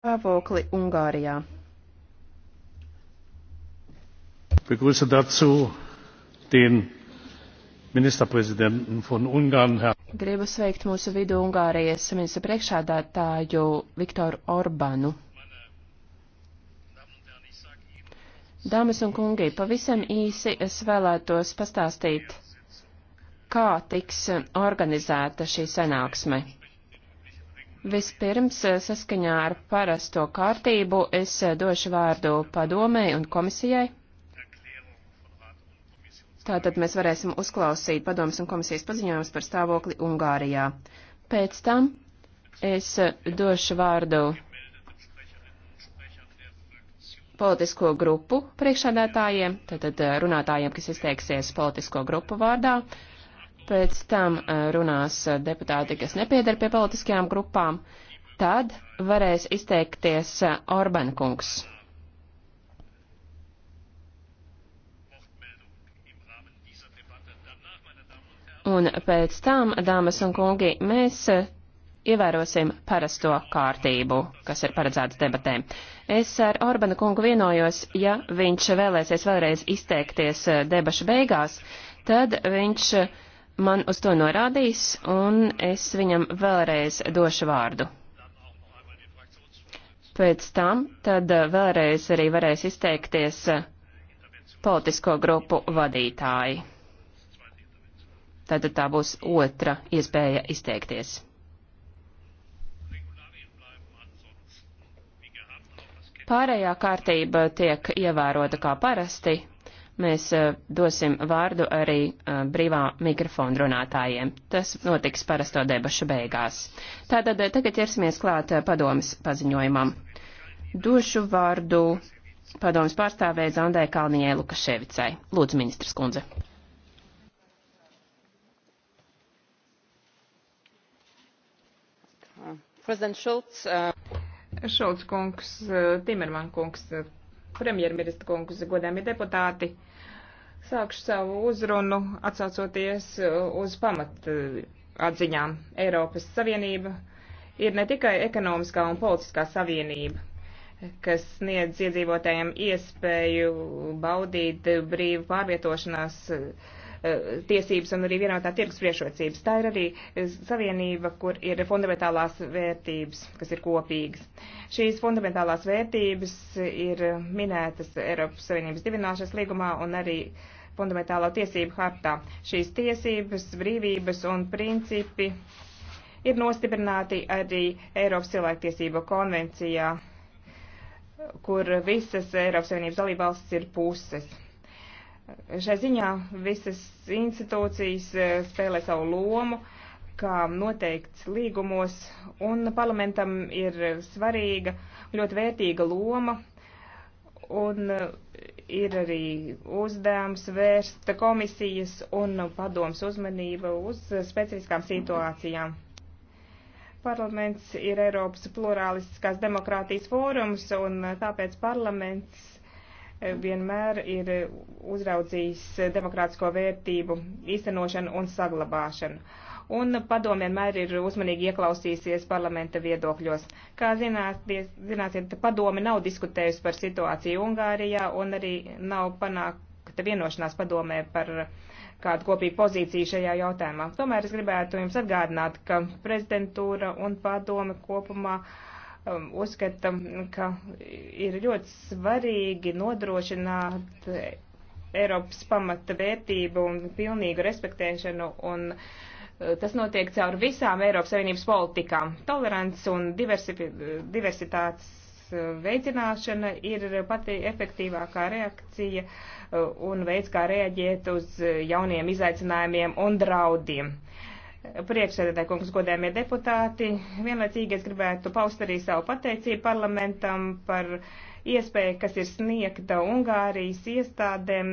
stāvokli Ungārijā. Begrüße dazu den Ministerpräsidenten von Ungarn, Herr. Gribu sveikt mūsu vidu Ungārijas ministra priekšādātāju Viktoru Orbanu. Dāmas un kungi, pavisam īsi es vēlētos pastāstīt, kā tiks organizēta šī sanāksme. Vispirms, eh, saskaņā ar parasto kārtību, es eh, došu vārdu padomēji un komisijai. Tātad mēs varēsim uzklausīt padomas un komisijas paziņojumus par stāvokli Ungārijā. Pēc tam es eh, došu vārdu politisko grupu priekšādātājiem, tātad runātājiem, kas izteiksies politisko grupu vārdā. Uh, pēc tam eh, runās eh, deputāti, kas nepiedar pie politiskajām grupām, tad varēs izteikties eh, Orban kungs. Un pēc tam, dāmas un kungi, mēs ievērosim parasto kārtību, kas ir paredzēts debatēm. Es ar Orbana kungu vienojos, ja viņš vēlēsies vēlreiz izteikties debašu beigās, tad viņš man uz to norādīs, un es viņam vēlreiz došu vārdu. Pēc tam tad eh, vēlreiz arī varēs izteikties eh, politisko grupu vadītāji. Tātad tā būs otra iespēja izteikties. Pārējā kārtība tiek ievērota kā parasti, mēs eh, dosim vārdu arī eh, brīvā mikrofonu runātājiem. Tas notiks parasto debašu beigās. Tātad eh, tagad ķersimies klāt padomas paziņojumam. Došu vārdu padomas pārstāvēja Zandē Kalnijai Lukaševicai. Lūdzu, ministrs kundze. Prezidents Šulcs. Uh... Šulc kungs, uh, Timerman kungs, uh, premjerministra kungs, godāmi deputāti. Sākšu savu uzrunu atsaucoties uh, uz pamat uh, atziņām. Eiropas Savienība ir ne tikai ekonomiskā un politiskā savienība, kas sniedz iedzīvotājiem iespēju baudīt brīvu pārvietošanās uh, Eh, tiesības un arī vienotā tirgus priešrocības. Tā ir arī eh, savienība, kur ir fundamentālās vērtības, kas ir kopīgas. Šīs fundamentālās vērtības ir minētas Eiropas Savienības divināšanas līgumā un arī fundamentālo tiesību hartā. Šīs tiesības, brīvības un principi ir nostiprināti arī Eiropas cilvēktiesību konvencijā, kur visas Eiropas Savienības dalībvalstis ir puses. Šai ziņā visas institūcijas eh, spēlē savu lomu, kā noteikts līgumos, un parlamentam ir svarīga, ļoti vērtīga loma, un eh, ir arī uzdevums vērst komisijas un padoms uzmanību uz specifiskām situācijām. Parlaments ir Eiropas plurālistiskās demokrātijas fórums, un eh, tāpēc parlaments vienmēr ir uzraudzījis demokrātisko vērtību īstenošanu un saglabāšanu. Un padomu vienmēr ir uzmanīgi ieklausījusies parlamenta viedokļos. Kā zināsiet, padomi nav diskutējusi par situāciju Ungārijā un arī nav panākta vienošanās padomē par kādu kopīgu pozīciju šajā jautājumā. Tomēr es gribētu jums atgādināt, ka prezidentūra un padome kopumā uh, Um, uzskatam, ka ir ļoti svarīgi nodrošināt Eiropas pamata vērtību un pilnīgu respektēšanu un uh, tas notiek caur visām Eiropas Savienības politikām. Tolerants un diversi, diversitātes uh, veicināšana ir pati efektīvākā reakcija uh, un veids, kā reaģēt uz jauniem izaicinājumiem un draudiem. Uh, priekšsēdētāji kungs, godējumie deputāti. Vienlaicīgi es gribētu paust arī savu pateicību parlamentam par iespēju, kas ir sniegta Ungārijas iestādēm,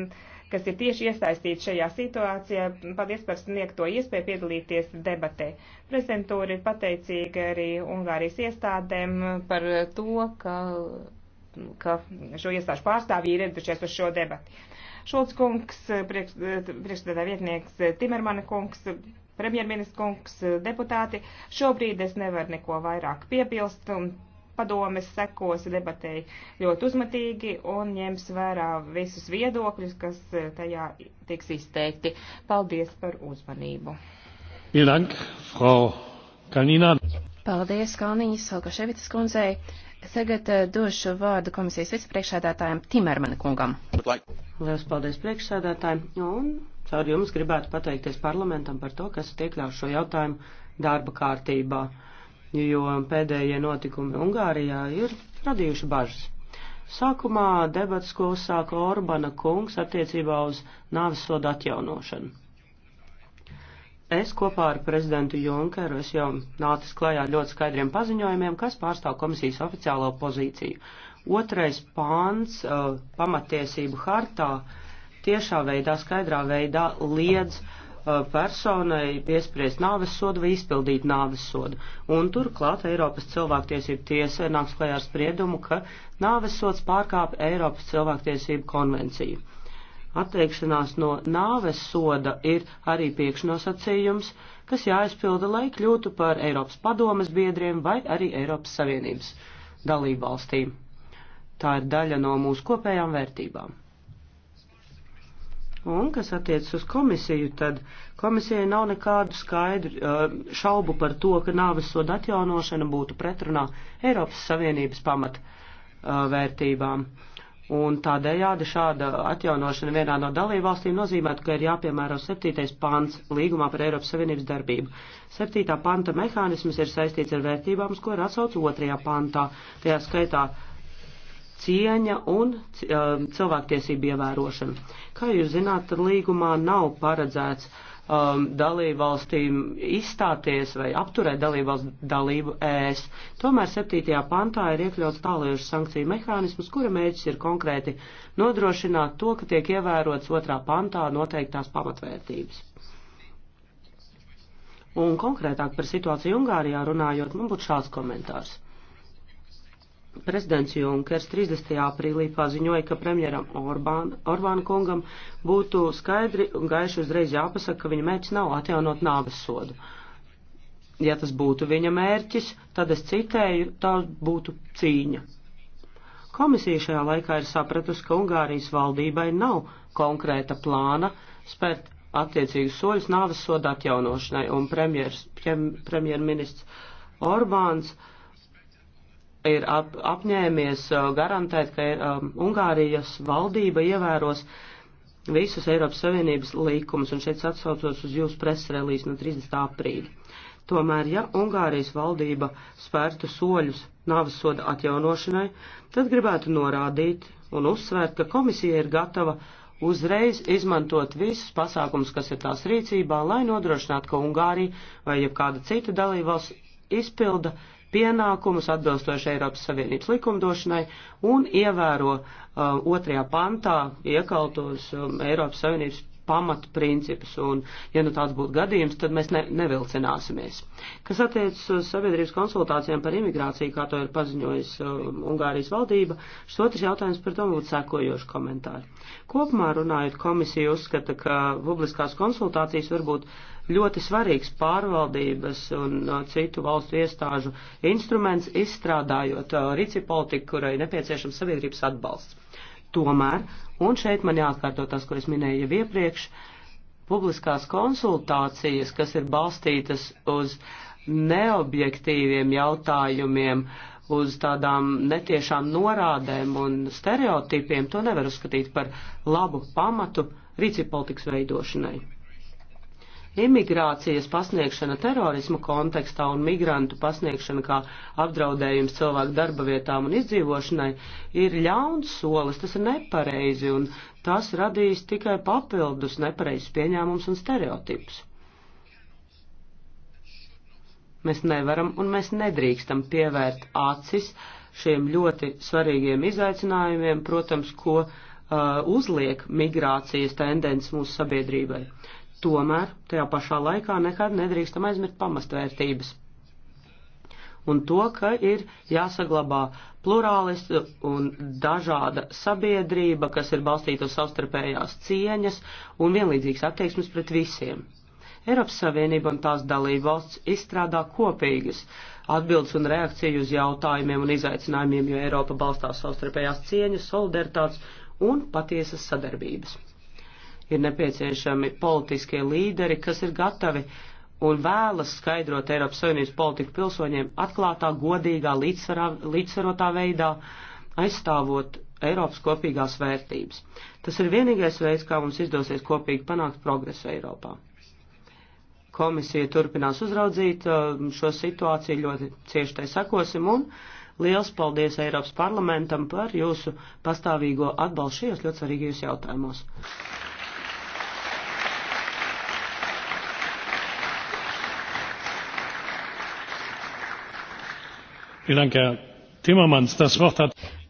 kas ir tieši iesaistīti šajā situācijā. Paldies par sniegto iespēju piedalīties debatē. Prezidentūra ir pateicīga arī Ungārijas iestādēm par to, ka ka šo iestāžu pārstāvji ir ieradušies uz šo debati. Šulc kungs, priekšstādā vietnieks Timermana kungs, premjerministrs kungs, eh, deputāti. Šobrīd es nevaru neko vairāk piebilst. Padomes sekos debatēji ļoti uzmatīgi un ņems vērā visus viedokļus, kas eh, tajā tiks izteikti. Paldies par uzmanību. Dank, Frau Kalnina. Paldies Kalnijas Halkaševicas kundzei. Tagad eh, došu vārdu komisijas vicepriekšsēdētājiem Timermana kungam. Lielas paldies priekšsēdētājiem, un caur jums gribētu pateikties parlamentam par to, kas tiek ļaus šo jautājumu darba kārtībā, jo pēdējie notikumi Ungārijā ir radījuši bažas. Sākumā debats, ko uzsāka Orbana kungs attiecībā uz nāves sodu atjaunošanu. Es kopā ar prezidentu Junkeru es jau nācis klajā ļoti skaidriem paziņojumiem, kas pārstāv komisijas oficiālo pozīciju. Otrais pāns uh, pamatiesību hartā tiešā veidā, skaidrā veidā liedz uh, personai piespriest nāves sodu vai izpildīt nāves sodu. Un turklāt Eiropas cilvēktiesību tiesa nāks klajā ar spriedumu, ka nāves sods pārkāp Eiropas cilvēktiesību konvenciju. Atteikšanās no nāves soda ir arī priekšnosacījums, kas jāizpilda, lai kļūtu par Eiropas padomas biedriem vai arī Eiropas Savienības dalību valstīm. Tā ir daļa no mūsu kopējām vērtībām. Un, kas attiecas uz komisiju, tad komisijai nav nekādu skaidru uh, šaubu par to, ka nāves soda atjaunošana būtu pretrunā Eiropas Savienības pamat uh, vērtībām. Uh, Un tādējādi šāda atjaunošana vienā no dalībvalstīm nozīmētu, ka ir jāpiemēro 7. pants līgumā par Eiropas Savienības darbību. 7. panta mehānisms ir saistīts ar vērtībām, uz ko ir atsauc 2. pantā, tajā skaitā cieņa un um, cilvēktiesību ievērošana. Kā jūs zināt, tad līgumā nav paredzēts uh, um, dalībvalstīm izstāties vai apturēt dalībvalstu dalību ēs. Tomēr 7. pantā ir iekļauts tālējušas sankciju mehānismus, kura mērķis ir konkrēti nodrošināt to, ka tiek ievērots 2. pantā noteiktās pamatvērtības. Un konkrētāk par situāciju Ungārijā runājot, man būtu šāds komentārs prezidents Junkers 30. aprīlī paziņoja, ka premjeram Orbāna, Orbāna kungam būtu skaidri un gaiši uzreiz jāpasaka, ka viņa mērķis nav atjaunot nāves sodu. Ja tas būtu viņa mērķis, tad es citēju, tā būtu cīņa. Komisija šajā laikā ir sapratusi, ka Ungārijas valdībai nav konkrēta plāna spērt attiecīgus soļus nāves sodu atjaunošanai, un premjerministrs prem, Orbāns uh, ir ap, apņēmies uh, garantēt, ka um, Ungārijas valdība ievēros visus Eiropas Savienības līkumus, un šeit atsaucos uz jūsu presrelīzi no 30. aprīļa. Tomēr, ja Ungārijas valdība spērtu soļus nāves soda atjaunošanai, tad gribētu norādīt un uzsvērt, ka komisija ir gatava uzreiz izmantot visus pasākums, kas ir tās rīcībā, lai nodrošinātu, ka Ungārija vai jebkāda cita dalībvalsts izpilda pienākumus atbilstoši Eiropas Savienības likumdošanai un ievēro uh, otrajā pantā iekaltos um, Eiropas Savienības pamatu principus, un, ja nu tāds būtu gadījums, tad mēs ne, nevilcināsimies. Kas attiecas uz sabiedrības konsultācijām par imigrāciju, kā to ir paziņojis um, Ungārijas valdība, šis otrs jautājums par to būtu sekojoši komentāri. Kopumā runājot, komisija uzskata, ka publiskās konsultācijas varbūt ļoti svarīgs pārvaldības un uh, citu valstu iestāžu instruments, izstrādājot uh, rīci politiku, kurai nepieciešams sabiedrības atbalsts. Tomēr, un šeit man jāatkārto tas, ko es minēju jau iepriekš, publiskās konsultācijas, kas ir balstītas uz neobjektīviem jautājumiem, uh, uz tādām netiešām norādēm un stereotipiem, to nevar uzskatīt par labu pamatu rīcību politikas veidošanai. Imigrācijas pasniegšana terorismu kontekstā un migrantu pasniegšana kā apdraudējums cilvēku darba vietām un izdzīvošanai ir ļauns solis, tas ir nepareizi un tas radīs tikai papildus nepareizus pieņēmums un stereotipus. Mēs nevaram un mēs nedrīkstam pievērt acis šiem ļoti svarīgiem izaicinājumiem, protams, ko uh, uzliek migrācijas tendence mūsu sabiedrībai. Tomēr tajā pašā laikā nekad nedrīkstam aizmirst pamatvērtības. Un to, ka ir jāsaglabā plurālis un dažāda sabiedrība, kas ir balstīta uz savstarpējās cieņas un vienlīdzīgas attieksmes pret visiem. Eiropas Savienība un tās dalība valsts izstrādā kopīgas atbildes un reakciju uz jautājumiem un izaicinājumiem, jo Eiropa balstās savstarpējās cieņas, solidaritātes un patiesas sadarbības ir nepieciešami politiskie līderi, kas ir gatavi un vēlas skaidrot Eiropas Savienības politiku pilsoņiem atklātā, godīgā, līdzsvarā, līdzsvarotā veidā, aizstāvot Eiropas kopīgās vērtības. Tas ir vienīgais veids, kā mums izdosies kopīgi panākt progresu Eiropā. Komisija turpinās uzraudzīt um, šo situāciju, ļoti cieši tai sakosim un liels paldies Eiropas parlamentam par jūsu pastāvīgo atbalstu šajos ļoti svarīgajos jautājumos.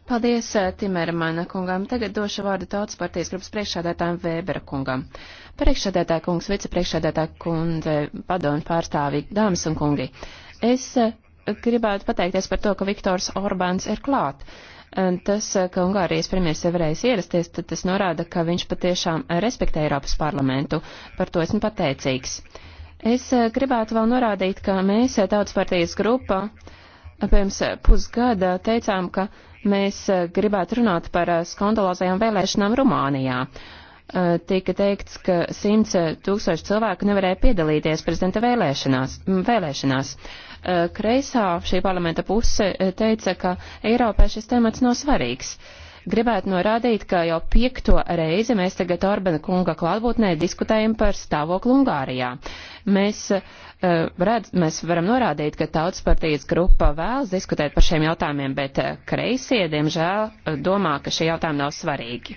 Paldies eh, Timermana kungam. Tagad došu vārdu tautas partijas grupas priekšsādētājiem Vēbera kungam. Priekšsādētāja kungs, vicepriekšsādētāja kundze, padomu pārstāvji, dāmas un kungi. Es eh, gribētu pateikties par to, ka Viktors Orbāns ir klāt. Eh, tas, ka Ungārijas premjers ir varējis ierasties, tad tas norāda, ka viņš patiešām respektē Eiropas parlamentu. Par to esmu pateicīgs. Es gribētu vēl norādīt, ka mēs, Tautas partijas grupa, uh, pirms eh, pusgada teicām, ka mēs eh, gribētu runāt par eh, skandalozajām vēlēšanām Rumānijā. Tika teikts, ka simts tūkstoši cilvēku nevarēja piedalīties prezidenta vēlēšanās. vēlēšanās. Kreisā šī parlamenta puse teica, ka Eiropā šis temats nav svarīgs. Gribētu norādīt, ka jau piekto reizi mēs tagad Orbana kunga klātbūtnē diskutējam par stāvokli Ungārijā. Uh, Mēs, eh, redz, mēs varam norādīt, ka tautas partijas grupa vēlas diskutēt par šiem jautājumiem, bet eh, kreisie, diemžēl, domā, ka šie jautājumi nav svarīgi.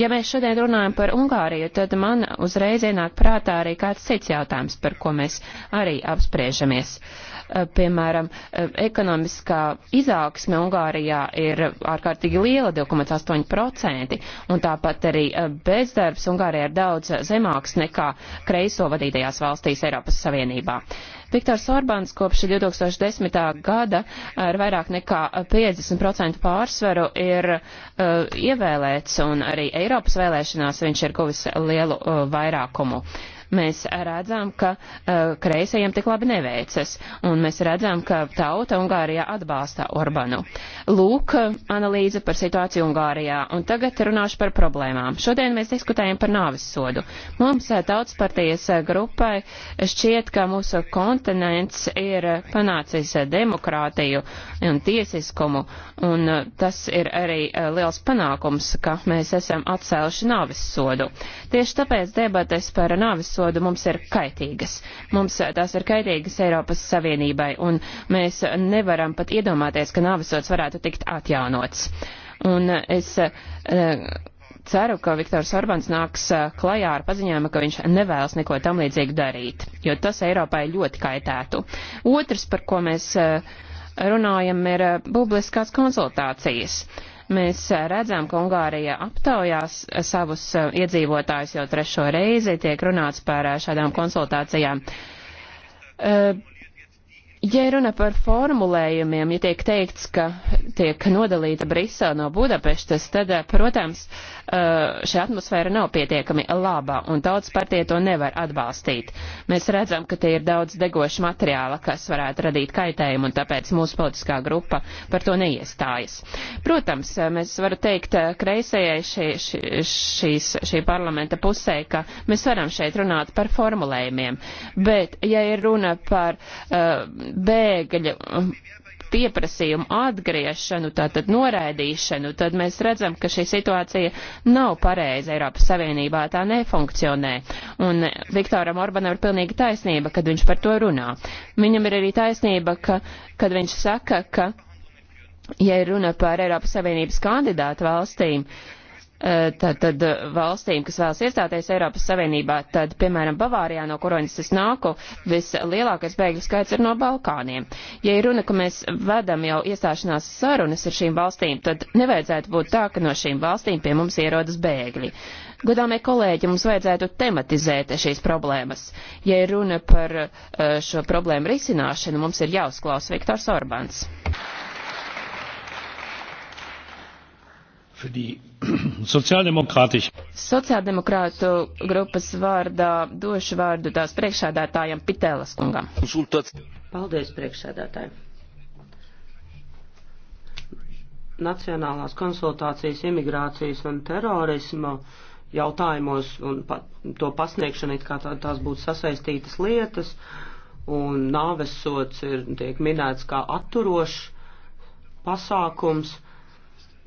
Ja mēs šodien runājam par Ungāriju, tad man uzreiz ienāk prātā arī kāds cits jautājums, par ko mēs arī apspriežamies. Eh, piemēram, ekonomiskā izaugsme Ungārijā ir ārkārtīgi liela, 2,8%, un tāpat arī bezdarbs Ungārijā ir daudz zemāks nekā kreiso vadītajās valstīs Eiropas Savienībā. Viktors Orbāns kopš 2010. gada ar vairāk nekā 50% pārsvaru ir uh, ievēlēts, un arī Eiropas vēlēšanās viņš ir guvis lielu uh, vairākumu. Uh, Mēs redzam, ka uh, kreisajiem tik labi neveicas, un mēs redzam, ka tauta Ungārijā atbalsta Orbanu. Lūk, analīze par situāciju Ungārijā, un tagad runāšu par problēmām. Šodien mēs diskutējam par nāvis sodu. Mums uh, tautas partijas uh, grupai šķiet, ka mūsu kontinents ir panācis demokrātiju un tiesiskumu, un tas ir arī liels panākums, ka mēs esam atcēluši nāvis sodu. Tieši tāpēc debates par nāvis sodu sodu mums ir kaitīgas. Mums eh, tās ir kaitīgas Eiropas Savienībai, un mēs nevaram pat iedomāties, ka nāvisots varētu tikt atjaunots. Un eh, es eh, ceru, ka Viktors Orbāns nāks klajā ar paziņojumu, ka viņš nevēlas neko tam līdzīgu darīt, jo tas Eiropai ļoti kaitētu. Otrs, par ko mēs runājam, ir publiskās konsultācijas. Uh, Mēs eh, redzam, ka Ungārija aptaujās savus eh, iedzīvotājus jau trešo reizi, tiek runāts par eh, šādām konsultācijām. Ja runa par formulējumiem, ja tiek teikts, ka tiek nodalīta Brisele no Budapeštas, tad, eh, protams, eh, šī atmosfēra nav pietiekami labā, un daudz partija to nevar atbalstīt. Mēs redzam, ka te ir daudz degoša materiāla, kas varētu radīt kaitējumu, un tāpēc mūsu politiskā grupa par to neiestājas. Protams, eh, mēs varam teikt kreisajai šī, šī, šīs, šī parlamenta pusē, ka mēs varam šeit runāt par formulējumiem, bet, ja ir runa par uh, bēgļu pieprasījumu atgriešanu, tātad noraidīšanu, tad mēs redzam, ka šī situācija nav pareiza Eiropas Savienībā, tā nefunkcionē. Un Viktoram Orbanam ir pilnīgi taisnība, kad viņš par to runā. Viņam ir arī taisnība, ka, kad viņš saka, ka, ja runa par Eiropas Savienības kandidātu valstīm, uh, tātad eh, eh, valstīm, kas vēlas iestāties Eiropas Savienībā, tad, piemēram, Bavārijā, no kurienes es nāku, vislielākais bēgļu skaits ir no Balkāniem. Ja ir runa, ka mēs vedam jau iestāšanās sarunas ar šīm valstīm, tad nevajadzētu būt tā, ka no šīm valstīm pie mums ierodas bēgļi. Godāmie kolēģi, mums vajadzētu tematizēt šīs problēmas. Ja ir runa par eh, šo problēmu risināšanu, mums ir jāuzklaus Viktors Orbāns. Für die Sociāldemokrātiski. Sociāldemokrātu grupas vārdā došu vārdu tās priekšsēdētājam Pitēlas kungam. Paldies, priekšsēdētāji. Nacionālās konsultācijas imigrācijas un terorisma jautājumos un pa, to pasniegšana, it kā tā, tās būtu sasaistītas lietas, un nāvesots ir tiek minēts kā atturošs pasākums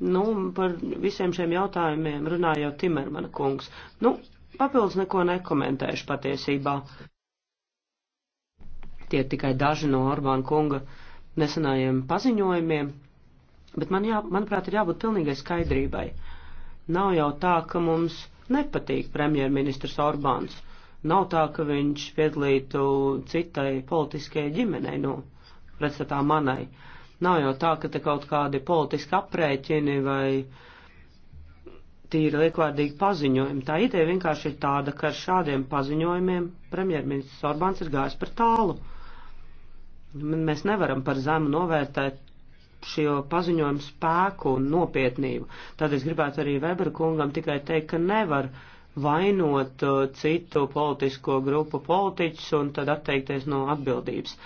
Nu, par visiem šiem jautājumiem runāja jau Timermana kungs. Nu, papildus neko nekomentēšu patiesībā. Tie tikai daži no Orbāna kunga nesenajiem paziņojumiem, bet man jā, manuprāt, ir jābūt pilnīgai skaidrībai. Nav jau tā, ka mums nepatīk premjerministrs Orbāns. Nav tā, ka viņš piedalītu citai politiskajai ģimenei, nu, pretstatā manai. Uh, Nav jau tā, ka te kaut kādi politiski aprēķini vai tīri liekvārdīgi paziņojumi. Tā ideja vienkārši ir tāda, ka ar šādiem paziņojumiem premjerministrs Orbāns ir gājis par tālu. Mēs nevaram par zemu novērtēt šo paziņojumu spēku un nopietnību. Tad es gribētu arī Weber kungam tikai teikt, ka nevar vainot uh, citu politisko grupu politiķus un tad atteikties no atbildības.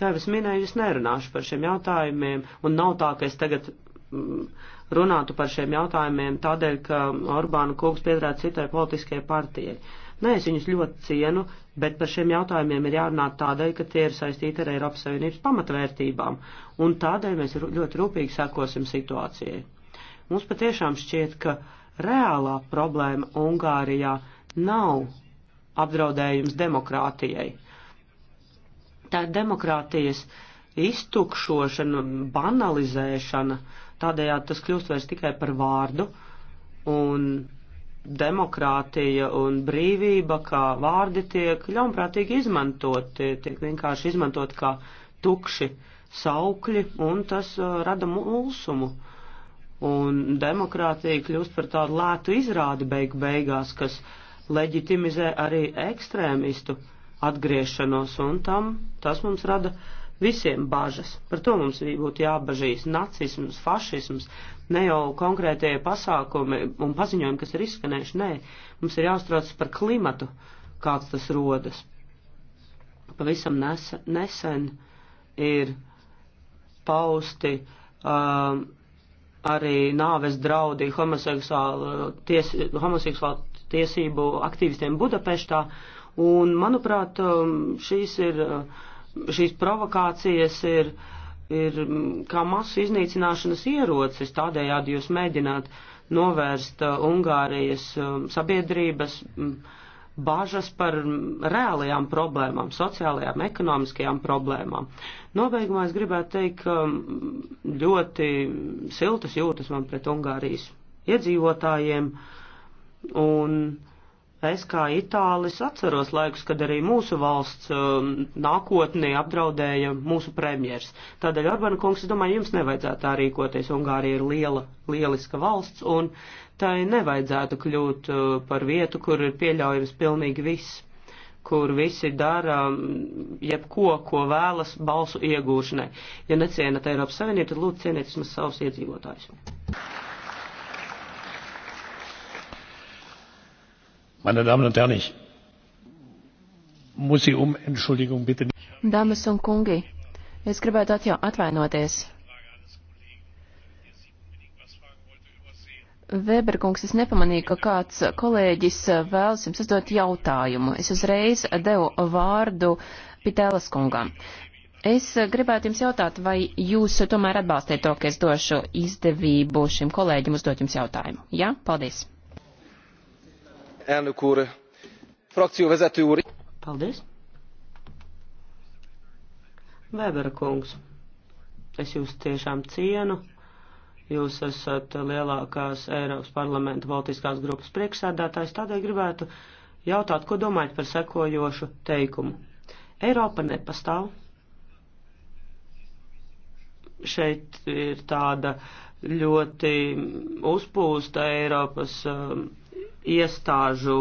Kā jau es minēju, es nerunāšu par šiem jautājumiem, un nav tā, ka es tagad mm, runātu par šiem jautājumiem tādēļ, ka Orbāna kungs piedrāt citai politiskajai partijai. Nē, es viņus ļoti cienu, bet par šiem jautājumiem ir jārunā tādēļ, ka tie ir saistīti ar Eiropas Savienības pamatvērtībām, un tādēļ mēs ļoti rūpīgi sekosim situācijai. Mums patiešām šķiet, ka reālā problēma Ungārijā nav apdraudējums demokrātijai Tā ir demokrātijas iztukšošana, banalizēšana, tādējādi tas kļūst vairs tikai par vārdu, un demokrātija un brīvība, kā vārdi tiek ļaunprātīgi izmantot, tiek vienkārši izmantot kā tukši saukļi, un tas uh, rada mulsumu. Un demokrātija kļūst par tādu lētu izrādi beigu beigās, kas leģitimizē arī ekstrēmistu atgriešanos, un tam tas mums rada visiem bažas. Par to mums būtu jābažīs nacisms, fašisms, ne jau konkrētie pasākumi un paziņojumi, kas ir izskanējuši, nē, mums ir jāuztrauc par klimatu, kāds tas rodas. Pavisam nesen, nesen ir pausti um, arī nāves draudi homoseksuālu, ties, homoseksuālu tiesību aktīvistiem Budapeštā, uh, Un, manuprāt, um, šīs, ir, uh, šīs provokācijas ir, ir mm, kā masu iznīcināšanas ierocis, tādējādi jūs mēģināt novērst uh, Ungārijas um, sabiedrības mm, bažas par mm, reālajām problēmām, sociālajām, ekonomiskajām problēmām. Nobeigumā es gribētu teikt, ka ļoti siltas jūtas man pret Ungārijas iedzīvotājiem un Es kā itālis atceros laikus, kad arī mūsu valsts um, nākotnē apdraudēja mūsu premjers. Tādēļ, Orbana kungs, es domāju, jums nevajadzētu tā rīkoties. Ungārija ir liela, lieliska valsts, un tai nevajadzētu kļūt uh, par vietu, kur ir pieļaujams pilnīgi viss kur visi dara um, jebko, ko vēlas balsu iegūšanai. Ja necienat Eiropas Savienību, tad lūdzu cieniet vismaz savus iedzīvotājus. Meine Damen und Herren, ich muss Sie um Entschuldigung bitten. Dāmas un kungi, es gribētu atjau, atvainoties. Vēberkungs, es nepamanīju, ka kāds kolēģis vēlas jums uzdot jautājumu. Es uzreiz devu vārdu Pitēlas kungam. Es gribētu jums jautāt, vai jūs tomēr atbalstiet to, ka es došu izdevību šim kolēģim uzdot jums jautājumu? Jā, ja? paldies elnök úr frakcióvezető úr paldies Vēbera kungs, es jūs tiešām cienu. Jūs esat lielākās Eiropas parlamenta valtiskās grupas priekšsēdētājs, tādēļ gribētu jautāt, ko domājat par sekojošu teikumu. Eiropa nepastāv. Šeit ir tāda ļoti uzpūsta Eiropas. Um, iestāžu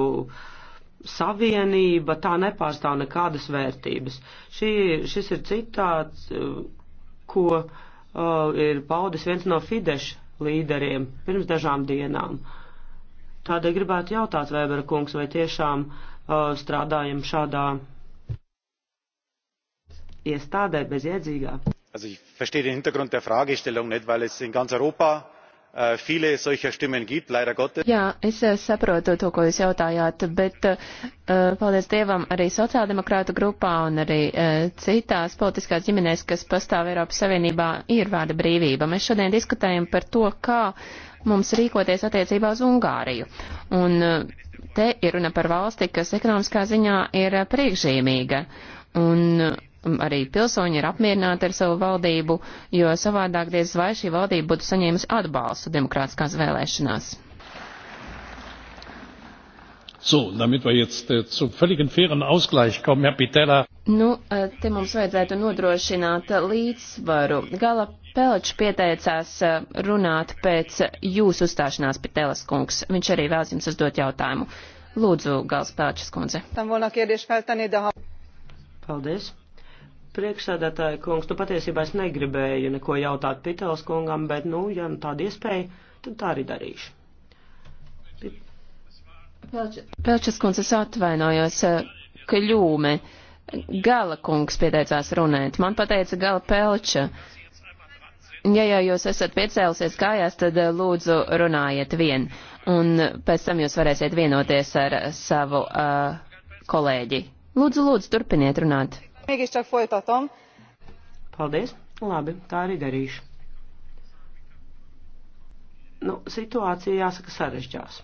savienība, tā nepārstāv nekādas vērtības. Šī, šis ir citāts, ko uh, ir paudis viens no Fidesz līderiem pirms dažām dienām. Tādēļ gribētu jautāt, Vēbera kungs, vai tiešām uh, strādājam šādā iestādē bezjēdzīgā? Also ich verstehe den Hintergrund der Fragestellung nicht, weil es in ganz Europa Äh, viele solcher Stimmen gibt, leider Gottes. Jā, es äh, saprotu to, ko jūs jautājāt, bet uh, paldies Dievam arī sociāldemokrātu grupā un arī uh, citās politiskās ģimenēs, kas pastāv Eiropas Savienībā, ir vārda brīvība. Mēs šodien diskutējam par to, kā mums rīkoties attiecībā uz Ungāriju. Un uh, te ir runa par valsti, kas ekonomiskā ziņā ir priekšzīmīga. Un arī pilsoņi ir apmierināti ar savu valdību, jo savādāk diez vai šī valdība būtu saņēmusi atbalstu demokrātiskās vēlēšanās. So, damit wir jetzt äh, zum völligen fairen Ausgleich kommen, Herr Pitella. Nu, äh, te mums vajadzētu nodrošināt līdzsvaru. Gala Pelčs pieteicās äh, runāt pēc jūsu uzstāšanās, Pitellas kungs. Viņš arī vēlas jums uzdot jautājumu. Lūdzu, Gals Pelčs kundze. Paldies. Priekšsēdētāja kungs, nu patiesībā es negribēju neko jautāt Pitels kungam, bet, nu, ja nu tāda iespēja, tad tā arī darīšu. Pelčas kungs, es atvainojos, eh, ka ļūme. Gala kungs pieteicās runāt. Man pateica Gala Pelča. Ja jau jūs esat piecēlusies kājās, tad eh, lūdzu runājiet vien. Un pēc tam jūs varēsiet vienoties ar savu uh, kolēģi. Lūdzu, lūdzu, turpiniet runāt. Mégiscsak folytatom. Paldies. Labi, tā arī darīšu. Nu, situācija jāsaka sarežģās.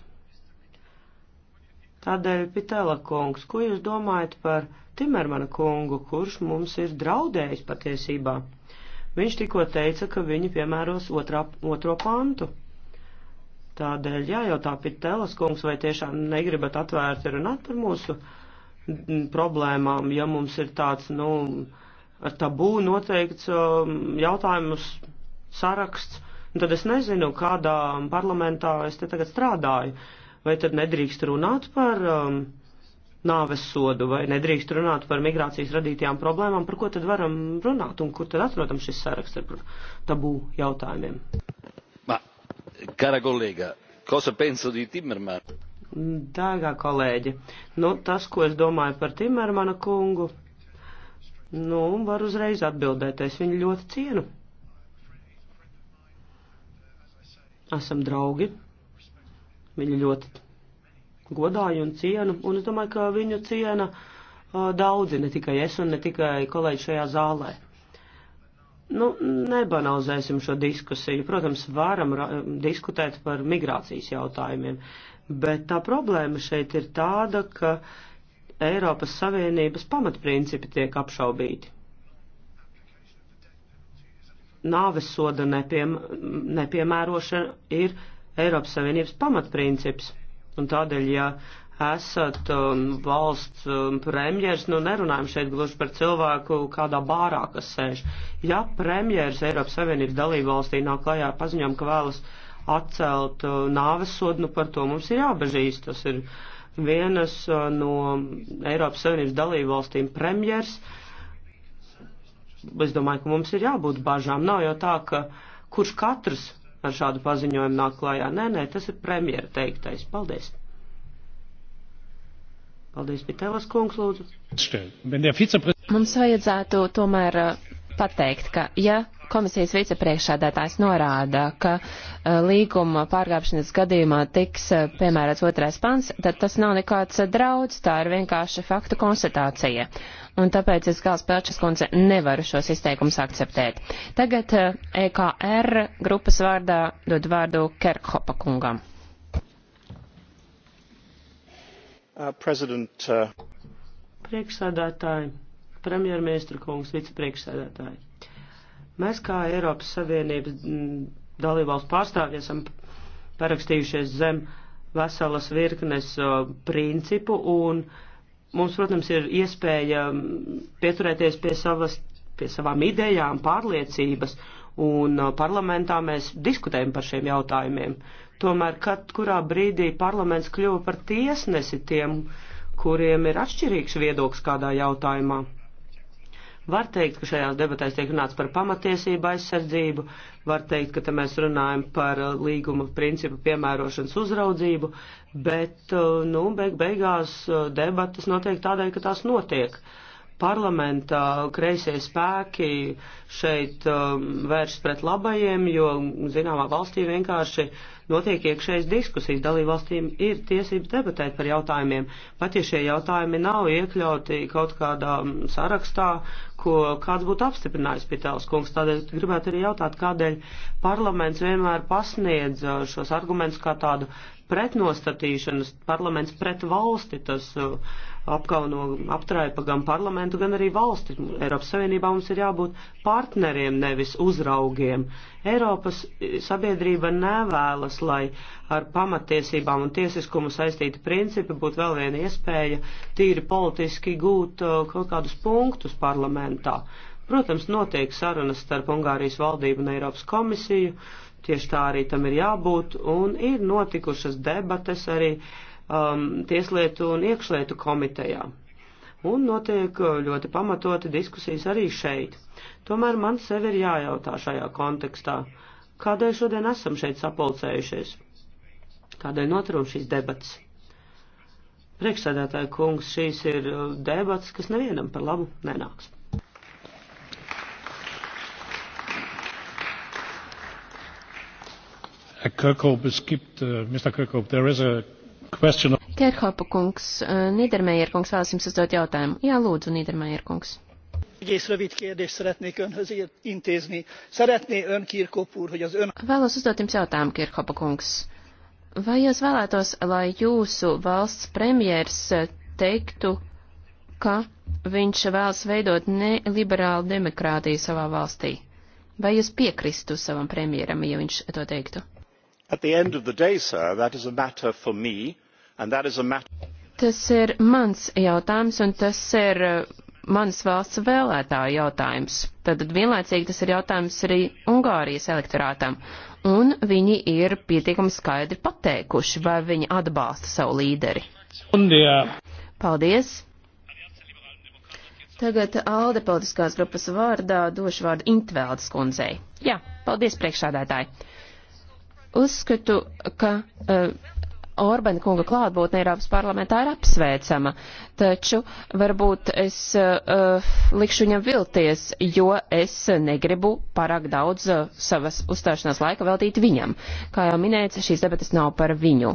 Tādēļ, Pitela kungs, ko jūs domājat par Timermana kungu, kurš mums ir draudējis patiesībā? Viņš tikko teica, ka viņi piemēros otrā, otro pantu. Tādēļ jājautā Pitelas kungs, vai tiešām negribat atvērt runāt par mūsu uh, problēmām, ja mums ir tāds, nu, ar tabū noteikts um, jautājumus saraksts, nu, tad es nezinu, kādā parlamentā es te tagad strādāju. Vai tad nedrīkst runāt par um, nāves sodu, vai nedrīkst runāt par migrācijas radītajām problēmām, par ko tad varam runāt un kur tad atrodam šis saraksts ar tabū jautājumiem? Ma, cara collega, cosa penso di Timmermans? Dārgā kolēģi, nu, tas, ko es domāju par Timermana kungu, nu, var uzreiz atbildēt, es viņu ļoti cienu. Esam draugi, viņu ļoti godāju un cienu, un es domāju, ka viņu ciena uh, daudzi, ne tikai es un ne tikai kolēģi šajā zālē. Nu, nebanalizēsim šo diskusiju. Protams, varam diskutēt par migrācijas jautājumiem, bet tā problēma šeit ir tāda, ka Eiropas Savienības pamatprincipi tiek apšaubīti. Nāves soda nepiem, nepiemērošana ir Eiropas Savienības pamatprincips, un tādēļ, ja uh, esat um, valsts um, premjers, nu nerunājam šeit gluži par cilvēku kādā bārā, kas sēž. Ja premjers Eiropas Savienības dalību valstī nāk klajā paziņām, ka vēlas atcelt uh, nāves sodu, nu par to mums ir jābežīs. Tas ir vienas uh, no Eiropas Savienības dalību valstīm premjers. Es domāju, ka mums ir jābūt bažām. Nav jau tā, ka kurš katrs ar šādu paziņojumu nāk klājā. Nē, nē, tas ir premjera teiktais. Paldies! Paldies, Pitēlas kungs, lūdzu. Mums vajadzētu tomēr uh, pateikt, ka ja komisijas vicepriekšādātājs norāda, ka uh, līguma pārkāpšanas gadījumā tiks uh, piemērots otrais pants, tad tas nav nekāds draudz, tā ir vienkārši faktu konstatācija. Un tāpēc es Gāls Pelčas kundze nevaru šos izteikumus akceptēt. Tagad EKR grupas vārdā dod vārdu Kerkhopa kungam. uh, uh Priekšsādātāji, premjerministra kungs, vicepriekšsādātāji. Mēs kā Eiropas Savienības mm, dalībvalsts pārstāvji esam parakstījušies zem veselas virknes uh, principu un mums, protams, ir iespēja mm, pieturēties pie savas, pie savām idejām, pārliecības un uh, parlamentā mēs diskutējam par šiem jautājumiem. Uh, Tomēr, kad kurā brīdī parlaments kļuva par tiesnesi tiem, kuriem ir atšķirīgs viedoklis kādā jautājumā. Var teikt, ka šajās debatēs tiek runāts par pamatiesību aizsardzību, var teikt, ka te mēs runājam par līguma principu piemērošanas uzraudzību, bet, nu, beig beigās eh, debatas notiek tādēļ, ka tās notiek. Uh, parlamenta kreisie spēki šeit um, vērš pret labajiem, jo zināmā valstī vienkārši notiek iekšējas diskusijas. Dalībvalstīm ir tiesības debatēt par jautājumiem, pat ja šie jautājumi nav iekļauti kaut kādā um, sarakstā, ko kāds būtu apstiprinājis Pitēls kungs. Tādēļ gribētu arī jautāt, kādēļ parlaments vienmēr pasniedz uh, šos argumentus kā tādu pretnostatīšanas, parlaments pret valsti, tas uh, apkauno, aptraipa gan parlamentu, gan arī valsti. Eiropas Savienībā mums ir jābūt partneriem, nevis uzraugiem. Eiropas sabiedrība nevēlas, lai ar pamatiesībām un tiesiskumu saistīti principi būtu vēl viena iespēja tīri politiski gūt uh, kaut kādus punktus parlamentā. Protams, notiek sarunas starp Ungārijas valdību un Eiropas komisiju, tieši tā arī tam ir jābūt, un ir notikušas debates arī uh, um, Tieslietu un iekšlietu komitejā. Un notiek uh, ļoti pamatoti diskusijas arī šeit. Tomēr man sev ir jājautā šajā kontekstā, kādēļ šodien esam šeit sapulcējušies, kādēļ noturam šīs debats. Priekšsēdētāja kungs, šīs ir uh, debats, kas nevienam par labu nenāks. Kirkhope, es gibt, uh, äh, Mr. Kirkhope, there is a question... Kerhopa kungs, eh, Nidermējer kungs vēlas jums uzdot jautājumu. Jā, lūdzu, Nidermējer kungs. Egész rövid kérdést szeretnék önhöz intézni. Szeretné ön, Kirkop úr, hogy az ön... Vēlos uzdot jums jautājumu, Kirkopa kungs. Vai jūs vēlētos, lai jūsu valsts premjers eh, teiktu, ka viņš vēlas veidot neliberālu demokrātiju savā valstī? Vai jūs piekristu savam premjeram, ja viņš to teiktu? at the end of the day, sir, that is a matter for me, and that is a matter. Tas ir mans jautājums, un tas ir uh, manas valsts vēlētāju jautājums. Tad vienlaicīgi tas ir jautājums arī Ungārijas elektorātam. Un viņi ir pietiekami skaidri pateikuši, vai viņi atbalsta savu līderi. Un, jā. Paldies! Tagad Alde politiskās grupas vārdā došu vārdu Intveldes kundzei. Jā, paldies priekšādētāji! Uzskatu, ka uh, Orbana kunga klātbūtne Eiropas parlamentā ir apsveicama, taču varbūt es uh, likšu viņam vilties, jo es negribu pārāk daudz uh, savas uzstāšanās laika veltīt viņam. Kā jau minēts, šīs debatas nav par viņu.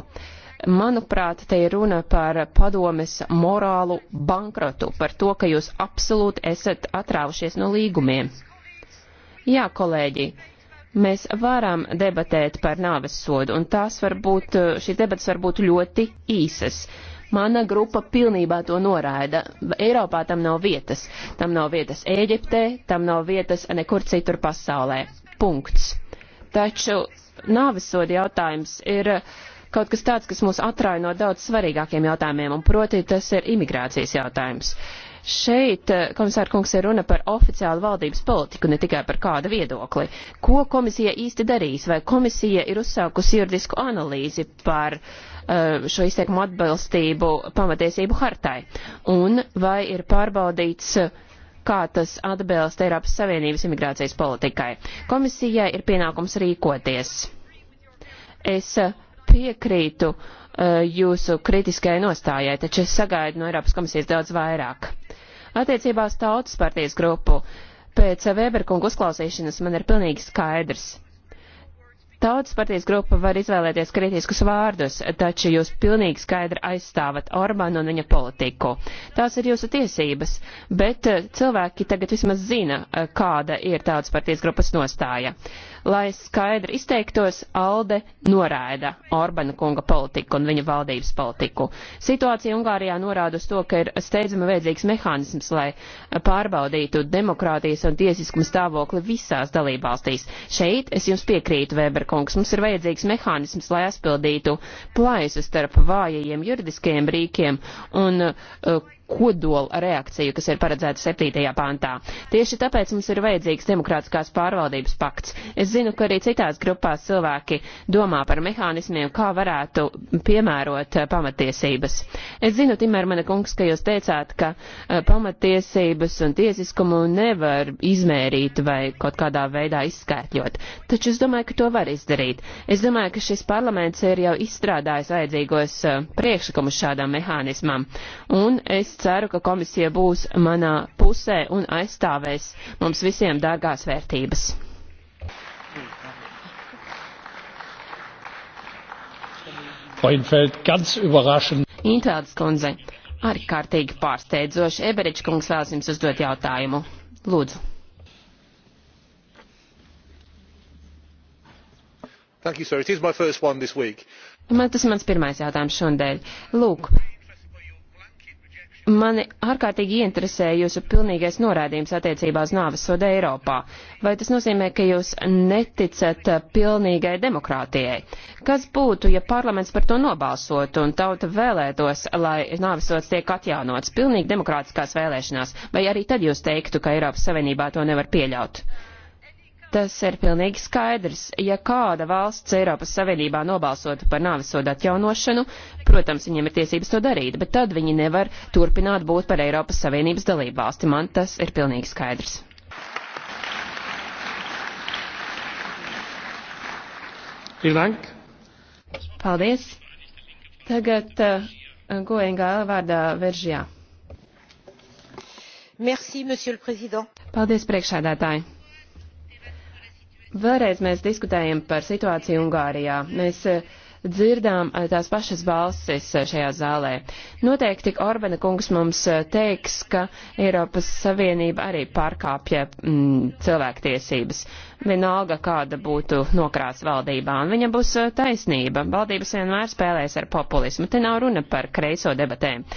Manuprāt, te ir runa par padomes morālu bankrotu, par to, ka jūs absolūti esat atrāvušies no līgumiem. Jā, kolēģi, uh, Mēs varam debatēt par nāves sodu, un tās var būt, eh, šīs debatas var būt ļoti īsas. Mana grupa pilnībā to noraida. Eiropā tam nav vietas. Tam nav vietas Ēģiptē, tam nav vietas nekur citur pasaulē. Punkts. Taču nāvesoda jautājums ir eh, kaut kas tāds, kas mūs atrāja no daudz svarīgākiem jautājumiem, un proti tas ir imigrācijas jautājums. Uh, Šeit, eh, komisāra kungs, ir runa par oficiālu valdības politiku, ne tikai par kādu viedokli. Ko komisija īsti darīs? Vai komisija ir uzsākusi juridisku analīzi par uh, šo izteikumu atbilstību pamatiesību hartai? Un vai ir pārbaudīts kā tas atbilst Eiropas Savienības imigrācijas politikai. Komisijai ir pienākums rīkoties. Es eh, piekrītu uh, Eh, jūsu kritiskajai nostājai, taču es sagaidu no Eiropas komisijas daudz vairāk. Attiecībā uz tautas partijas grupu pēc Weberkunga uzklausīšanas man ir pilnīgi skaidrs. Tautas partijas grupa var izvēlēties kritiskus vārdus, taču jūs pilnīgi skaidri aizstāvat Orbānu un viņa politiku. Tās ir jūsu tiesības, bet eh, cilvēki tagad vismaz zina, eh, kāda ir Tautas partijas grupas nostāja. Lai skaidri izteiktos, Alde noraida Orbāna kunga politiku un viņa valdības politiku. Situācija Ungārijā norāda uz to, ka ir steidzami vajadzīgs mehānisms, lai pārbaudītu demokrātijas un tiesiskuma stāvokli visās dalībvalstīs. Šeit es jums piekrītu, Weber kungs, mums ir vajadzīgs mehānisms, lai aizpildītu plaisas starp vājajiem juridiskajiem rīkiem un uh, kodola reakciju, kas ir paredzēta 7. pantā. Tieši tāpēc mums ir vajadzīgs demokrātiskās pārvaldības pakts. Es zinu, ka arī citās grupās cilvēki domā par mehānismiem, kā varētu piemērot eh, pamatiesības. Es zinu, Timermana kungs, ka jūs teicāt, ka eh, pamatiesības un tiesiskumu nevar izmērīt vai kaut kādā veidā izskaitļot. Taču es domāju, ka to var izdarīt. Es domāju, ka šis parlaments ir jau izstrādājis vajadzīgos eh, priekšlikumus šādam mehānismam. Un es ceru, ka komisija būs manā pusē un aizstāvēs mums visiem dārgās vērtības. Reinfeld, ganz überraschend. Intelds kundze, arī kārtīgi pārsteidzoši. Eberičs kungs vēlas jums uzdot jautājumu. Lūdzu. Thank you, sir. It is my first one this week. Man, tas ir mans pirmais jautājums šodien. Lūk, Mani ārkārtīgi interesē jūsu pilnīgais norādījums attiecībā uz nāves sodu Eiropā. Vai tas nozīmē, ka jūs neticat pilnīgai demokrātijai? Kas būtu, ja parlaments par to nobalsotu un tauta vēlētos, lai nāves sods tiek atjaunots pilnīgi demokrātiskās vēlēšanās? Vai arī tad jūs teiktu, ka Eiropas Savienībā to nevar pieļaut? Tas ir pilnīgi skaidrs. Ja kāda valsts Eiropas Savienībā nobalsotu par nāvisodu atjaunošanu, protams, viņiem ir tiesības to darīt, bet tad viņi nevar turpināt būt par Eiropas Savienības dalību valsti. Man tas ir pilnīgi skaidrs. Ilvank. Paldies. Tagad uh, Goengā vārdā Veržijā. Merci, monsieur le président. Paldies, priekšādātāji. Vēlreiz mēs diskutējam par situāciju Ungārijā. Mēs eh, dzirdām eh, tās pašas balsis eh, šajā zālē. Noteikti Orbana kungs mums teiks, ka Eiropas Savienība arī pārkāpja mm, cilvēktiesības. Vienalga, kāda būtu nokrāts valdībā, un viņam būs taisnība. Valdības vienmēr spēlēs ar populismu. Te nav runa par kreiso debatēm.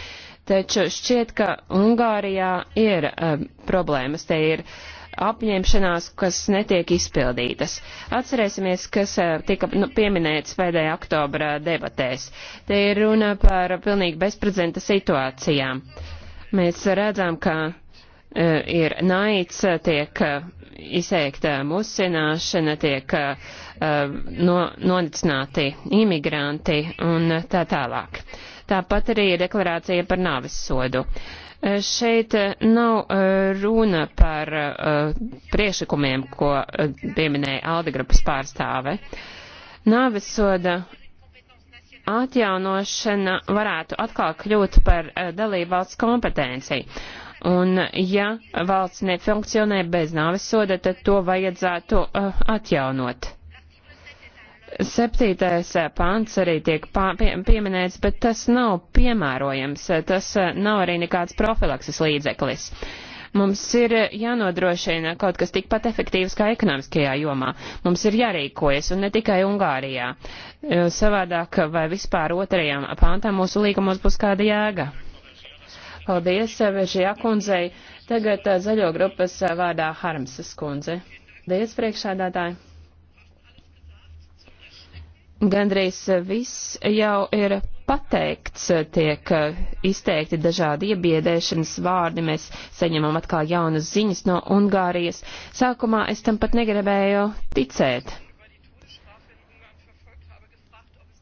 Taču šķiet, ka Ungārijā ir uh, problēmas. Te ir uh, apņemšanās, kas netiek izpildītas. Atcerēsimies, kas eh, tika nu, pieminēts pēdējā oktobra debatēs. Te ir runa par pilnīgi bezprezenta situācijām. Mēs redzam, ka eh, ir naids, tiek eh, izteikta musināšana, tiek no, nonicināti imigranti un tā tālāk. Tāpat arī ir deklarācija par nāvis sodu. Šeit eh, nav eh, runa par eh, priešakumiem, ko pieminēja Alde grupas pārstāve. Nāvesoda atjaunošana varētu atkal kļūt par dalību valsts kompetenciju. Un ja valsts nefunkcionē bez nāvesoda, tad to vajadzētu atjaunot. Septītais eh, pants arī tiek pie, pieminēts, bet tas nav piemērojams, tas eh, nav arī nekāds profilakses līdzeklis. Mums ir eh, jānodrošina kaut kas tikpat efektīvs kā ekonomiskajā jomā. Mums ir jārīkojas, un ne tikai Ungārijā. Savādāk vai vispār otrajām pāntām mūsu līgumos būs kāda jēga. Paldies, Veržijā kundzei. Tagad zaļo grupas vārdā Harmsas kundze. Paldies, priekšādātāji. Gandrīz viss jau ir pateikts, tiek eh, izteikti dažādi iebiedēšanas vārdi, mēs saņemam atkal jaunas ziņas no Ungārijas. Sākumā es tam pat negribēju ticēt,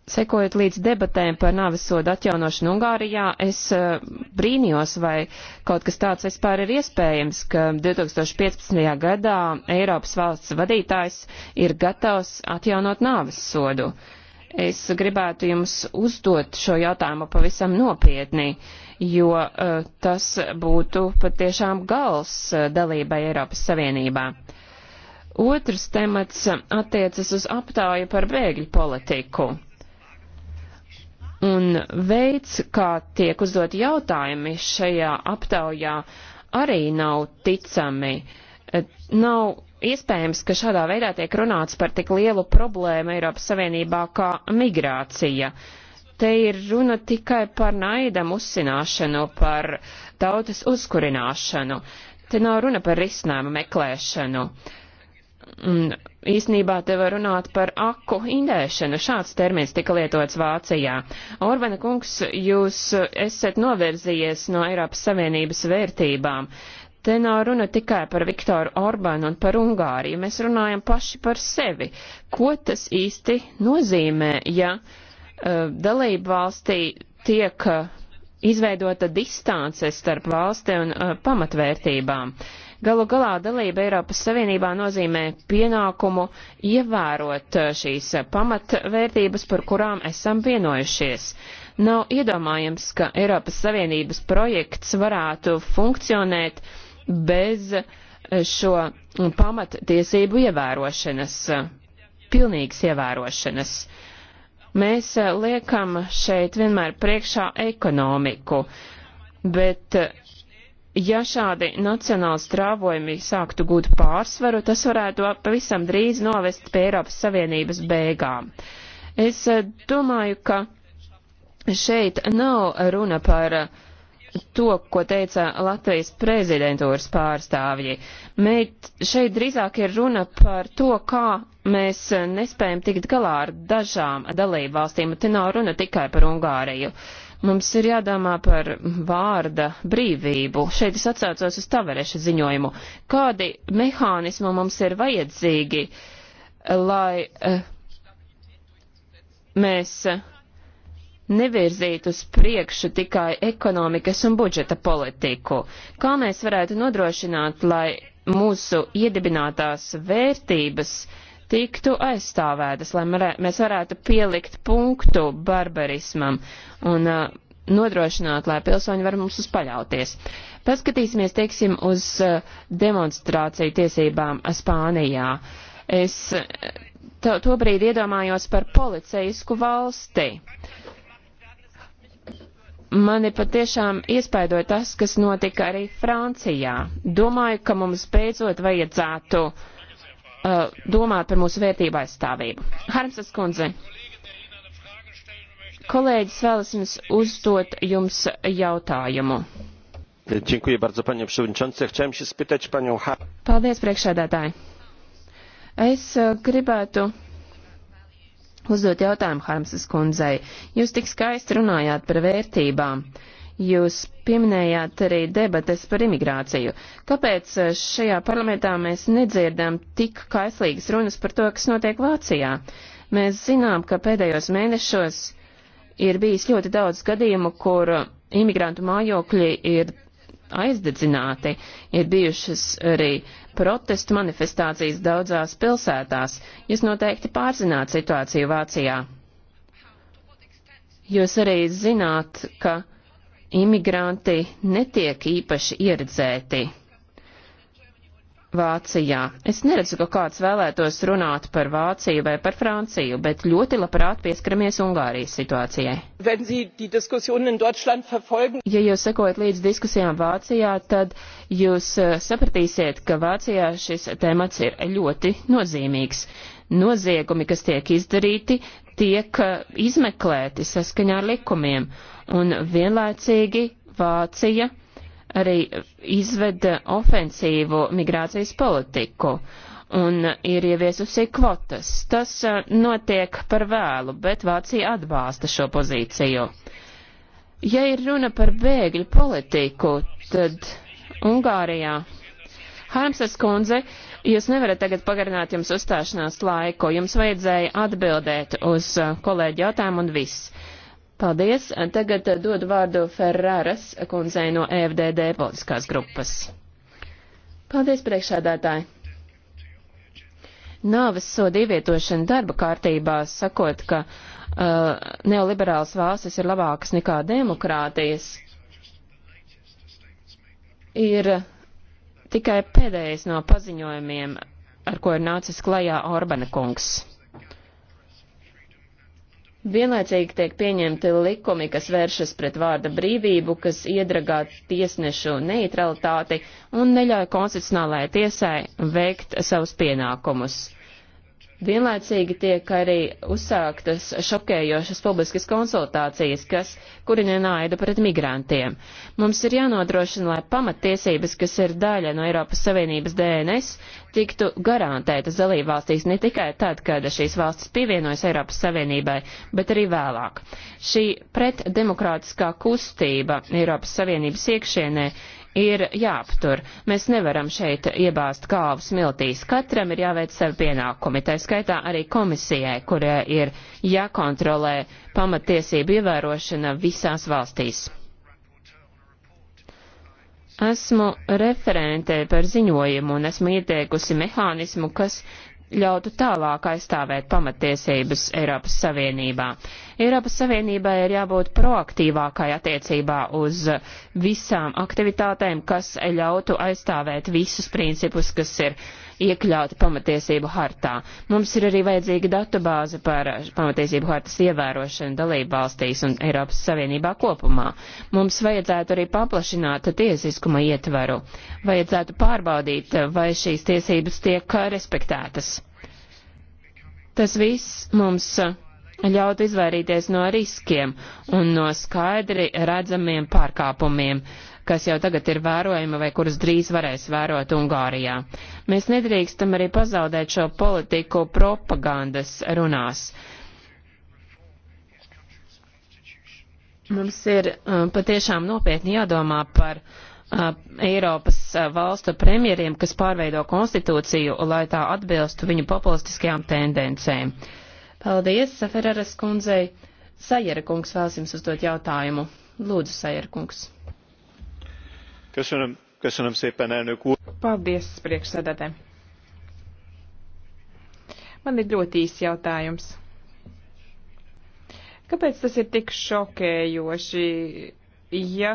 sekojot līdz debatēm par nāvisodu atjaunošanu Ungārijā, es uh, brīnījos, vai kaut kas tāds vispār ir iespējams, ka 2015. gadā Eiropas valsts vadītājs ir gatavs atjaunot nāvisodu. Es gribētu jums uzdot šo jautājumu pavisam nopietni, jo uh, tas būtu patiešām gals uh, dalībai Eiropas Savienībā. Otrs temats attiecas uz aptāju par bēgļu politiku. Un veids, kā tiek uzdot jautājumi šajā aptaujā, arī nav ticami. Eh, nav iespējams, ka šādā veidā tiek runāts par tik lielu problēmu Eiropas Savienībā kā migrācija. Te ir runa tikai par naidam uzsināšanu, par tautas uzkurināšanu. Te nav runa par risinājumu meklēšanu. Uh, Un mm, īsnībā te var runāt par aku indēšanu. Šāds termins tika lietots Vācijā. Orbana kungs, jūs esat novirzījies no Eiropas Savienības vērtībām. Te nav runa tikai par Viktoru Orbānu un par Ungāriju. Mēs runājam paši par sevi. Ko tas īsti nozīmē, ja uh, dalību valstī tiek uh, izveidota distance starp valsti un uh, pamatvērtībām? Uh, Galu galā dalība Eiropas Savienībā nozīmē pienākumu ievērot eh, šīs eh, pamatvērtības, par kurām esam vienojušies. Nav iedomājams, ka Eiropas Savienības projekts varētu funkcionēt bez eh, šo pamattiesību ievērošanas, pilnīgas ievērošanas. Mēs liekam šeit vienmēr priekšā ekonomiku, bet ja šādi nacionāli strāvojumi sāktu gūt pārsvaru, tas varētu pavisam drīz novest pie Eiropas Savienības beigām. Es eh, domāju, ka šeit nav runa par eh, to, ko teica Latvijas prezidentūras pārstāvji. Meit, šeit drīzāk ir runa par to, kā mēs eh, nespējam tikt galā ar dažām dalību valstīm. Te nav runa tikai par Ungāriju. Uh, Mums ir jādomā par vārda brīvību. Šeit es atsaucos uz Tavareša ziņojumu. Kādi mehānismi mums ir vajadzīgi, lai eh, mēs nevirzīt uz priekšu tikai ekonomikas un budžeta politiku? Kā mēs varētu nodrošināt, lai mūsu iedibinātās vērtības tiktu aizstāvētas, lai mēs varētu pielikt punktu barbarismam un uh, nodrošināt, lai pilsoņi var mums uz paļauties. Paskatīsimies, teiksim, uz uh, demonstrāciju tiesībām Spānijā. Es uh, to, to brīdi iedomājos par policeisku valsti. Mani patiešām iespaidoja tas, kas notika arī Francijā. Domāju, ka mums beidzot vajadzētu uh, uh, domāt par mūsu vērtību aizstāvību. Harmsas kundze, kolēģis vēlas jums uzdot jums jautājumu. Bardzo, panie Chciałem się spytać panią Paldies, priekšsēdētāji. Es uh, gribētu uzdot jautājumu Harmsas kundzei. Jūs tik skaisti runājāt par vērtībām. Uh, Jūs pieminējāt arī debates par imigrāciju. Kāpēc eh, šajā parlamentā mēs nedzirdam tik kaislīgas runas par to, kas notiek Vācijā? Mēs zinām, ka pēdējos mēnešos ir bijis ļoti daudz gadījumu, kur imigrantu mājokļi ir aizdedzināti, ir bijušas arī protestu manifestācijas daudzās pilsētās. Jūs noteikti pārzināt situāciju Vācijā. Jūs arī zināt, ka imigranti netiek īpaši ieredzēti Vācijā. Es neredzu, ka kāds vēlētos runāt par Vāciju vai par Franciju, bet ļoti labprāt pieskaramies Ungārijas situācijai. Ja jūs sekojat līdz diskusijām Vācijā, tad jūs eh, sapratīsiet, ka Vācijā šis temats ir ļoti nozīmīgs noziegumi, kas tiek izdarīti, tiek uh, izmeklēti saskaņā ar likumiem. Un vienlaicīgi Vācija arī izveda ofensīvu migrācijas politiku un ir ieviesusi kvotas. Tas uh, notiek par vēlu, bet Vācija atbalsta šo pozīciju. Ja ir runa par bēgļu politiku, tad Ungārijā Harmsas kundze Jūs nevarat tagad pagarināt jums uzstāšanās laiku, jums vajadzēja atbildēt uz uh, kolēģi jautājumu un viss. Paldies. Tagad uh, dodu vārdu Ferraras kundzei no EFDD politiskās grupas. Paldies, priekšādātāji. Nāves soda ievietošana darba kārtībā sakot, ka uh, neoliberālas valstis ir labākas nekā demokrātijas, ir tikai pēdējais no paziņojumiem, ar ko ir nācis klajā Orbana kungs. Vienlaicīgi tiek pieņemti likumi, kas vēršas pret vārda brīvību, kas iedragā tiesnešu neutralitāti un neļauj konstitucionālajai tiesai veikt savus pienākumus. Vienlaicīgi tiek arī uzsāktas šokējošas publiskas konsultācijas, kas kurina naidu pret migrantiem. Mums ir jānodrošina, lai pamatiesības, kas ir daļa no Eiropas Savienības DNS, tiktu garantētas dalībvalstīs ne tikai tad, kad šīs valstis pievienojas Eiropas Savienībai, bet arī vēlāk. Šī pretdemokrātiskā kustība Eiropas Savienības iekšienē ir jāaptur. Mēs nevaram šeit iebāzt kāvu smiltīs. Katram ir jāveic savi pienākumi, tā skaitā arī komisijai, kurai ir jākontrolē pamatiesību ievērošana visās valstīs. Esmu referente par ziņojumu un esmu ieteikusi mehānismu, kas ļautu tālāk aizstāvēt pamatiesības Eiropas Savienībā. Eiropas Savienībai ir jābūt proaktīvākai attiecībā uz visām aktivitātēm, kas ļautu aizstāvēt visus principus, kas ir uh, iekļauti pamatiesību hartā. Mums ir arī vajadzīga datubāze par pamatiesību hartas ievērošanu dalību valstīs un Eiropas Savienībā kopumā. Mums vajadzētu arī paplašināt tiesiskuma ietvaru. Vajadzētu pārbaudīt, vai šīs tiesības tiek respektētas. Tas viss mums ļaut izvairīties no riskiem un no skaidri redzamiem pārkāpumiem. Uh, kas jau tagad ir vērojama vai kuras drīz varēs vērot Ungārijā. Mēs nedrīkstam arī pazaudēt šo politiku propagandas runās. Mums ir uh, patiešām nopietni jādomā par uh, Eiropas uh, valstu premjeriem, kas pārveido konstitūciju, lai tā atbilstu viņu populistiskajām tendencēm. Paldies, Saferaras kundzei. Sajera kungs vēlas jums uzdot jautājumu. Lūdzu, Sajera kungs. Köszönöm, köszönöm szépen, elnök úr. Paldies, priekšsēdētē. Man ir ļoti īsts jautājums. Kāpēc tas ir tik šokējoši, ja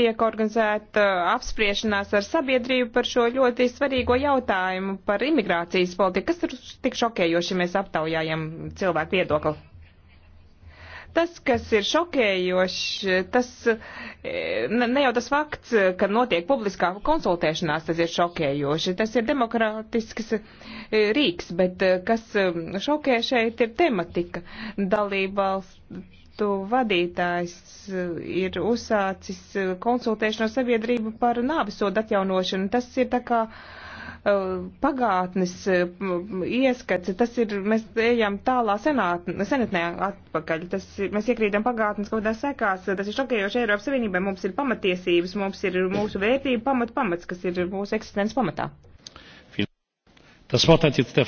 tiek organizēta apspriešanās ar sabiedrību par šo ļoti svarīgo jautājumu par imigrācijas politiku? Kas ir tik šokējoši, ja mēs aptaujājam cilvēku viedokli? Tas, kas ir šokējoši, tas e, ne jau tas fakts, ka notiek publiskā konsultēšanās, tas ir šokējoši. Tas ir demokrātisks e, rīks, bet e, kas šokē šeit ir tematika. Dalībvalstu vadītājs ir uzsācis konsultēšanu sabiedrību par nāvisodu atjaunošanu. Tas ir tā kā. Uh, pagātnes ieskats, tas ir, mēs ejam tālā senātnē, senatnē atpakaļ, tas ir, mēs iekrītam pagātnes kaut kādā sekās, tas ir šokējoši Eiropas Savienībai, mums ir pamatiesības, mums ir mūsu vērtība, pamat pamats, kas ir mūsu eksistences pamatā.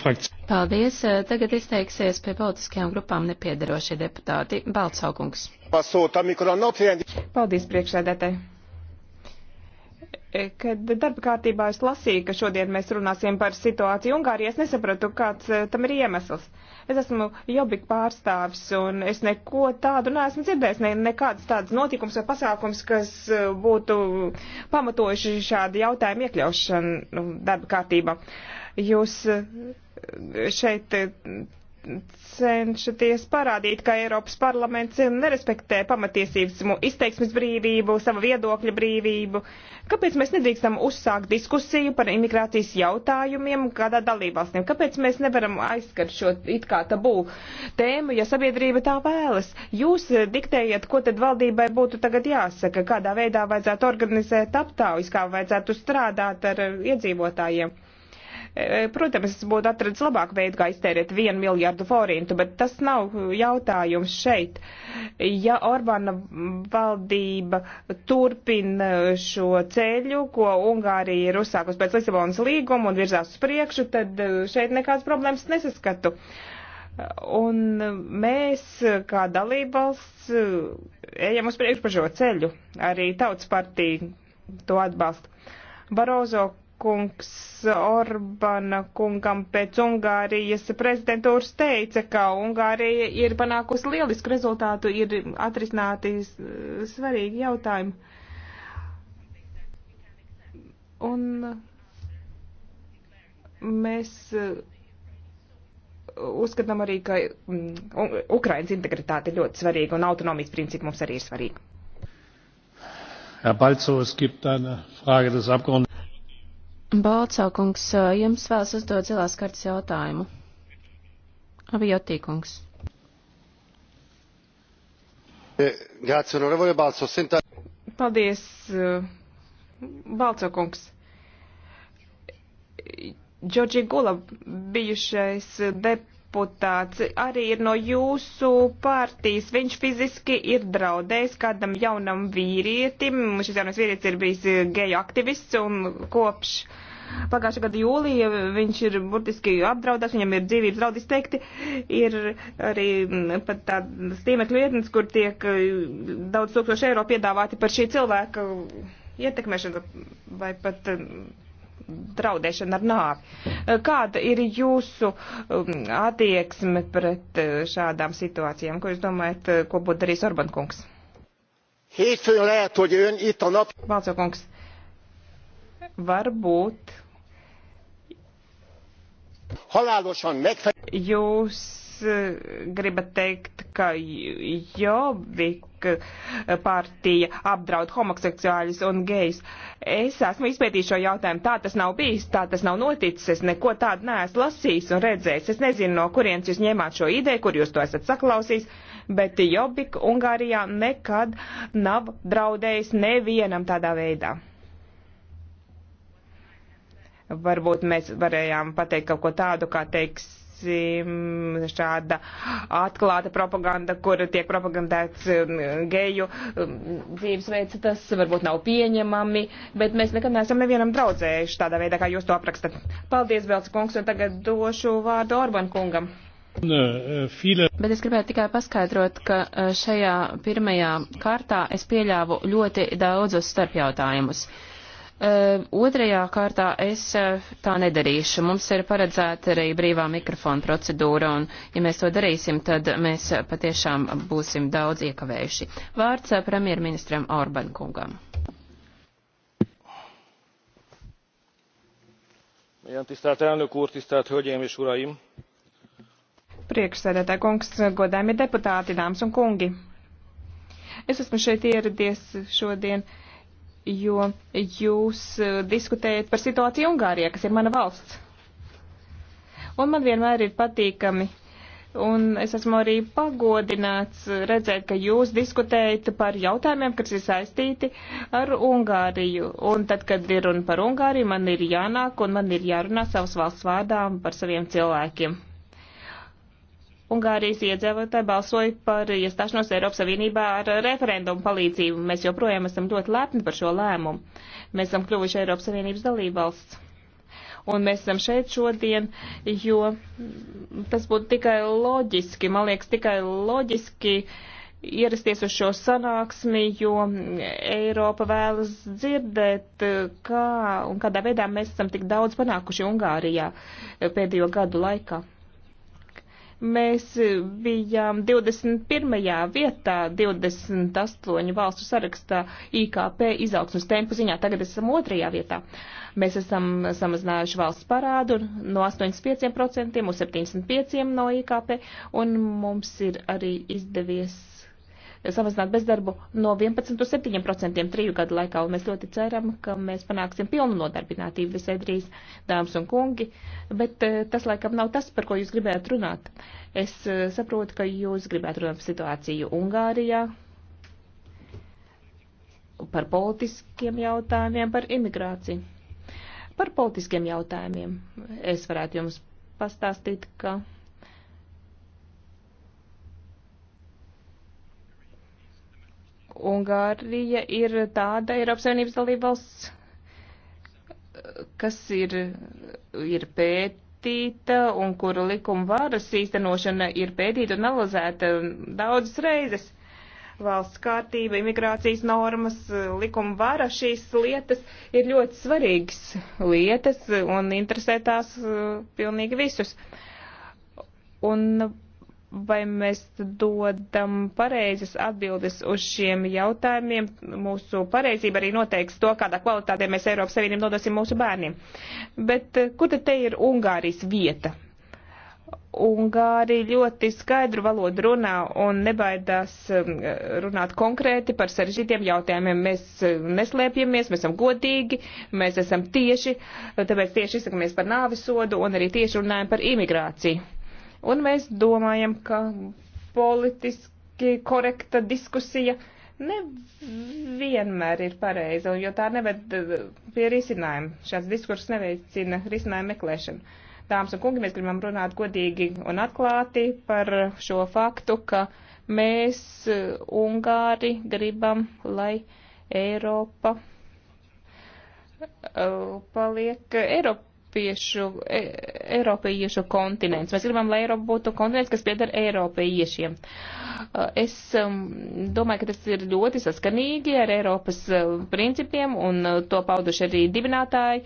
Paldies. Tagad izteiksies pie politiskajām grupām nepiedarošie deputāti Baltsaukungs. Paldies priekšsēdētāji. Kad darba kārtībā es lasīju, ka šodien mēs runāsim par situāciju Ungārijā, es nesapratu, kāds eh, tam ir iemesls. Es esmu jobbik pārstāvis un es neko tādu neesmu dzirdējis, ne, nekādas tādas notikums vai pasākums, kas eh, būtu pamatojuši šādu jautājumu iekļaušanu darba kārtībā. Jūs eh, šeit cenšaties parādīt, ka Eiropas parlaments nerespektē pamatiesības, izteiksmes brīvību, sava viedokļa brīvību. Kāpēc mēs nedrīkstam uzsākt diskusiju par imigrācijas jautājumiem kādā dalībvalstīm? Kāpēc mēs nevaram aizskat šo it kā tabū tēmu, ja sabiedrība tā vēlas? Jūs eh, diktējat, ko tad valdībai būtu tagad jāsaka, kādā veidā vajadzētu organizēt aptaujas, kā vajadzētu strādāt ar eh, iedzīvotājiem. E, e, protams, es būtu atradis labāku veidu, kā iztērēt vienu miljardu forintu, bet tas nav jautājums šeit. Ja Orbāna valdība turpina šo ceļu, ko Ungārija ir uzsākusi pēc Lisabonas līguma un virzās uz priekšu, tad e, šeit nekādas problēmas nesaskatu. Un mēs, kā dalībvalsts, ejam uz priekšu pa šo ceļu. Arī tautas partija to atbalsta. Barozo kungs Orbana kungam pēc Ungārijas prezidentūras teica, ka Ungārija ir panākusi lielisku rezultātu, ir atrisināti svarīgi jautājumi. Un mēs uh, uzskatām arī, ka mm, Ukrainas integritāte ir ļoti svarīga un autonomijas principi mums arī ir svarīgi herr balczó es gibt eine frage des abgeordneten. Balcaukungs, jums vēlas uzdot zilās kartas jautājumu. Avijotīkungs. Eh, Paldies, Balcaukungs. Džordži Gula, bijušais deputāts deputāts arī ir no jūsu partijas. Viņš fiziski ir draudējis kādam jaunam vīrietim. Šis jaunais vīrietis ir bijis geju aktivists un kopš pagājušā gada jūlija viņš ir burtiski apdraudēts, viņam ir dzīvības draudi izteikti. Ir arī mm, pat tādas tīmekļu vietnes, kur tiek mm, daudz tūkstoši eiro piedāvāti par šī cilvēka ietekmēšanu vai pat mm, draudēšana ar nāvi. Eh, kāda ir jūsu um, attieksme pret eh, šādām situācijām? Ko jūs domājat, eh, ko būtu darījis Orban kungs? Hétfőn lehet, hogy ön itt a nap... Balco kungs, varbūt halálosan megfelelő. Jūs gribat teikt, ka Jobbik Black partija apdraud homoseksuāļus un gejs. Es esmu izpētījis šo jautājumu. Tā tas nav bijis, tā tas nav noticis. Es neko tādu neesmu lasījis un redzējis. Es nezinu, no kurienes jūs ņēmāt šo ideju, kur jūs to esat saklausījis, bet Jobbik Ungārijā nekad nav draudējis nevienam tādā veidā. Varbūt mēs varējām pateikt kaut ko tādu, kā teiks teiksim, šāda atklāta propaganda, kur tiek propagandēts um, geju um, dzīvesveids, tas varbūt nav pieņemami, bet mēs nekad neesam nevienam draudzējuši tādā veidā, kā jūs to aprakstat. Paldies, Belts kungs, un tagad došu vārdu Orban kungam. E, bet es gribēju tikai paskaidrot, ka e, šajā pirmajā kārtā es pieļāvu ļoti daudzus starpjautājumus. jautājumus. Ehm, otrajā kārtā es eh, tā nedarīšu. Mums ir paredzēta arī brīvā mikrofona procedūra, un ja mēs to darīsim, tad mēs patiešām būsim daudz iekavējuši. Vārds eh, premjerministram Orban kungam. Tisztelt elnök úr, tisztelt hölgyeim és uraim! Priekšsēdētāj kungs, godājumi deputāti, dāmas un kungi! Es esmu šeit ieradies šodien uh, jo jūs eh, diskutējat par situāciju Ungārijā, kas ir mana valsts. Un man vienmēr ir patīkami Un es esmu arī pagodināts redzēt, ka jūs diskutējat par jautājumiem, kas ir saistīti ar Ungāriju. Un tad, kad ir runa par Ungāriju, man ir jānāk un man ir jārunā savas valsts vārdām par saviem cilvēkiem. Ungārijas iedzīvotāji balsoja par iestāšanos Eiropas Savienībā ar referendumu palīdzību. Mēs joprojām esam ļoti lepni par šo lēmumu. Mēs esam kļuvuši Eiropas Savienības dalībvalsts. Un mēs esam šeit šodien, jo tas būtu tikai loģiski, man liekas, tikai loģiski ierasties uz šo sanāksmi, jo Eiropa vēlas dzirdēt, kā un kādā veidā mēs esam tik daudz panākuši Ungārijā pēdējo gadu laikā. Mēs bijām 21. vietā 28 valstu sarakstā IKP izaugsmas tempu ziņā, tagad esam otrajā vietā. Mēs esam samazinājuši valsts parādu no 85% uz 75% no IKP, un mums ir arī izdevies samazināt bezdarbu no 11 uz 7% triju gadu laikā, un mēs ļoti ceram, ka mēs panāksim pilnu nodarbinātību visai drīz, dāmas un kungi, bet eh, tas laikam nav tas, par ko jūs gribētu runāt. Es eh, saprotu, ka jūs gribētu runāt par situāciju Ungārijā, par politiskiem jautājumiem, par imigrāciju. Par politiskiem jautājumiem es varētu jums pastāstīt, ka Ungārija ir tāda Eiropas Savienības dalībvalsts, kas ir, ir pētīta un kura likuma varas īstenošana ir pētīta un analizēta daudzas reizes. Valsts kārtība, imigrācijas normas, likuma vara šīs lietas ir ļoti svarīgas lietas un interesē tās uh, pilnīgi visus. Un vai mēs dodam pareizes atbildes uz šiem jautājumiem. Mūsu pareizība arī noteiks to, kādā kvalitātē mēs Eiropas Savienību nodosim mūsu bērniem. Bet eh, kur tad te ir Ungārijas vieta? Ungāri ļoti skaidru valodu runā un nebaidās eh, runāt konkrēti par sarežģītiem jautājumiem. Mēs eh, neslēpjamies, mēs esam godīgi, mēs esam tieši, tāpēc tieši izsakamies par nāvisodu un arī tieši runājam par imigrāciju Un mēs domājam, ka politiski korekta diskusija nevienmēr ir pareiza, jo tā neved eh, pie risinājuma. Šāds diskurs neveicina risinājumu meklēšanu. Dāmas un kungi, mēs gribam runāt godīgi un atklāti par šo faktu, ka mēs, eh, Ungāri, gribam, lai Eiropa eh, paliek Eiropa Eiropiešu, e, Eiropiešu kontinents. Mēs gribam, lai Eiropa būtu kontinents, kas pieder Eiropiešiem. Uh, es um, domāju, ka tas ir ļoti saskanīgi ar Eiropas uh, principiem un uh, to pauduši arī dibinātāji.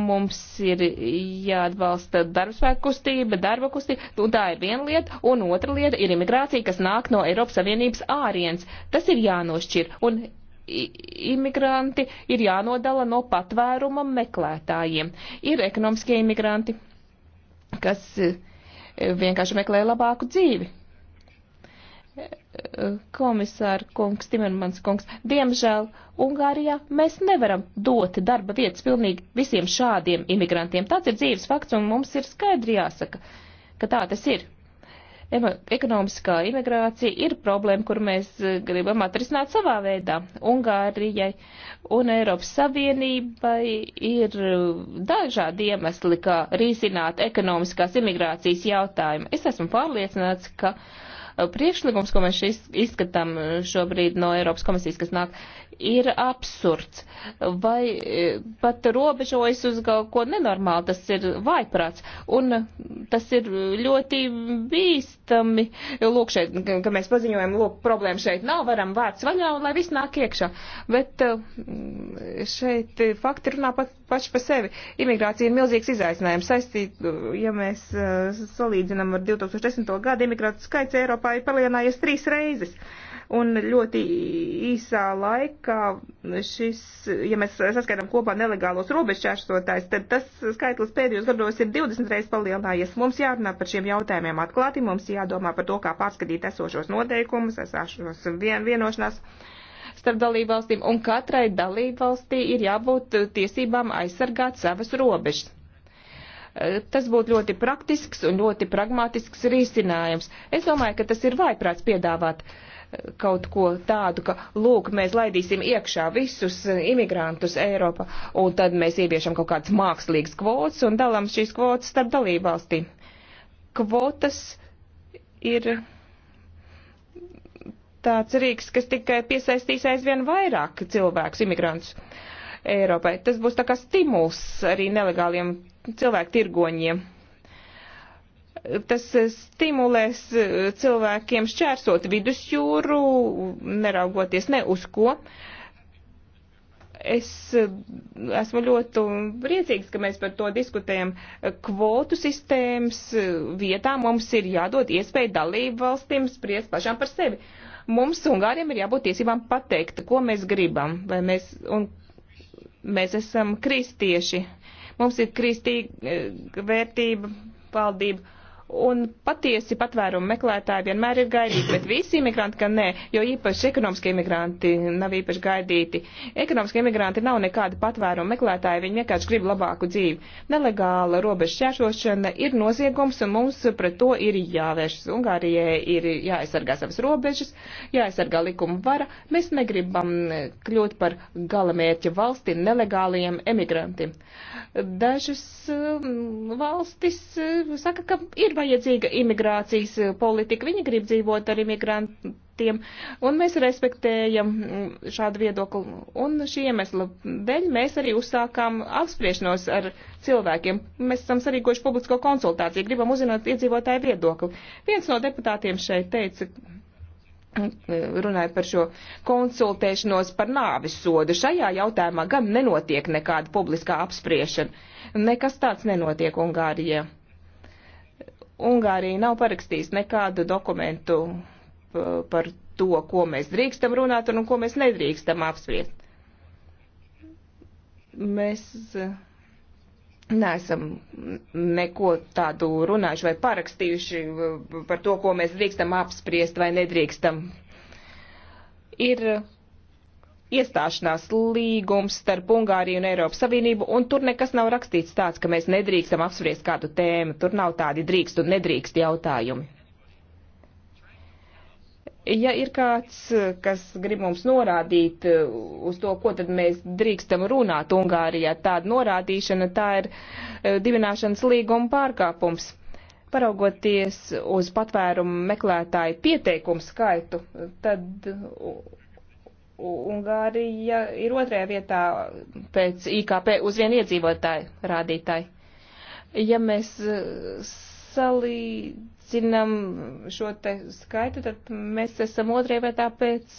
Mums ir jāatbalsta darbspēku kustība, darba kustība, un tā ir viena lieta, un otra lieta ir imigrācija, kas nāk no Eiropas Savienības ārienes. Tas ir jānošķir. Un imigranti ir jānodala no patvēruma meklētājiem. Ir ekonomiskie imigranti, kas e, vienkārši meklē labāku dzīvi. E, Komisāra kungs, Timermans kungs, diemžēl Ungārijā mēs nevaram dot darba vietas pilnīgi visiem šādiem imigrantiem. Tāds ir dzīves fakts un mums ir skaidri jāsaka, ka tā tas ir ekonomiskā imigrācija ir problēma, kur mēs eh, gribam atrisināt savā veidā. Ungārijai un Eiropas Savienībai ir eh, dažādi iemesli, kā risināt ekonomiskās imigrācijas jautājumu. Es esmu pārliecināts, ka eh, priekšlikums, ko mēs izskatām šobrīd no Eiropas komisijas, kas nāk, ir absurds vai e, pat robežojas uz kaut ko nenormālu, tas ir vaiprāts un tas ir ļoti bīstami. Lūk, šeit, ka mēs paziņojam, lūk, problēma šeit nav, varam vārds vaļā un lai viss nāk iekšā. Bet e, šeit fakti runā pat, paši pa sevi. Imigrācija ir milzīgs izaicinājums saistīt, ja mēs e, salīdzinām ar 2010. gadu, imigrācijas skaits Eiropā ir palielinājies trīs reizes. Un ļoti īsā laikā šis, ja mēs saskaitām kopā nelegālos robežšķērsotājs, tad tas skaitlis pēdējos gados ir 20 reizes palielinājies. Mums jārunā par šiem jautājumiem atklāti, mums jādomā par to, kā pārskatīt esošos noteikumus, esošos vien, vienošanās starp dalībvalstīm, un katrai dalībvalstī ir jābūt tiesībām aizsargāt savas robežas. Tas būtu ļoti praktisks un ļoti pragmatisks risinājums. Es domāju, ka tas ir vaiprāts piedāvāt. Uh, kaut ko tādu, ka lūk, mēs laidīsim iekšā visus imigrantus Eiropā, un tad mēs ieviešam kaut kādas mākslīgas kvotas un dalām šīs kvotas starp dalībvalstīm. Kvotas ir tāds rīks, kas tikai piesaistīs aizvien vairāk cilvēkus, imigrantus Eiropai. Tas būs tā kā stimuls arī nelegāliem cilvēku tirgoņiem tas eh, stimulēs eh, cilvēkiem šķērsot vidusjūru, neraugoties ne uz ko. Es eh, esmu ļoti priecīgs, ka mēs par to diskutējam. Kvotu sistēmas vietā mums ir jādod iespēja dalību valstīm spriest pašām par sevi. Mums Ungāriem ir jābūt tiesībām pateikt, ko mēs gribam, vai mēs, un mēs esam kristieši. Mums ir kristīga vērtība, valdība Un patiesi patvērumu meklētāji vienmēr ir gaidīti, bet visi imigranti gan nē, jo īpaši ekonomiskie imigranti nav īpaši gaidīti. Ekonomiskie imigranti nav nekādi patvērumu meklētāji, viņi vienkārši grib labāku dzīvi. Nelegāla robeža šķēršošana ir noziegums un mums pret to ir jāvēršas. Ungārijai ir jāaizsargā savas robežas, jāaizsargā likuma vara. Mēs negribam eh, kļūt par galamērķa valsti nelegāliem emigrantiem. Dažas eh, valstis eh, saka, ka ir vajadzīga imigrācijas eh, politika. Viņi grib dzīvot ar imigrantiem, un mēs respektējam mm, šādu viedokli. Un šī iemesla dēļ mēs arī uzsākām apspriešanos ar cilvēkiem. Mēs esam sarīkojuši publisko konsultāciju, gribam uzzināt iedzīvotāju viedokli. Viens no deputātiem šeit teica, mm, runāja par šo konsultēšanos par nāvis sodu. Šajā jautājumā gan nenotiek nekāda publiskā apspriešana. Nekas tāds nenotiek Ungārijā. Ungārija nav parakstījusi nekādu dokumentu par to, ko mēs drīkstam runāt un ko mēs nedrīkstam apspriest. Mēs eh, neesam neko tādu runājuši vai parakstījuši eh, par to, ko mēs drīkstam apspriest vai nedrīkstam. Ir iestāšanās līgums starp Ungāriju un Eiropas Savienību, un tur nekas nav rakstīts tāds, ka mēs nedrīkstam apspriest kādu tēmu. Tur nav tādi drīkst un nedrīkst jautājumi. Ja ir kāds, kas grib mums norādīt uh, uz to, ko tad mēs drīkstam runāt Ungārijā, tāda norādīšana, tā ir uh, divināšanas līguma pārkāpums. Paraugoties uz patvērumu meklētāju pieteikumu skaitu, tad Ungārija ir otrajā vietā pēc IKP uz vienu iedzīvotāju rādītāju. Ja mēs eh, salīdzinām šo te skaitu, tad mēs esam otrajā vietā pēc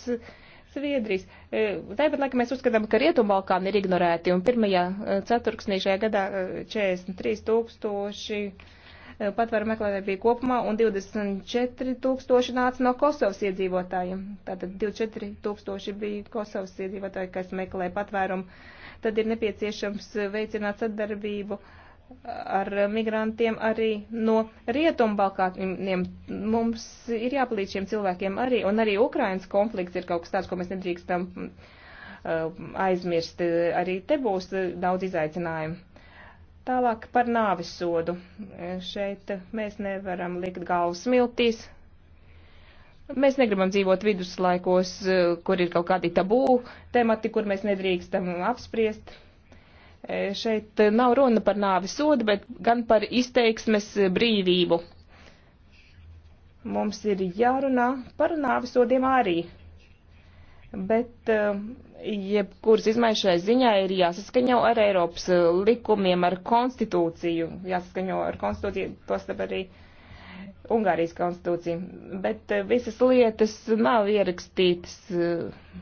Zviedrijas. Eh, Tāpat laikam mēs uzskatām, ka Rietumbalkāni ir ignorēti, un pirmajā eh, ceturksnī šajā gadā 43 tūkstoši 000 Eh, patvēru meklētāji bija kopumā, un 24 tūkstoši nāca no Kosovas iedzīvotājiem. Tātad 24 tūkstoši bija Kosovas iedzīvotāji, kas meklē patvērumu. Tad ir nepieciešams veicināt sadarbību ar migrantiem arī no Rietumbalkāniem. Mums ir jāpalīdz šiem cilvēkiem arī, un arī Ukrainas konflikts ir kaut kas tāds, ko mēs nedrīkstam eh, aizmirst. Arī te būs daudz izaicinājumu. Tālāk par nāvis sodu. Šeit mēs nevaram likt galvas smiltīs. Mēs negribam dzīvot viduslaikos, kur ir kaut kādi tabū temati, kur mēs nedrīkstam apspriest. Šeit nav runa par nāvis sodu, bet gan par izteiksmes brīvību. Mums ir jārunā par nāvis sodiem arī. Bet jebkuras izmaiņas šai ziņā ir jāsaskaņo ar Eiropas eh, likumiem, ar konstitūciju, jāsaskaņo ar konstitūciju, tostarp arī Ungārijas konstitūciju. Bet eh, visas lietas nav ierakstītas, eh,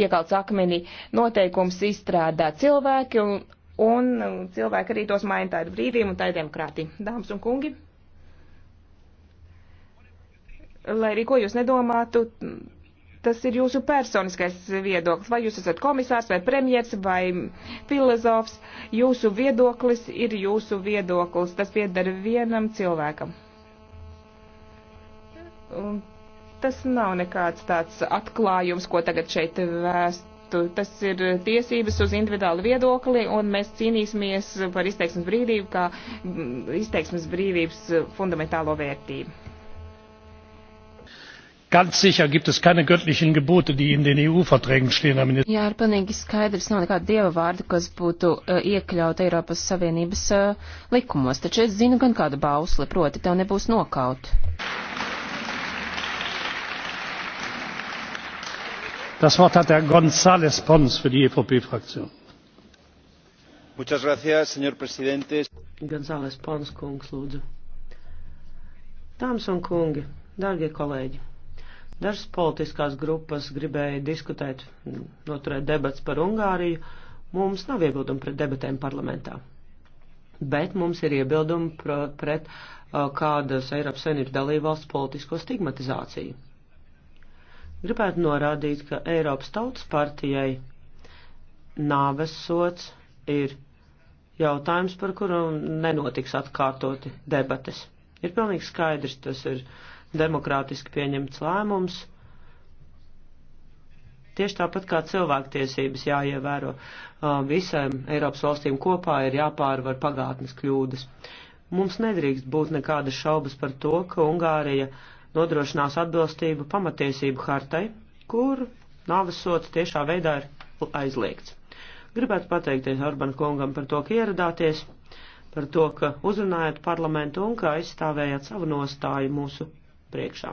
iekalts akmenī. Noteikums izstrādā cilvēki, un, un cilvēki arī tos maina. Tā ir brīvība un tā ir demokrātija. Dāmas un kungi, lai arī ko jūs nedomātu, Tas ir jūsu personiskais viedoklis. Vai jūs esat komisārs vai premjers vai filozofs, jūsu viedoklis ir jūsu viedoklis. Tas pieder vienam cilvēkam. Un tas nav nekāds tāds atklājums, ko tagad šeit vēst lietu. Tas ir tiesības uz individuālu viedokli, un mēs cīnīsimies par izteiksmes brīvību kā izteiksmes brīvības fundamentālo vērtību ganz sicher gibt es keine göttlichen gebote die in den eu verträgen stehen herr minister. jā ir pilnīgi skaidrs nav nekāda dieva vārda kas būtu uh, eh, iekļauta eiropas savienības uh, likumos taču es zinu gan kādu bausli proti tev nebūs nokaut. das wort hat herr gonzles pons für die evp fraktion. muchas gracias señor presidente. gonzles pons kungs lūdzu. Dāmas un kungi, dārgie kolēģi! Dažas politiskās grupas gribēja diskutēt, noturēt debats par Ungāriju. Mums nav iebildumi pret debatēm parlamentā. Bet mums ir iebildumi pret, pret uh, kādas Eiropas Savienības dalībvalsts politisko stigmatizāciju. Gribētu norādīt, ka Eiropas Tautas partijai nāves sots ir jautājums, par kuru nenotiks atkārtoti debates. Ir pilnīgi skaidrs, tas ir uh, demokrātiski pieņemts lēmums. Tieši tāpat kā cilvēktiesības jāievēro uh, visiem Eiropas valstīm kopā ir jāpārvar pagātnes kļūdas. Mums nedrīkst būt nekādas šaubas par to, ka Ungārija nodrošinās atbilstību pamatiesību hartai, kur nāvesots tiešā veidā ir aizliegts. Gribētu pateikties Orbán kungam par to, ka ieradāties, par to, ka uzrunājat parlamentu un ka aizstāvējat savu nostāju mūsu priekšā.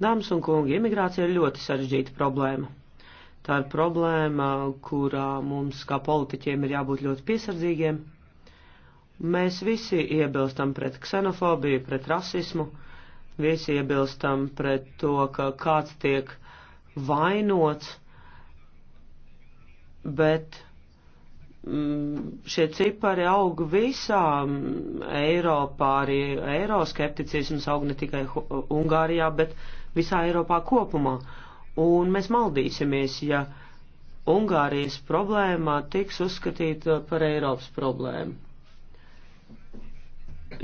Dāmas un kungi, imigrācija ir ļoti sarežģīta problēma. Tā ir problēma, kurā mums kā politiķiem ir jābūt ļoti piesardzīgiem. Mēs visi iebilstam pret ksenofobiju, pret rasismu, visi iebilstam pret to, ka kāds tiek vainots, bet Mm, šie cipari aug visām Eiropā, arī eiroskepticisms aug ne tikai Ungārijā, bet visā Eiropā kopumā. Un mēs maldīsimies, ja Ungārijas problēmā tiks uzskatīta par Eiropas problēmu.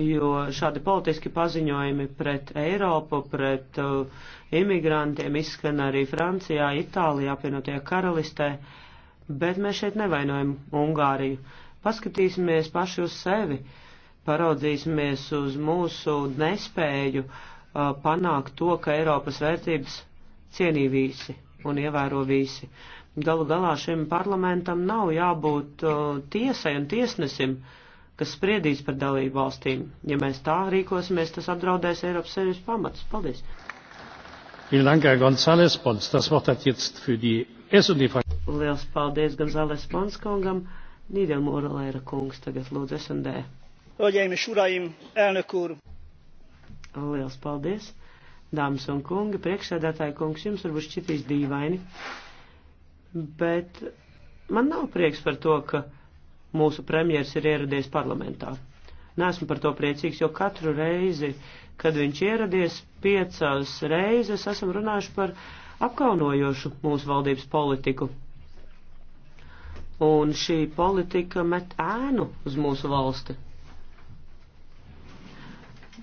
Jo šādi politiski paziņojumi pret Eiropu, pret uh, imigrantiem izskan arī Francijā, Itālijā, apvienotajā karalistē. Uh, Bet mēs šeit nevainojam Ungāriju. Paskatīsimies paši uz sevi, paraudzīsimies uz mūsu nespēju uh, panākt to, ka Eiropas vērtības cienī visi un ievēro visi. Galu galā šim parlamentam nav jābūt uh, tiesai un tiesnesim, kas spriedīs par dalību valstīm. Ja mēs tā rīkosimies, tas apdraudēs Eiropas Savienības pamatus. Paldies! Vielen Dank, Herr González Pons. Das Wort hat jetzt für die S&D Fraktion. Liels paldies gan Zales Panskongam, Nīdelmūra Lēra kungs tagad lūdzu SND. Hölgyeim és uraim, elnök úr! Liels paldies! Dāmas un kungi, priekšsēdētāji kungs, jums varbūt šķitīs dīvaini, bet man nav prieks par to, ka mūsu premjers ir ieradies parlamentā. Nesmu par to priecīgs, jo katru reizi, kad viņš ieradies, piecās reizes esam runājuši par apkaunojošu mūsu valdības politiku, un šī politika met ēnu uz mūsu valsti.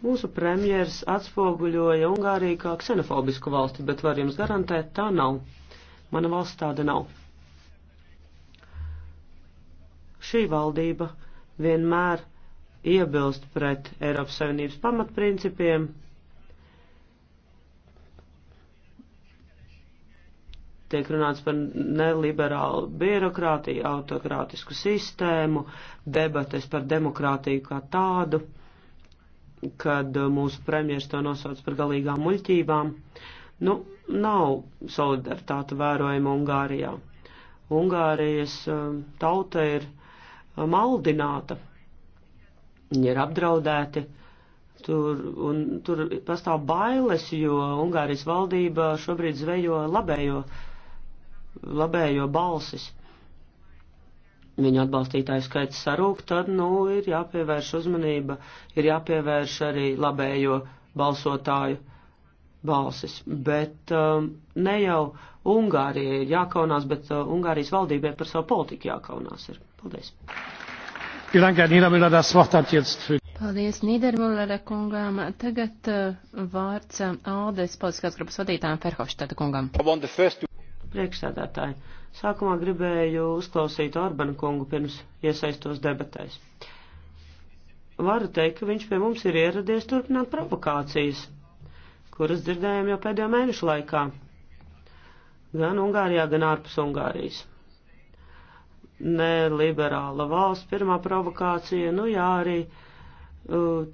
Mūsu premjers atspoguļoja Ungāriju kā ksenofobisku valsti, bet var jums garantēt, tā nav. Mana valsts tāda nav. Šī valdība vienmēr iebilst pret Eiropas Savienības pamatprincipiem, tiek runāts par neliberālu birokrātiju, autokrātisku sistēmu, debates par demokrātiju kā tādu, kad mūsu premjers to nosauc par galīgām muļķībām. Nu, nav solidaritāte vērojama Ungārijā. Ungārijas um, tauta ir um, maldināta, viņi ir apdraudēti, tur, un tur pastāv bailes, jo Ungārijas valdība šobrīd zvejo labējo labējo balsis, viņa atbalstītāju skaits sarūk, tad, nu, ir jāpievērš uzmanība, ir jāpievērš arī labējo balsotāju balsis. Bet um, ne jau Ungārija ir jākaunās, bet uh, Ungārijas valdībai par savu politiku jākaunās ir. Paldies. Paldies Nīdermullera kungām. Tagad uh, vārds uh, Aldes politiskās grupas vadītājiem Ferhofštata kungam. Priekšsēdētāji, sākumā gribēju uzklausīt Orbanu kungu pirms iesaistos debatēs. Varu teikt, ka viņš pie mums ir ieradies turpināt provokācijas, kuras dzirdējām jau pēdējo mēnešu laikā, gan Ungārijā, gan ārpus Ungārijas. Neliberāla valsts pirmā provokācija, nu jā, arī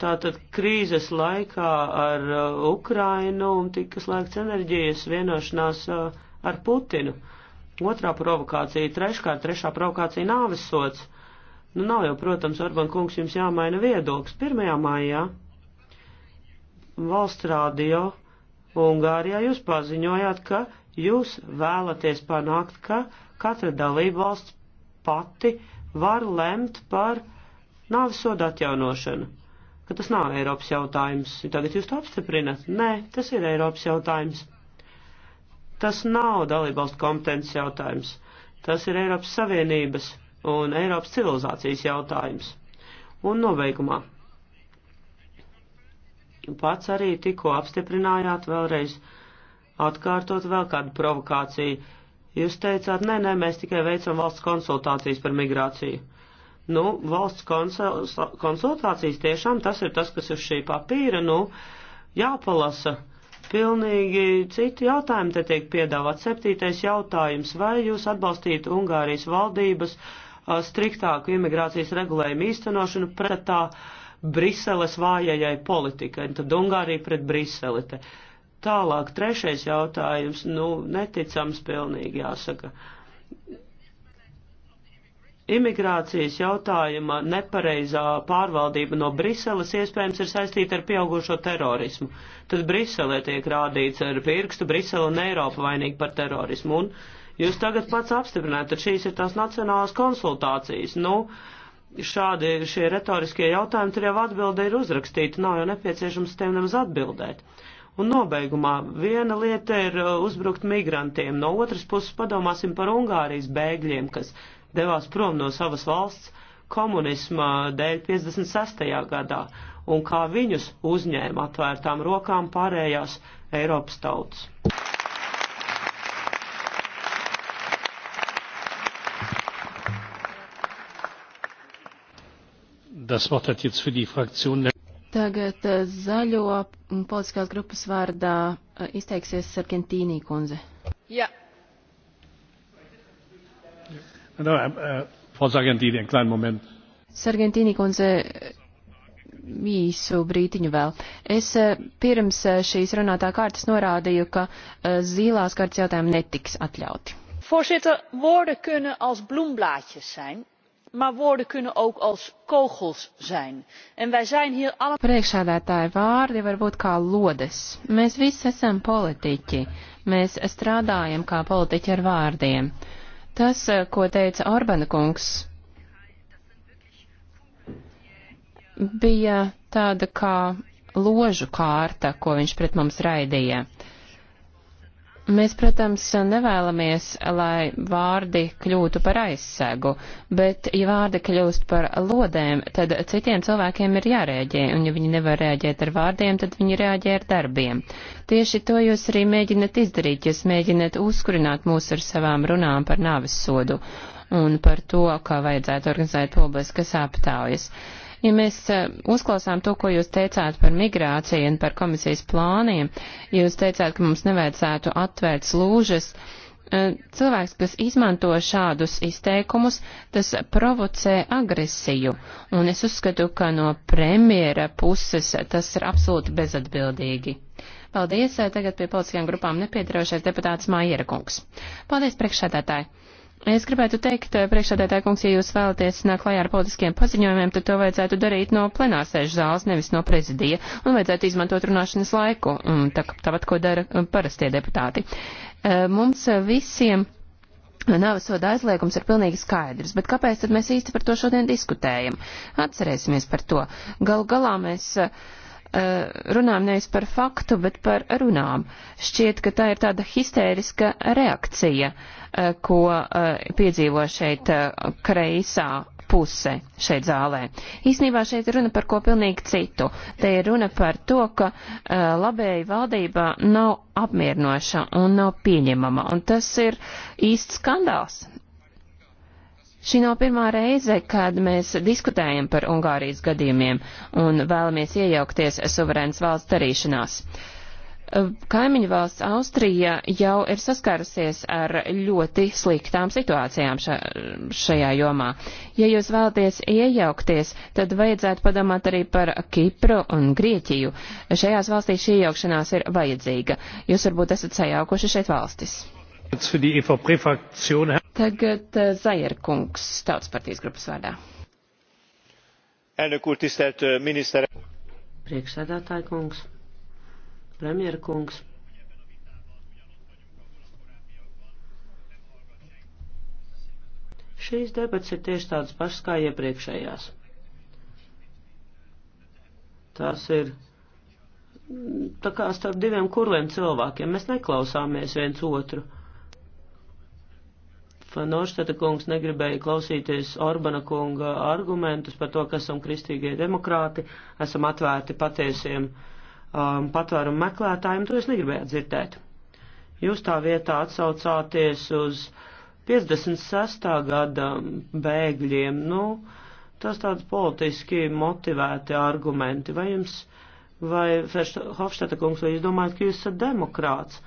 tātad krīzes laikā ar Ukrainu un tika slēgts enerģijas vienošanās uh, ar Putinu. Otrā provokācija, treškārt, trešā provokācija nāves sots. Nu nav jau, protams, Orban kungs jums jāmaina viedoklis. 1. maijā valsts rādio Ungārijā jūs paziņojāt, ka jūs vēlaties panākt, ka katra dalība valsts pati var lemt par nāves sodu atjaunošanu ka tas nav Eiropas jautājums. Tagad jūs to apstiprinat? Nē, tas ir Eiropas jautājums. Tas nav dalībvalstu kompetences jautājums. Tas ir Eiropas Savienības un Eiropas civilizācijas jautājums. Un nobeigumā. Pats arī tikko apstiprinājāt vēlreiz, atkārtot vēl kādu provokāciju. Jūs teicāt, nē, nē, mēs tikai veicam valsts konsultācijas par migrāciju. Nu, valsts konsultācijas tiešām tas ir tas, kas uz šī papīra, nu, jāpalasa, Pilnīgi citi jautājumi te tiek piedāvāt. Septītais jautājums. Vai jūs atbalstītu Ungārijas valdības striktāku imigrācijas regulējumu īstenošanu pretā Briseles vājajai politikai? Tad Ungārija pret Briseli. Te. Tālāk, trešais jautājums. Nu, neticams pilnīgi jāsaka imigrācijas jautājuma nepareizā pārvaldība no Briseles iespējams ir saistīta ar pieaugušo terorismu. Tad Briselē tiek rādīts ar pirkstu Brisele un Eiropa vainīgi par terorismu. Un jūs tagad pats apstiprināt, ka šīs ir tās nacionālās konsultācijas. Nu, šādi šie retoriskie jautājumi tur jau atbilde ir uzrakstīta, nav jau nepieciešams tiem nemaz atbildēt. Un nobeigumā viena lieta ir uh, uzbrukt migrantiem, no otras puses padomāsim par Ungārijas bēgļiem, kas devās prom no savas valsts komunisma dēļ 56. gadā, un kā viņus uzņēma atvērtām rokām pārējās Eiropas tautas. Tagad eh, zaļo politiskās grupas vārdā eh, izteiksies Sargentīnī kundze. Ja, Eh, eh, Frau Sargentini, einen kleinen moment. Sargentini kundze, īsu brītiņu vēl. Es eh, pirms šīs runātā kārtas norādīju, ka zilās kārtas jautājumi netiks atļauti. Voorzitter, woorden kunnen als bloemblaadjes zijn, maar woorden kunnen ook als kogels zijn. En wij zijn hier allemaal. Priekšādātāji vārdi var būt kā lodes. Mēs visi esam politiķi. Mēs strādājam kā politiķi ar vārdiem. Uh, Tas, eh, ko teica Orbana kungs, bija tāda kā ložu kārta, ko viņš pret mums raidīja. Uh, Mēs, protams, nevēlamies, lai vārdi kļūtu par aizsegu, bet, ja vārdi kļūst par lodēm, tad citiem cilvēkiem ir jārēģē, un ja viņi nevar rēģēt ar vārdiem, tad viņi rēģē ar darbiem. Tieši to jūs arī mēģinat izdarīt, jūs mēģinat uzkurināt mūs ar savām runām par nāves sodu un par to, ka vajadzētu organizēt publiskas aptaujas. Uh, Ja mēs e, uzklausām to, ko jūs teicāt par migrāciju un par komisijas plāniem, jūs teicāt, ka mums nevajadzētu atvērt slūžas. E, cilvēks, kas izmanto šādus izteikumus, tas provocē agresiju, un es uzskatu, ka no premjera puses tas ir absolūti bezatbildīgi. Paldies, e, tagad pie politiskajām grupām nepiedarošais deputāts Mājera kungs. Paldies, priekšsēdētāji! Es gribētu teikt, eh, priekšsādētāja kungs, ja jūs vēlaties nāk klajā ar politiskiem paziņojumiem, tad to vajadzētu darīt no plenāsēžu zāles, nevis no prezidija, un vajadzētu izmantot runāšanas laiku, tā, tāpat, ko dara eh, parastie deputāti. Eh, mums visiem navasoda aizliegums ir pilnīgi skaidrs, bet kāpēc tad mēs īsti par to šodien diskutējam? Atcerēsimies par to. Galu galā mēs. Uh, Eh, runām nevis par faktu, bet par runām. Šķiet, ka tā ir tāda histēriska reakcija, eh, ko eh, piedzīvo šeit kreisā puse šeit zālē. Īsnībā šeit ir runa par ko pilnīgi citu. Te ir runa par to, ka labēji valdībā nav apmierinoša un nav pieņemama. Un tas ir īsts skandāls. Šī nav pirmā reize, kad mēs diskutējam par Ungārijas gadījumiem un vēlamies iejaukties suverēnas valsts darīšanās. Kaimiņu valsts Austrija jau ir saskarusies ar ļoti sliktām situācijām ša, šajā jomā. Ja jūs vēlaties iejaukties, tad vajadzētu padomāt arī par Kipru un Grieķiju. Šajās valstīs šī iejaukšanās ir vajadzīga. Jūs varbūt esat sajaukuši šeit valstis. Tagad eh, Zajerkungs, Tautas partijas grupas vārdā. Elnök úr, tisztelt eh, miniszter! Priekšsēdētāja kungs, premjera kungs. Šīs debats ir tieši tādas pašas kā iepriekšējās. Tās ir tā kā starp diviem kurliem cilvēkiem. Mēs neklausāmies viens otru. Norštata kungs negribēja klausīties Orbana kunga argumentus par to, ka esam kristīgie demokrāti, esam atvērti patiesiem um, patvērumu meklētājiem, to es negribēju dzirdēt. Jūs tā vietā atsaucāties uz 56. gada bēgļiem, nu, tas tāds politiski motivēti argumenti. Vai jums, vai Hofštata kungs, vai jūs domājat, ka jūs esat demokrāts?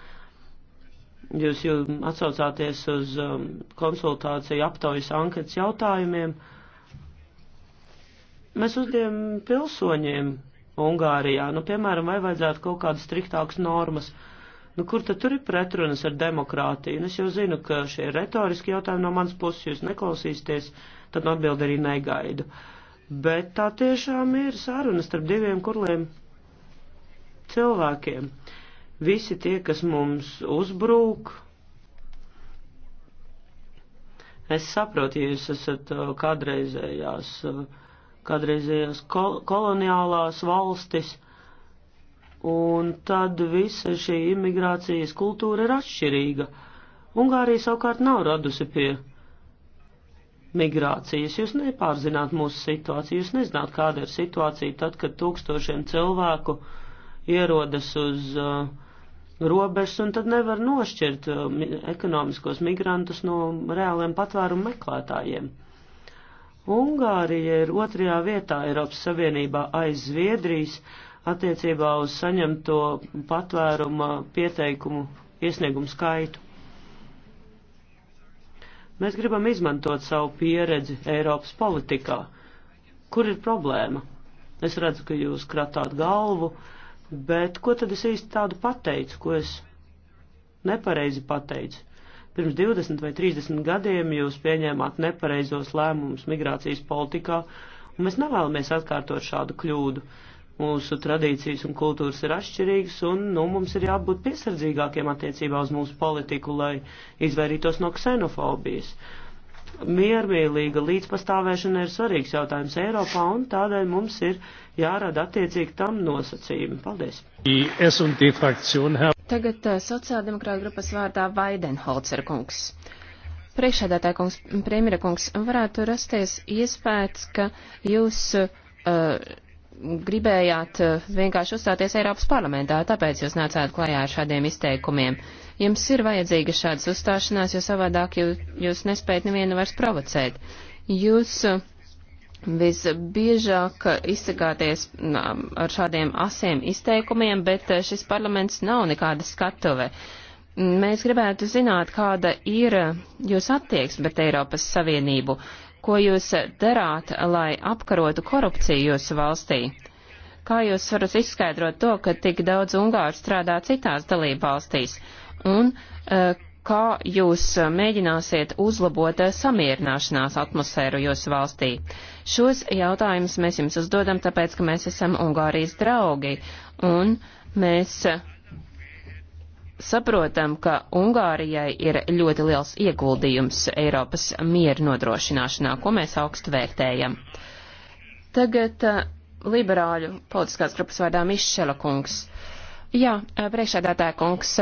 Jūs jau atsaucāties uz um, konsultāciju aptaujas anketas jautājumiem. Mēs uzdiem pilsoņiem Ungārijā, nu, piemēram, vai vajadzētu kaut kādas striktākas normas. Nu, kur tad tur ir pretrunas ar demokrātiju? Un nu, es jau zinu, ka šie retoriski jautājumi no manas puses jūs neklausīsieties, tad atbildi arī negaidu. Bet tā tiešām ir saruna starp diviem kurliem cilvēkiem. Uh, Visi tie, kas mums uzbrūk, es saprotu, ja jūs esat uh, kādreizējās, uh, kādreizējās kol koloniālās valstis, un tad visa šī imigrācijas kultūra ir atšķirīga. Ungārija savukārt nav radusi pie migrācijas. Jūs nepārzināt mūsu situāciju, jūs nezināt, kāda ir situācija tad, kad tūkstošiem cilvēku ierodas uz uh, robežas, un tad nevar nošķirt uh, ekonomiskos migrantus no reāliem patvērumu meklētājiem. Ungārija ir otrajā vietā Eiropas Savienībā aiz Zviedrijas attiecībā uz saņemto patvēruma pieteikumu iesniegumu skaitu. Mēs gribam izmantot savu pieredzi Eiropas politikā. Kur ir problēma? Es redzu, ka jūs kratāt galvu, uh, Bet ko tad es īsti tādu pateicu, ko es nepareizi pateicu? Pirms 20 vai 30 gadiem jūs pieņēmāt nepareizos lēmumus migrācijas politikā, un mēs nevēlamies atkārtot šādu kļūdu. Mūsu tradīcijas un kultūras ir atšķirīgas, un nu, mums ir jābūt piesardzīgākiem attiecībā uz mūsu politiku, lai izvairītos no ksenofobijas miermīlīga līdzpastāvēšana ir svarīgs jautājums Eiropā, un tādēļ mums ir jārada attiecīgi tam nosacījumi. Paldies! Tagad eh, sociāldemokrāta grupas vārdā Vaidenholzer kungs. Priekšādātāja kungs, premjera kungs, varētu rasties iespējas, ka jūs uh, gribējāt eh, vienkārši uzstāties Eiropas parlamentā, tāpēc jūs nācāt klajā ar šādiem izteikumiem. Uh, Jums ir vajadzīga šādas uzstāšanās, jo savādāk jūs, jūs nespējat nevienu vairs provocēt. Jūs uh, visbiežāk izsakāties um, ar šādiem asiem izteikumiem, bet uh, šis parlaments nav nekāda skatuve. Mēs gribētu zināt, kāda ir uh, jūs attieksme pret Eiropas Savienību, ko jūs darāt, lai apkarotu korupciju jūsu valstī. Kā jūs varat izskaidrot to, ka tik daudz Ungāru strādā citās dalībvalstīs? valstīs? un eh, kā jūs eh, mēģināsiet uzlabot eh, samierināšanās atmosfēru jūsu valstī. Šos jautājumus mēs jums uzdodam, tāpēc, ka mēs esam Ungārijas draugi, un mēs saprotam, ka Ungārijai ir ļoti liels ieguldījums Eiropas mieru nodrošināšanā, ko mēs augstu vērtējam. Tagad liberāļu politiskās grupas vārdā Mišela kungs. Jā, priekšādātāja kungs,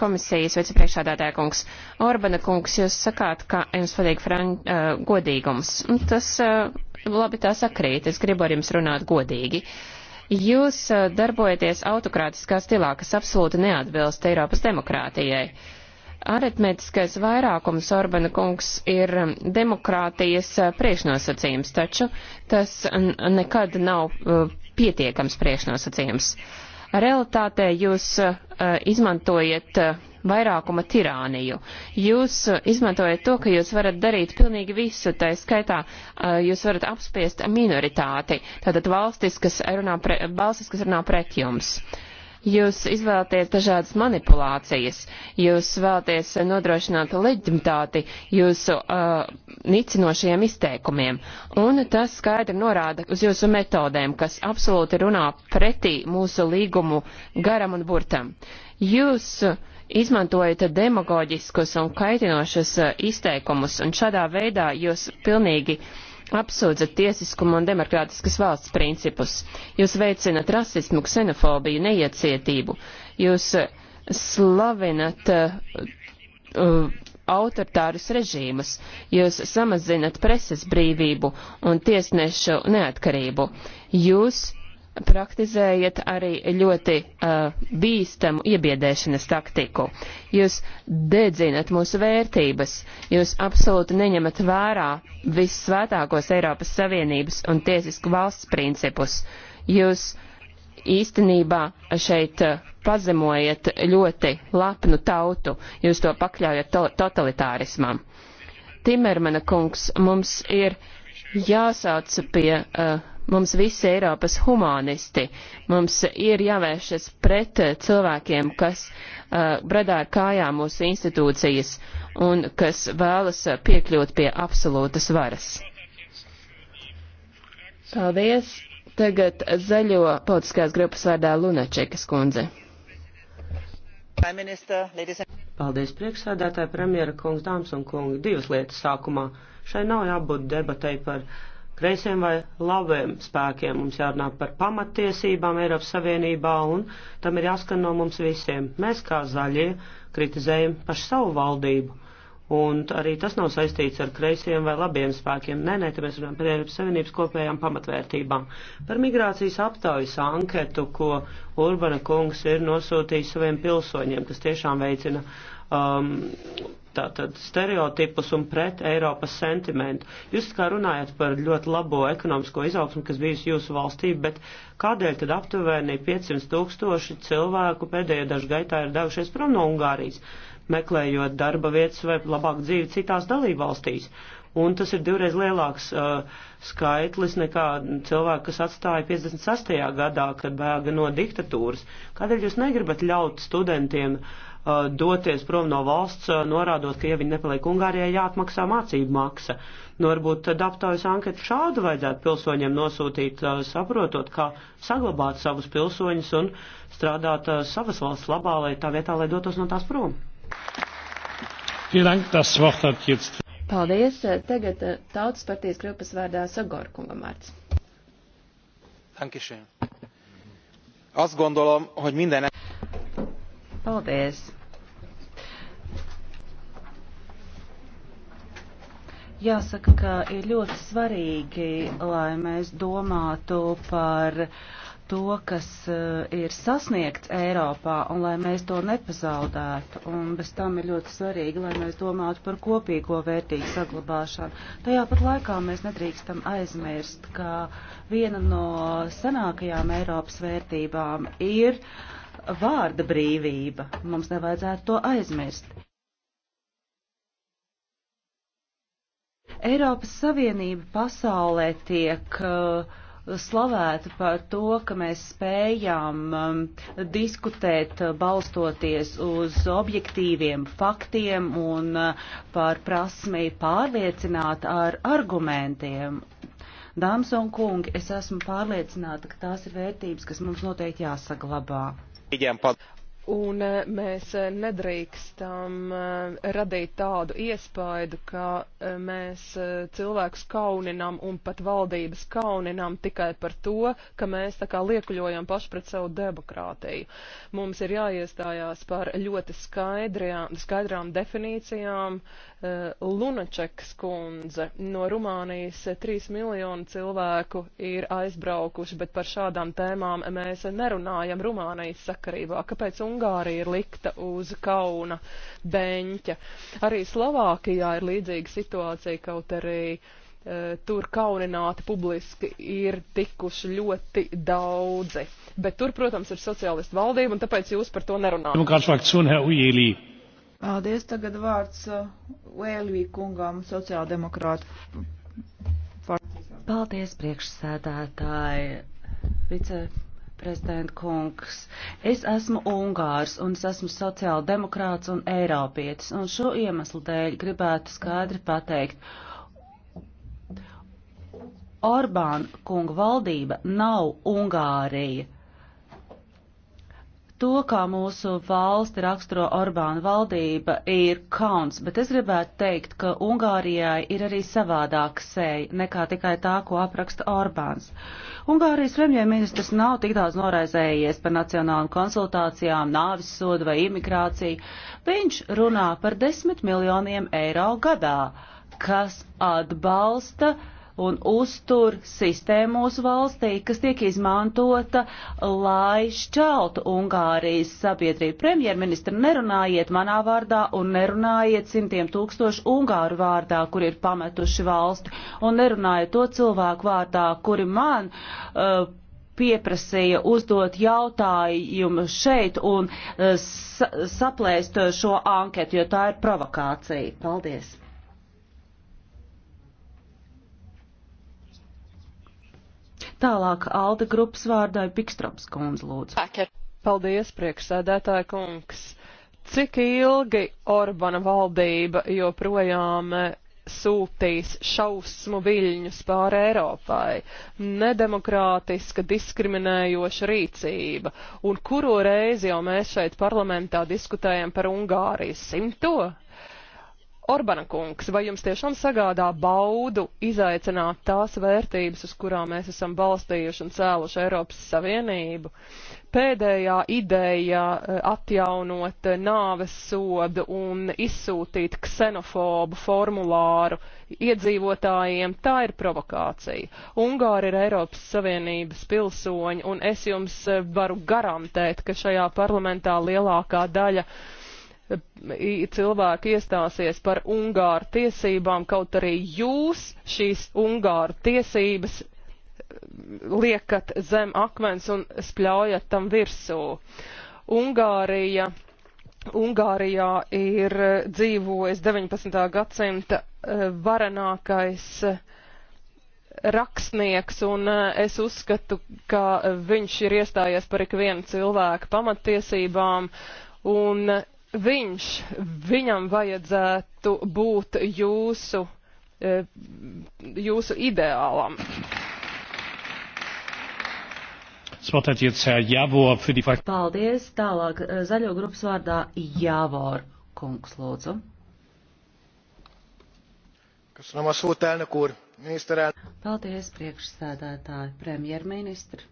komisijas vicepriekšādātāja kungs. Orbana kungs, jūs sakāt, ka jums patīk frank, uh, godīgums. Tas uh, labi tā sakrīt, es gribu ar jums runāt godīgi. Jūs uh, darbojaties autokrātiskā stilā, kas absolūti neatbilst Eiropas demokrātijai. Aritmētiskais vairākums Orbana kungs ir demokrātijas priekšnosacījums, taču tas nekad nav uh, pietiekams priekšnosacījums. Uh, Realitātē jūs uh, izmantojat uh, vairākuma tirāniju. Jūs uh, izmantojat to, ka jūs varat darīt pilnīgi visu, tā skaitā uh, jūs varat apspiest minoritāti, tātad valstis, kas runā, pre, valstis, kas runā pret jums. Uh, Jūs izvēlaties dažādas manipulācijas, jūs vēlaties nodrošināt leģitimitāti jūsu uh, nicinošajiem izteikumiem, un tas skaidri norāda uz jūsu metodēm, kas absolūti runā pretī mūsu līgumu garam un burtam. Jūs izmantojat demagoģiskus un kaitinošus uh, izteikumus, un šādā veidā jūs pilnīgi uh, apsūdzat tiesiskumu un demokrātiskas valsts principus. Jūs veicinat rasismu, ksenofobiju, neiecietību. Jūs eh, slavinat uh, autoritārus režīmus, jūs samazinat preses brīvību un tiesnešu neatkarību. Jūs praktizējat arī ļoti uh, bīstamu iebiedēšanas taktiku. Jūs dedzinat mūsu vērtības, jūs absolūti neņemat vērā vissvētākos Eiropas Savienības un tiesisku valsts principus. Jūs īstenībā šeit uh, pazemojat ļoti lapnu tautu, jūs to pakļaujat to totalitārismam. Timermana kungs, mums ir jāsauc pie uh, Mums visi Eiropas humanisti, mums ir jāvēršas pret cilvēkiem, kas uh, bradā ar kājām mūsu institūcijas un kas vēlas piekļūt pie absolūtas varas. Paldies! Tagad zaļo politiskās grupas vārdā Lunačekas kundze. Paldies, priekšsēdētāji, premjera kungs, dāmas un kungi. Divas lietas sākumā. Šai nav jābūt debatei par kreisiem vai labiem spēkiem. Mums jārunā par pamatiesībām Eiropas Savienībā un tam ir jāskan no mums visiem. Mēs kā zaļie kritizējam pašu savu valdību. Un arī tas nav saistīts ar kreisiem vai labiem spēkiem. Nē, nē, te mēs runājam par Eiropas Savienības kopējām pamatvērtībām. Par migrācijas aptaujas anketu, ko Urbana kungs ir nosūtījis saviem pilsoņiem, kas tiešām veicina um, tātad stereotipus un pret Eiropas sentimentu. Jūs kā runājat par ļoti labo ekonomisko izaugsmu, kas bijusi jūsu valstī, bet kādēļ tad aptuveni 500 tūkstoši cilvēku pēdējo dažu gaitā ir devušies prom no Ungārijas, meklējot darba vietas vai labāku dzīvi citās dalībvalstīs? Un tas ir divreiz lielāks uh, skaitlis nekā cilvēki, kas atstāja 58. gadā, kad bēga no diktatūras. Kādēļ jūs negribat ļaut studentiem uh, Uh, doties prom no valsts, uh, norādot, ka, ja viņi nepaliek Ungārijā, jāatmaksā mācību maksa. Nu, varbūt tad uh, aptaujas anketu šādu vajadzētu pilsoņiem nosūtīt, saprotot, kā saglabāt savus pilsoņus un strādāt savas valsts labā, lai tā vietā, lai dotos no tās prom. Paldies. Tagad Tautas partijas grupas vārdā Szagorkunga Márts. Azt gondolom, hogy minden... Paldies! Jāsaka, ka ir ļoti svarīgi, lai mēs domātu par to, kas eh, ir sasniegts Eiropā, un lai mēs to nepazaudētu. Un bez tam ir ļoti svarīgi, lai mēs domātu par kopīgo vērtīgu saglabāšanu. Tajā pat laikā mēs nedrīkstam aizmirst, ka viena no senākajām Eiropas vērtībām ir uh, vārda brīvība. Mums nevajadzētu to aizmirst. Eiropas Savienība pasaulē tiek uh, slavēta par to, ka mēs spējām um, diskutēt uh, balstoties uz objektīviem faktiem un uh, par prasmi pārliecināt ar argumentiem. Dāmas un kungi, es esmu pārliecināta, ka tās ir vērtības, kas mums noteikti jāsaglabā. Igen, pad... Un eh, mēs eh, nedrīkstam eh, radīt tādu iespaidu, ka mēs cilvēkus kauninam un pat valdības kauninam tikai par to, ka mēs tā kā liekuļojam paši pret savu demokrātiju. Mums ir jāiestājās par ļoti skaidrām, skaidrām definīcijām. Lunačeks kundze no Rumānijas 3 miljonu cilvēku ir aizbraukuši, bet par šādām tēmām mēs nerunājam Rumānijas sakarībā. Kāpēc un Ungārija ir likta uz kauna beņķa. Arī Slovākijā ir līdzīga situācija, kaut arī uh, tur kaunināti publiski ir tikuši ļoti daudzi. Bet tur, protams, ir sociālistu valdība, un tāpēc jūs par to nerunājat. Paldies, tagad vārds Uēlī e, uh, kungām sociāldemokrātu. Paldies, priekšsēdētāji, vice prezidenta kungs. Es esmu Ungārs un es esmu sociāldemokrāts un eiropietis, un šo iemeslu dēļ gribētu skaidri pateikt. Orbāna kunga valdība nav Ungārija to, kā mūsu valsti raksturo Orbāna valdība, ir kauns, bet es gribētu teikt, ka Ungārijai ir arī savādāka sēja nekā tikai tā, ko apraksta Orbāns. Ungārijas premjerministrs nav tik daudz noraizējies par nacionālām konsultācijām, nāvis sodu vai imigrāciju. Viņš runā par desmit miljoniem eiro gadā, kas atbalsta uh, un uztur sistēmu mūsu valstī, kas tiek izmantota, lai šķeltu Ungārijas sabiedrību. Premjerministra, nerunājiet manā vārdā un nerunājiet simtiem tūkstošu Ungāru vārdā, kur ir pametuši valsti, un nerunājiet to cilvēku vārdā, kuri man. Uh, pieprasīja uzdot jautājumu šeit un uh, saplēst šo anketu, jo tā ir provokācija. Paldies! Tālāk Alda grupas vārdā Bikstrops kundze lūdzu. Paldies, priekšsēdētāja kungs. Cik ilgi Orbana valdība joprojām eh, sūtīs šausmu viļņus pār Eiropai, nedemokrātiska, diskriminējoša rīcība, un kuro reizi jau mēs šeit parlamentā diskutējam par Ungāriju simto? Orbana kungs, vai jums tiešām sagādā baudu izaicināt tās vērtības, uz kurām mēs esam balstījuši un cēluši Eiropas Savienību? Pēdējā ideja eh, atjaunot nāves sodu un izsūtīt ksenofobu formulāru iedzīvotājiem, tā ir provokācija. Ungāri ir Eiropas Savienības pilsoņi, un es jums eh, varu garantēt, ka šajā parlamentā lielākā daļa uh, cilvēki iestāsies par Ungāru tiesībām, kaut arī jūs šīs Ungāru tiesības eh, liekat zem akmens un spļaujat tam virsū. Ungārija Ungārijā ir eh, dzīvojis 19. gadsimta eh, varenākais rakstnieks, un es uzskatu, ka viņš ir iestājies par ikvienu cilvēku pamattiesībām, un viņš, viņam vajadzētu būt jūsu, e, jūsu ideālam. Paldies. Tālāk e, zaļo grupas vārdā Javor kungs lūdzu. Köszönöm a szót, elnök úr, miniszterelnök. Paldies, priekšsēdētāji, premjerministri.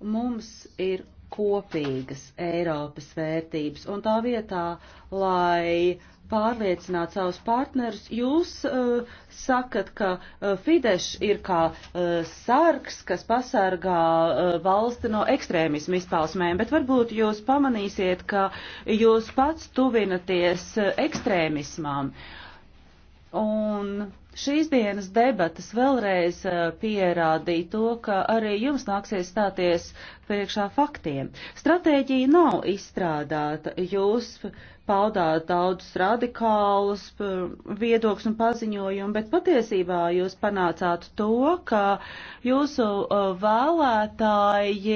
Mums ir kopīgas Eiropas vērtības, un tā vietā, lai pārliecināt savus partnerus, jūs uh, sakat, ka uh, Fidesz ir kā uh, sargs, kas pasargā uh, valsti no ekstrēmismu izpausmēm, bet varbūt jūs pamanīsiet, ka jūs pats tuvinaties uh, ekstrēmismām. Un Šīs dienas debatas vēlreiz eh, pierādīja to, ka arī jums nāksies stāties priekšā faktiem. Stratēģija nav izstrādāta. Jūs paudāt daudzus radikālus eh, viedokļus un paziņojumu, bet patiesībā jūs panācāt to, ka jūsu eh, vēlētāji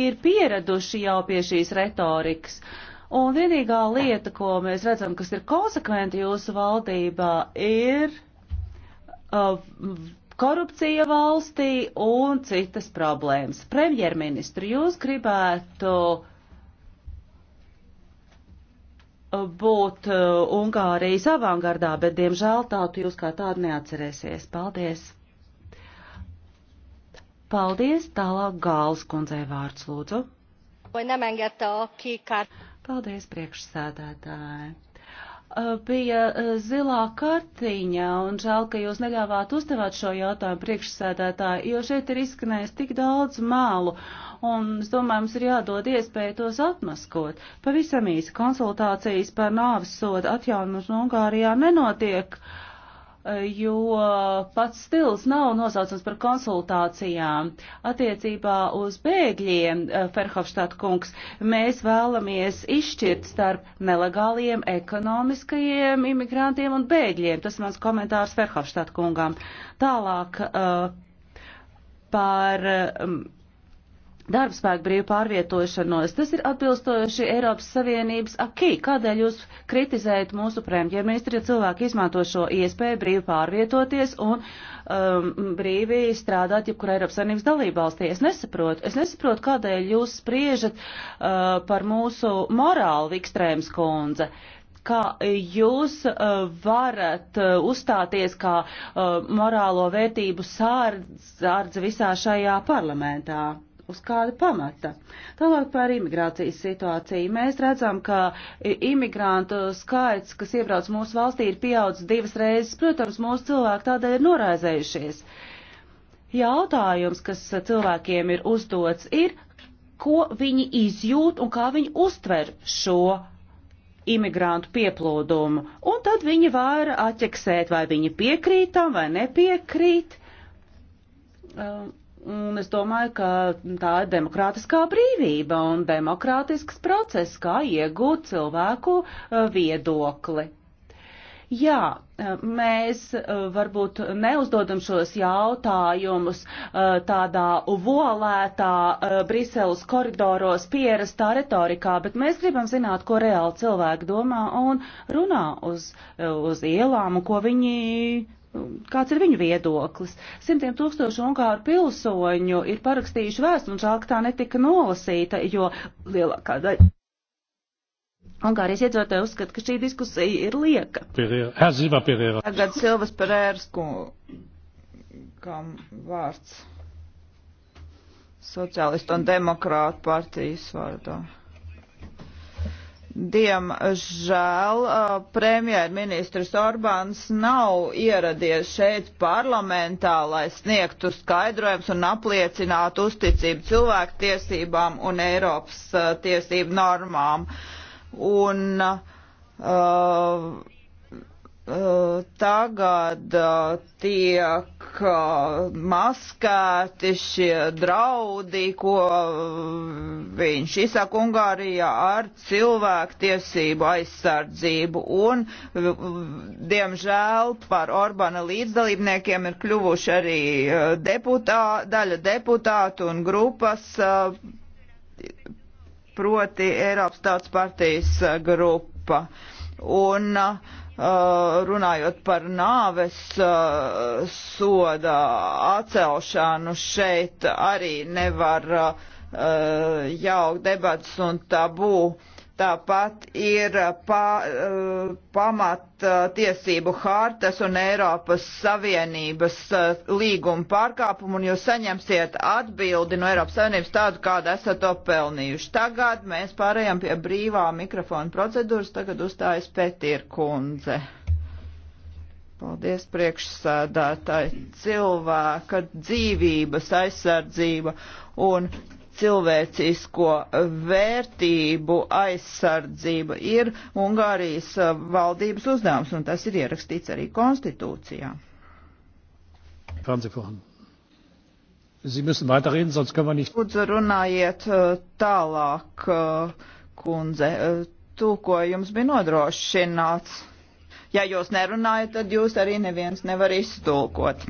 ir pieraduši jau pie šīs retorikas. Un vienīgā lieta, ko mēs redzam, kas ir konsekventi jūsu valdībā, ir Uh, korupcija valstī un citas problēmas. Premjerministri, jūs gribētu uh, būt uh, Ungārijas avangardā, bet diemžēl tādu jūs kā tādu neatcerēsies. Paldies! Paldies! Tālāk Gāls kundzei vārds lūdzu. Paldies, priekšsēdētāji! Uh, bija uh, zilā kartiņa, un žēl, ka jūs neļāvāt uzdevāt šo jautājumu priekšsēdētāji, jo šeit ir izskanējis tik daudz mālu, un es domāju, mums ir jādod iespēja tos atmaskot. Pavisam īsi konsultācijas par nāvis sodu atjaunošanu Ungārijā nenotiek. Uh, jo pats stils nav nosaucams par konsultācijām. Attiecībā uz bēgļiem, eh, Ferhofštāt kungs, mēs vēlamies izšķirt starp nelegāliem ekonomiskajiem imigrantiem un bēgļiem. Tas mans komentārs Ferhofštāt kungam. Tālāk uh, par. Um, darbspēku brīvu pārvietošanos. Tas ir atbilstoši Eiropas Savienības akī. Kādēļ jūs kritizējat mūsu premjerministri, ja cilvēki izmanto šo iespēju brīvi pārvietoties un um, brīvi strādāt jebkur Eiropas Savienības dalībvalstī? Es nesaprotu. Es nesaprotu, kādēļ jūs spriežat uh, par mūsu morālu, Vikstrēms kundze kā jūs uh, varat uh, uzstāties kā uh, morālo vērtību sārdz visā šajā parlamentā? uz kāda pamata. Tālāk par imigrācijas situāciju. Mēs redzam, ka imigrantu skaits, kas iebrauc mūsu valstī, ir pieaudzis divas reizes. Protams, mūsu cilvēki tādēļ ir noraizējušies. Jautājums, kas cilvēkiem ir uzdots, ir, ko viņi izjūt un kā viņi uztver šo imigrantu pieplūdumu. Un tad viņi var atķeksēt, vai viņi piekrītam vai nepiekrīt. Um, Un es domāju, ka tā ir demokrātiskā brīvība un demokrātisks process, kā iegūt cilvēku eh, viedokli. Jā, eh, mēs eh, varbūt neuzdodam šos jautājumus tādā uvolētā Briseles koridoros pierastā retorikā, bet mēs gribam zināt, ko reāli cilvēki domā un runā uz, uz ielām un ko viņi Kāds ir viņu viedoklis? Simtiem tūkstošu ungāru pilsoņu ir parakstījuši vēstuli, un žēl, ka tā netika nolasīta, jo lielākā daļa. Ungārijas iedzīvotāji uzskata, ka šī diskusija ir lieka. Tagad Silvas Perēras, kam vārds sociālistu un demokrātu partijas vārdā. Diemžēl uh, premjerministrs Orbāns nav ieradies šeit parlamentā, lai sniegtu skaidrojums un apliecinātu uzticību cilvēku tiesībām un Eiropas uh, tiesību normām. Un, uh, Eh, tagad eh, tiek eh, maskēti šie draudi, ko viņš izsaka Ungārijā ar cilvēktiesību aizsardzību. Un, diemžēl, par Orbana līdzdalībniekiem ir kļuvuši arī deputā, daļa deputātu un grupas, proti Eiropas tautas partijas grupa. Un uh, Uh, runājot par nāves uh, soda atcelšanu, šeit arī nevar uh, jaukt debats un tabū Tāpat ir uh, pa, uh, pamat uh, tiesību hārtas un Eiropas Savienības līguma pārkāpumu, un jūs saņemsiet atbildi no Eiropas Savienības tādu, kādu esat to pelnījuši. Tagad mēs pārējām pie brīvā mikrofona procedūras, tagad uzstājas Petir kundze. Paldies priekšsēdētāji, cilvēka dzīvības aizsardzība un cilvēcisko vērtību aizsardzība ir Ungārijas uh, valdības uzdevums, un tas ir ierakstīts arī konstitūcijā. Lūdzu, runājiet uh, tālāk, uh, kundze. Tūkojums bija nodrošināts. Ja jūs nerunājat, tad jūs arī neviens nevar iztulkot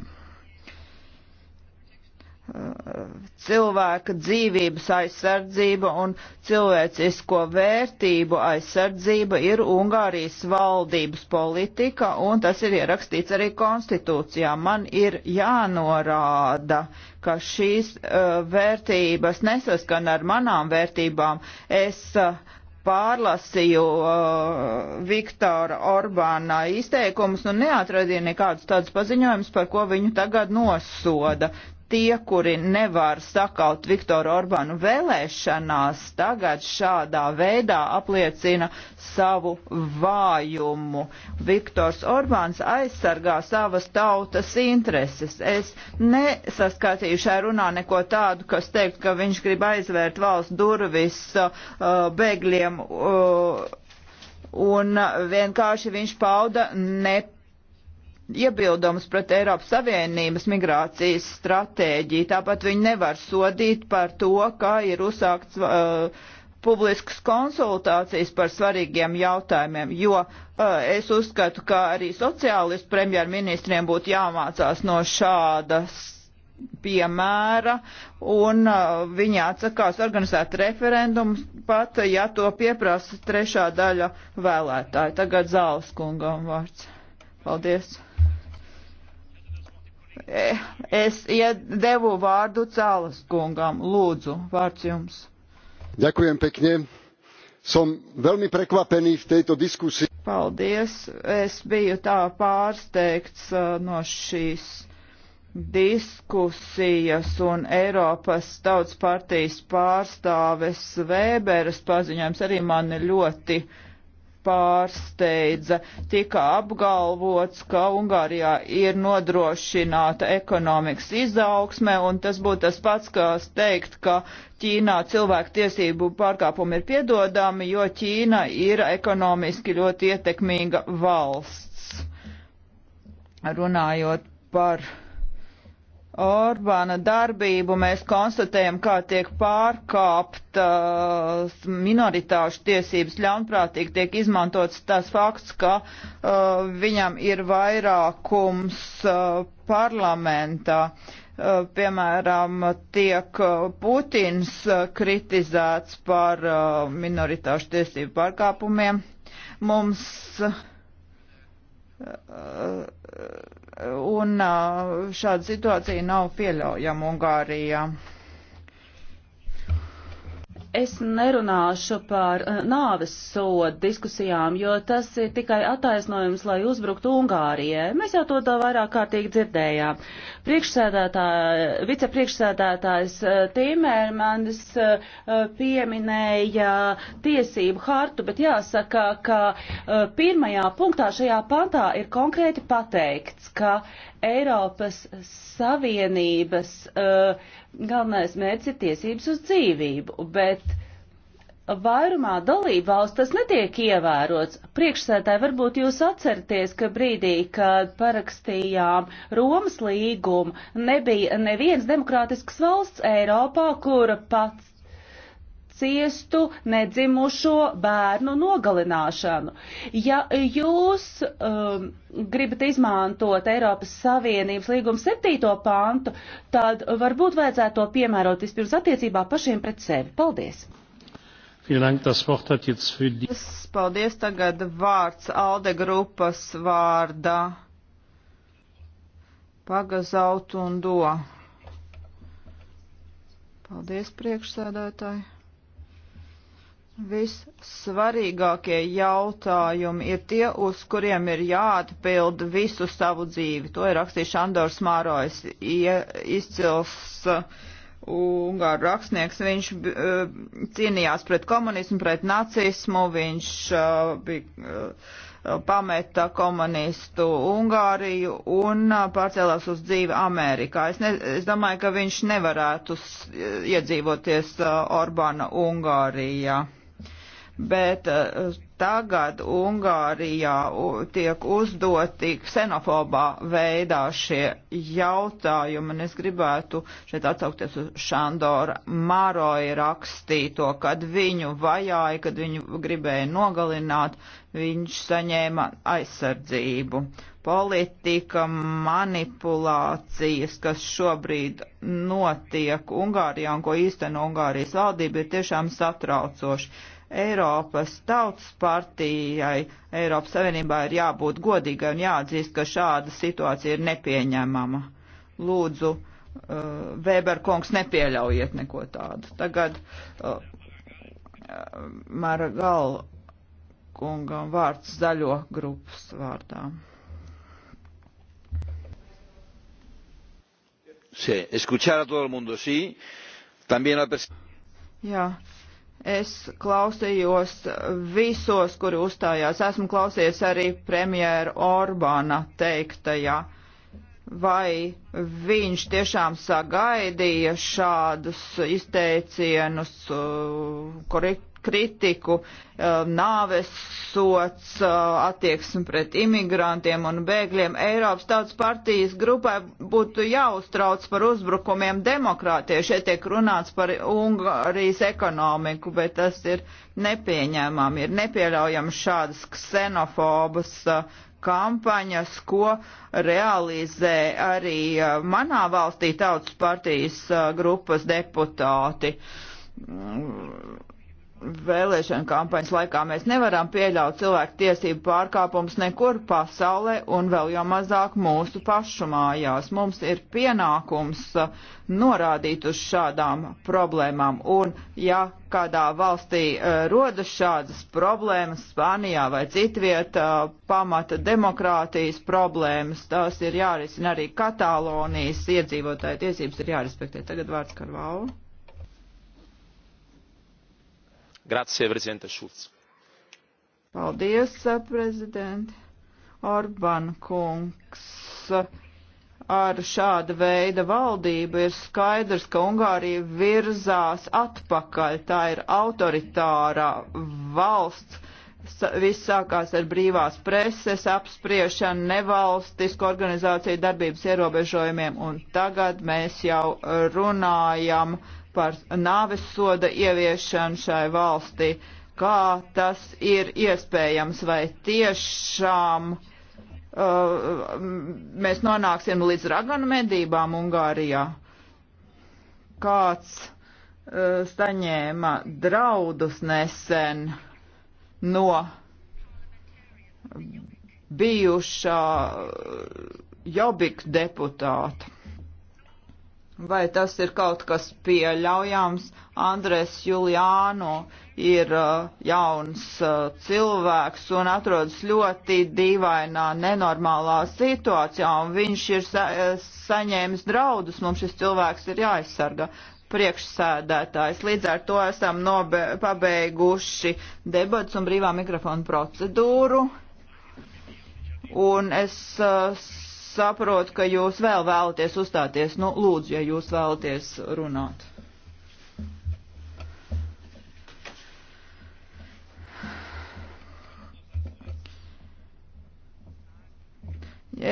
cilvēka dzīvības aizsardzība un cilvēcisko vērtību aizsardzība ir Ungārijas valdības politika, un tas ir ierakstīts arī konstitūcijā. Man ir jānorāda, ka šīs uh, vērtības nesaskan ar manām vērtībām. Es uh, pārlasīju uh, Viktora Orbāna izteikumus un neatradīju nekādus tādus paziņojumus, par ko viņu tagad nosoda tie, kuri nevar sakaut Viktoru Orbānu vēlēšanās, tagad šādā veidā apliecina savu vājumu. Viktors Orbāns aizsargā savas tautas intereses. Es nesaskatīju šajā runā neko tādu, kas teikt, ka viņš grib aizvērt valsts durvis uh, bēgļiem. Uh, un vienkārši viņš pauda nepārāk iebildums pret Eiropas Savienības migrācijas stratēģiju. Tāpat viņi nevar sodīt par to, kā ir uzsākts uh, publiskas konsultācijas par svarīgiem jautājumiem, jo uh, es uzskatu, ka arī sociālistu premjerministriem būtu jāmācās no šādas piemēra, un uh, viņi atsakās organizēt referendumus, pat ja to pieprasa trešā daļa vēlētāju. Tagad Zāles kungam vārds. Paldies! Es devu vārdu Cālas kungam. Lūdzu, vārds jums. Ďakujem pekne. Som veľmi prekvapený v tejto diskusii. Paldies. Es biju tā pārsteigts uh, no šīs diskusijas un Eiropas tautas partijas pārstāves Vēberas paziņojums arī mani ļoti pārsteidza. Tika apgalvots, ka Ungārijā ir nodrošināta ekonomikas izaugsme, un tas būtu tas pats, kas teikt, ka Ķīnā cilvēku tiesību pārkāpumi ir piedodami, jo Ķīna ir ekonomiski ļoti ietekmīga valsts. Runājot par Orbāna darbību mēs konstatējam, kā tiek pārkāptas uh, minoritāšu tiesības ļaunprātīgi, tiek izmantots tas fakts, ka uh, viņam ir vairākums uh, parlamentā. Uh, piemēram, tiek uh, Putins uh, kritizēts par minoritāšu tiesību pārkāpumiem. Mums un uh, šāda situācija nav pieļaujama Ungārijā. Es nerunāšu par eh, nāves sodu diskusijām, jo tas ir tikai attaisnojums, lai uzbruktu Ungārijai. Mēs jau to tā vairāk kārtīgi dzirdējām. Priekšsēdētāja, vicepriekšsēdētājs eh, Tīmērmanis eh, pieminēja tiesību hartu, bet jāsaka, ka pirmajā punktā šajā pantā ir konkrēti pateikts, ka Eiropas Savienības uh, galvenais mērķis ir tiesības uz dzīvību, bet vairumā dalību valsts tas netiek ievērots. Priekšsētāji varbūt jūs atceraties, ka brīdī, kad parakstījām Romas līgumu, nebija neviens demokrātisks valsts Eiropā, kura pats ciestu nedzimušo bērnu nogalināšanu. Ja jūs um, gribat izmantot Eiropas Savienības līguma 7. pāntu, tad varbūt vajadzētu to piemērot vispirms attiecībā pašiem pret sevi. Paldies! Paldies, tagad vārds Alde grupas vārdā. Pagazaut un do. Paldies, priekšsēdētāji. Vissvarīgākie jautājumi ir tie, uz kuriem ir jāatbild visu savu dzīvi. To ir rakstījis Andors Mārojas, izcils uh, ungāru rakstnieks. Viņš uh, cīnījās pret komunismu, pret nacismu, viņš uh, bija, uh, pameta komunistu Ungāriju un uh, pārcēlās uz dzīvi Amerikā. Es, ne, es domāju, ka viņš nevarētu iedzīvoties uh, Orbāna Ungārijā bet eh, tagad Ungārijā tiek uzdoti ksenofobā veidā šie jautājumi, un es gribētu šeit atsaukties uz Šandora Māroja rakstīto, kad viņu vajāja, kad viņu gribēja nogalināt, viņš saņēma aizsardzību. Politika, manipulācijas, kas šobrīd notiek Ungārijā un ko īsteno Ungārijas valdība, ir tiešām satraucoši Eiropas tautas partijai Eiropas Savienībā ir jābūt godīgai un jāatzīst, ka šāda situācija ir nepieņemama. Lūdzu, uh, Weber kungs, nepieļaujiet neko tādu. Tagad uh, Maragal kungam vārds zaļo grupas vārdā. Sí, escuchar a todo el mundo, sí. También a... Jā, Es klausījos visos, kuri uzstājās. Esmu klausies arī premjēra Orbāna teiktajā. Vai viņš tiešām sagaidīja šādus izteicienus uh, korik kritiku, eh, nāves sots, eh, attieksmi pret imigrantiem un bēgļiem. Eiropas tautas partijas grupai būtu jāuztrauc par uzbrukumiem demokrātie. Šeit tiek runāts par Ungārijas ekonomiku, bet tas ir nepieņēmami, ir nepieļaujami šādas ksenofobas eh, kampaņas, ko realizē arī manā valstī tautas partijas grupas deputāti mm vēlēšana kampaņas laikā mēs nevaram pieļaut cilvēku tiesību pārkāpumus nekur pasaulē un vēl jau mazāk mūsu pašu mājās. Mums ir pienākums uh, norādīt uz šādām problēmām un ja kādā valstī uh, rodas šādas problēmas, Spānijā vai citvietā uh, pamata demokrātijas problēmas, tās ir jārisina arī Katalonijas iedzīvotāju tiesības ir jārespektē. Tagad vārds Karvau. Grazie, prezidente Šulc. Paldies, eh, prezidenti. Orban kungs ar šāda veida valdību ir skaidrs, ka Ungārija virzās atpakaļ. Tā ir autoritārā valsts. Viss sākās ar brīvās preses apspriešanu, nevalstisku organizāciju darbības ierobežojumiem, un tagad mēs jau runājam uh, par nāves soda ieviešanu šai valstī. Kā tas ir iespējams vai tiešām uh, mēs nonāksim līdz raganu medībām Ungārijā? Kāds uh, saņēma draudus nesen no bijušā uh, Jobik deputāta. Vai tas ir kaut kas pieļaujams? Andres Juliāno ir uh, jauns uh, cilvēks un atrodas ļoti dīvainā, nenormālā situācijā, un viņš ir sa uh, saņēmis draudus, mums šis cilvēks ir jāaizsarga priekšsēdētājs. Līdz ar to esam pabeiguši debats un brīvā mikrofona procedūru. Un es uh, saprotu, ka jūs vēl vēlaties uzstāties. Nu, lūdzu, ja jūs vēlaties runāt.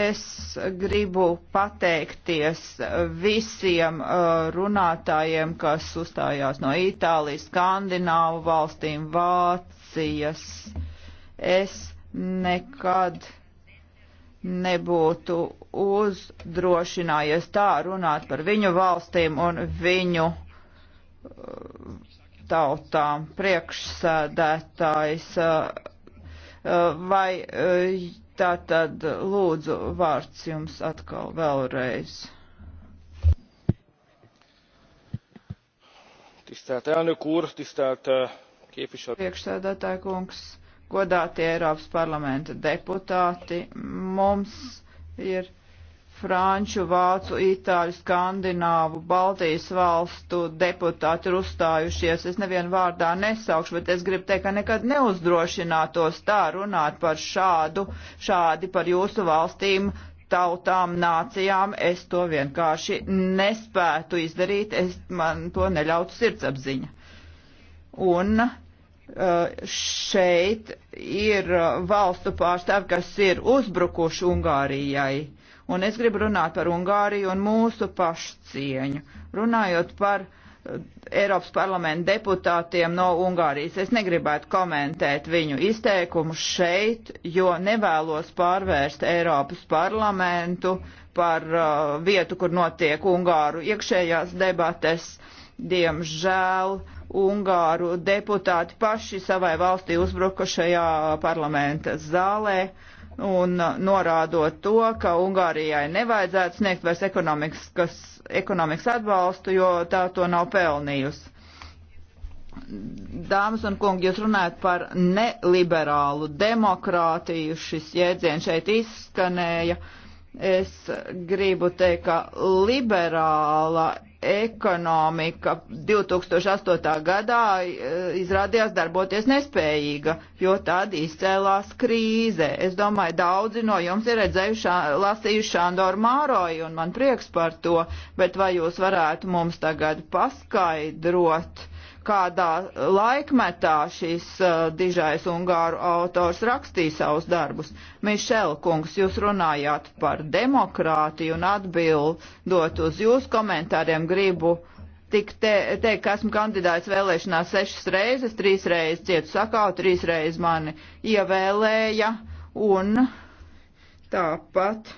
Es gribu pateikties visiem uh, runātājiem, kas uzstājās no Itālijas, Skandināvu valstīm, Vācijas. Es nekad nebūtu uzdrošinājies tā runāt par viņu valstīm un viņu uh, tautām priekšsēdētājs. Uh, uh, vai tā tad lūdzu vārds jums atkal vēlreiz? Tisztelt elnök úr, tisztelt képviselő. Priekšsēdētāj kungs godātie Eiropas parlamenta deputāti, mums ir franču, vācu, itāļu, skandināvu, Baltijas valstu deputāti ir uzstājušies. Es nevienu vārdā nesaukšu, bet es gribu teikt, ka nekad neuzdrošinātos tā runāt par šādu, šādi par jūsu valstīm tautām, nācijām, es to vienkārši nespētu izdarīt, es, man to neļautu sirdsapziņa. Un Eh, šeit ir eh, valstu pārstāvi, kas ir uzbrukuši Ungārijai. Un es gribu runāt par Ungāriju un mūsu pašcieņu. Runājot par eh, Eiropas parlamenta deputātiem no Ungārijas, es negribētu komentēt viņu izteikumus šeit, jo nevēlos pārvērst Eiropas parlamentu par uh, vietu, kur notiek Ungāru iekšējās debates. Diemžēl uh, Ungāru deputāti paši savai valstī uzbruka šajā parlamenta zālē un norādot to, ka Ungārijai nevajadzētu sniegt vairs ekonomikas, ekonomikas atbalstu, jo tā to nav pelnījusi. Dāmas un kungi, jūs runājat par neliberālu demokrātiju, šis jēdziens šeit izskanēja. Es gribu teikt, ka liberāla ekonomika 2008. gadā e, izrādījās darboties nespējīga, jo tad izcēlās krīze. Es domāju, daudzi no jums ir redzējuši, lasījuši Andoru Māroju, un man prieks par to, bet vai jūs varētu mums tagad paskaidrot, uh, kādā laikmetā šis uh, dižais ungāru autors rakstīja savus darbus. Mišel kungs, jūs runājāt par demokrātiju un atbildot uz jūsu komentāriem gribu tik te, teikt, ka esmu kandidāts vēlēšanās sešas reizes, trīs reizes cietu sakau, trīs reizes mani ievēlēja un tāpat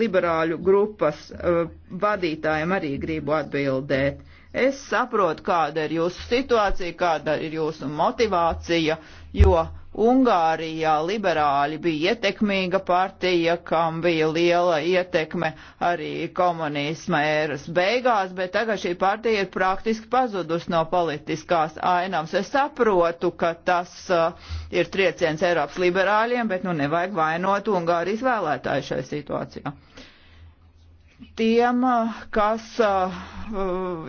liberāļu grupas uh, vadītājiem arī gribu atbildēt Es saprotu, kāda ir jūsu situācija, kāda ir jūsu motivācija, jo Ungārijā liberāļi bija ietekmīga partija, kam bija liela ietekme arī komunisma ēras beigās, bet tagad šī partija ir praktiski pazudusi no politiskās ainams. Es saprotu, ka tas uh, ir trieciens Eiropas liberāļiem, bet nu nevajag vainot Ungārijas vēlētāju šai situācijā. Uh, tiem, kas uh,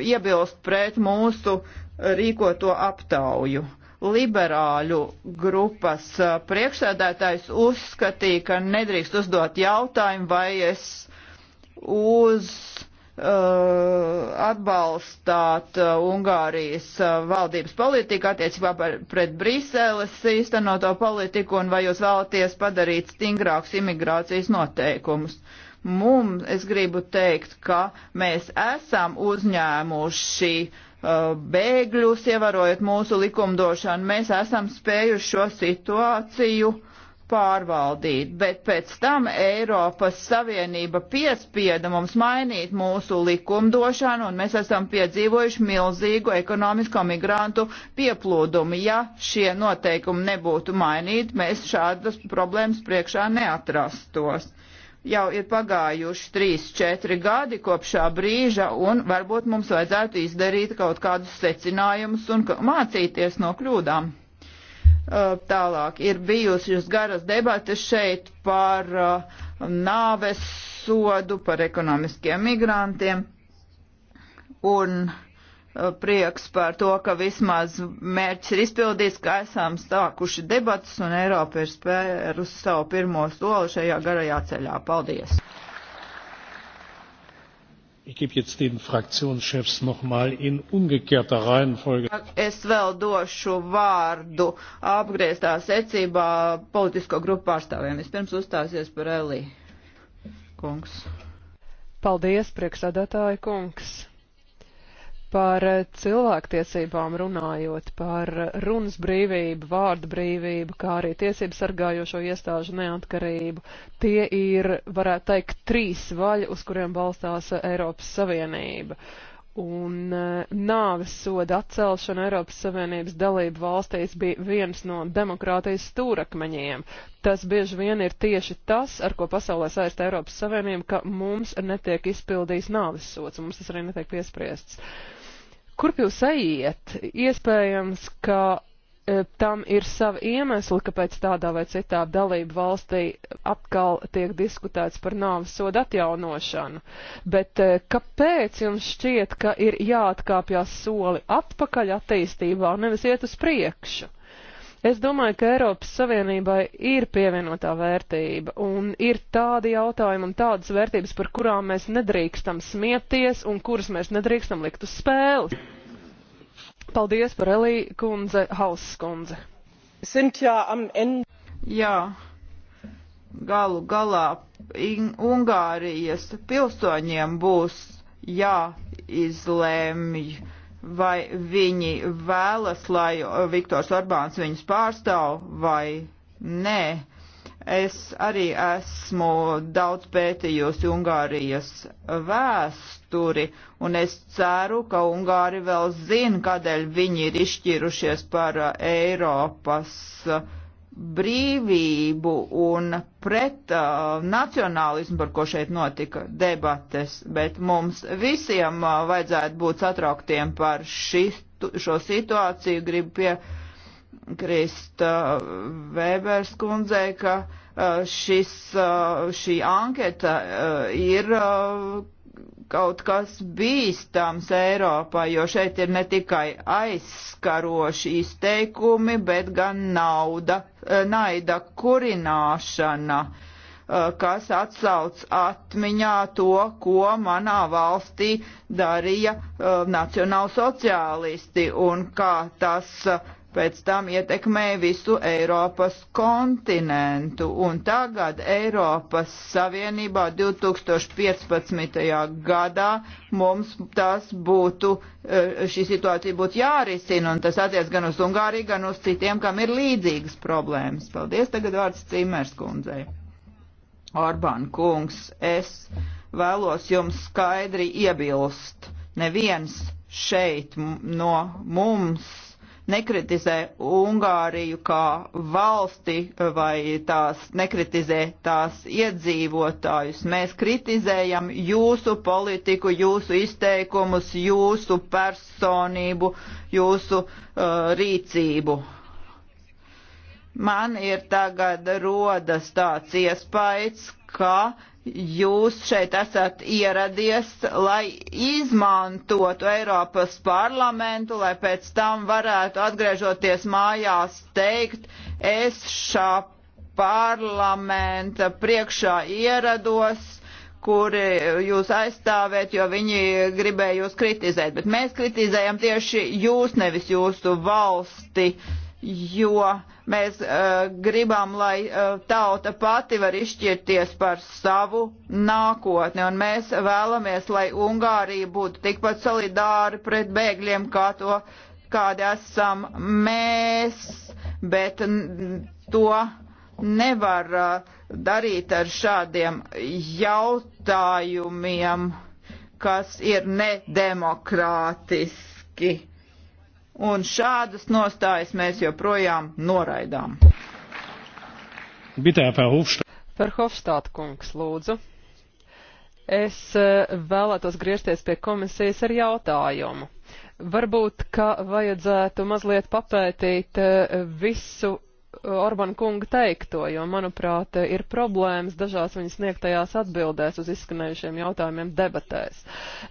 iebilst pret mūsu rīkoto aptauju. Liberāļu grupas uh, priekšsēdētājs uzskatīja, ka nedrīkst uzdot jautājumu, vai es uz uh, atbalstāt uh, Ungārijas uh, valdības politiku attiecībā par, pret Briseles īstenoto politiku un vai jūs vēlaties padarīt stingrākus imigrācijas noteikumus. Uh, Mums, es gribu teikt, ka mēs esam uzņēmuši uh, bēgļus, ievarojot mūsu likumdošanu, mēs esam spējuši šo situāciju pārvaldīt, bet pēc tam Eiropas Savienība piespieda mums mainīt mūsu likumdošanu, un mēs esam piedzīvojuši milzīgu ekonomisko migrantu pieplūdumu. Ja šie noteikumi nebūtu mainīti, mēs šādas problēmas priekšā neatrastos jau ir pagājuši 3-4 gadi kopš šā brīža, un varbūt mums vajadzētu izdarīt kaut kādus secinājumus un mācīties no kļūdām. Tālāk ir bijušas garas debates šeit par nāves sodu, par ekonomiskiem migrantiem, un uh, Eh, prieks par to, ka vismaz mērķis ir izpildīts, ka esam stākuši debatas un Eiropa ir spērusi savu pirmo soli šajā garajā ceļā. Paldies! Es vēl došu vārdu apgrieztā secībā politisko grupu pārstāvjiem. Vispirms uzstāsies par Elī kungs. Paldies, priekšsādātāja kungs. Par eh, cilvēktiesībām runājot, par eh, runas brīvību, vārdu brīvību, kā arī tiesību sargājošo iestāžu neatkarību, tie ir, varētu teikt, trīs vaļi, uz kuriem balstās eh, Eiropas Savienība. Un nāves soda atcelšana Eiropas Savienības dalību valstīs bija viens no demokrātijas stūrakmeņiem. Tas bieži vien ir tieši tas, ar ko pasaulē saista Eiropas Savienība, ka mums netiek izpildījis nāves sots, un mums tas arī netiek piespriests. Uh, Kurp jūs ejiet? Iespējams, ka e, tam ir savi iemesli, kāpēc tādā vai citā dalību valstī atkal tiek diskutēts par nāves sodu atjaunošanu. Bet e, kāpēc jums šķiet, ka ir jāatkāpjas soli atpakaļ attīstībā un nevis iet uz priekšu? Es domāju, ka Eiropas Savienībai ir pievienotā vērtība un ir tādi jautājumi un tādas vērtības, par kurām mēs nedrīkstam smieties un kuras mēs nedrīkstam likt uz spēles. Paldies par Elī kundze, Hausas kundze. Jā, galu galā In Ungārijas pilsoņiem būs jāizlēmj. Ja, vai viņi vēlas, lai uh, Viktors Orbāns viņus pārstāv vai nē. Es arī esmu daudz pētījusi Ungārijas vēsturi, un es ceru, ka Ungāri vēl zina, kādēļ viņi ir izšķirušies par uh, Eiropas uh, brīvību un pret uh, nacionālismu, par ko šeit notika debates, bet mums visiem uh, vajadzētu būt satrauktiem par šistu, šo situāciju. Gribu piekrist uh, Vēbers kundzei, ka uh, šis, uh, šī anketa uh, ir. Uh, kaut kas bīstams Eiropā, jo šeit ir ne tikai aizskaroši izteikumi, bet gan nauda, eh, naida kurināšana, eh, kas atsauc atmiņā to, ko manā valstī darīja eh, nacionālsociālisti un kā tas uh, pēc tam ietekmēja visu Eiropas kontinentu. Un tagad Eiropas Savienībā 2015. gadā mums tas būtu, eh, šī situācija būtu jārisina, un tas attiec gan uz Ungāriju, gan uz citiem, kam ir līdzīgas problēmas. Paldies, tagad vārds Cimers kundzei. Orbán kungs, es vēlos jums skaidri iebilst. Neviens šeit no mums nekritizē Ungāriju kā valsti vai tās nekritizē tās iedzīvotājus. Mēs kritizējam jūsu politiku, jūsu izteikumus, jūsu personību, jūsu uh, rīcību. Man ir tagad rodas tāds iespējas, ka uh, jūs šeit esat ieradies, lai izmantotu Eiropas parlamentu, lai pēc tam varētu atgriežoties mājās teikt, es šā parlamenta priekšā ierados, kuri jūs aizstāvēt, jo viņi gribēja jūs kritizēt. Bet mēs kritizējam tieši jūs, nevis jūsu valsti. Uh, jo mēs uh, gribam, lai uh, tauta pati var izšķirties par savu nākotni, un mēs vēlamies, lai Ungārija būtu tikpat solidāri pret bēgļiem, kā to, kādi esam mēs, bet to nevar uh, darīt ar šādiem jautājumiem, kas ir nedemokrātiski un šādas nostājas mēs joprojām noraidām. Bitē, Par Hofstāt kungs, lūdzu. Es e, vēlētos griezties pie komisijas ar jautājumu. Varbūt, ka vajadzētu mazliet papētīt e, visu Orbán kunga teikto, jo, manuprāt, ir problēmas dažās viņas sniegtajās atbildēs uz izskanējušiem jautājumiem debatēs.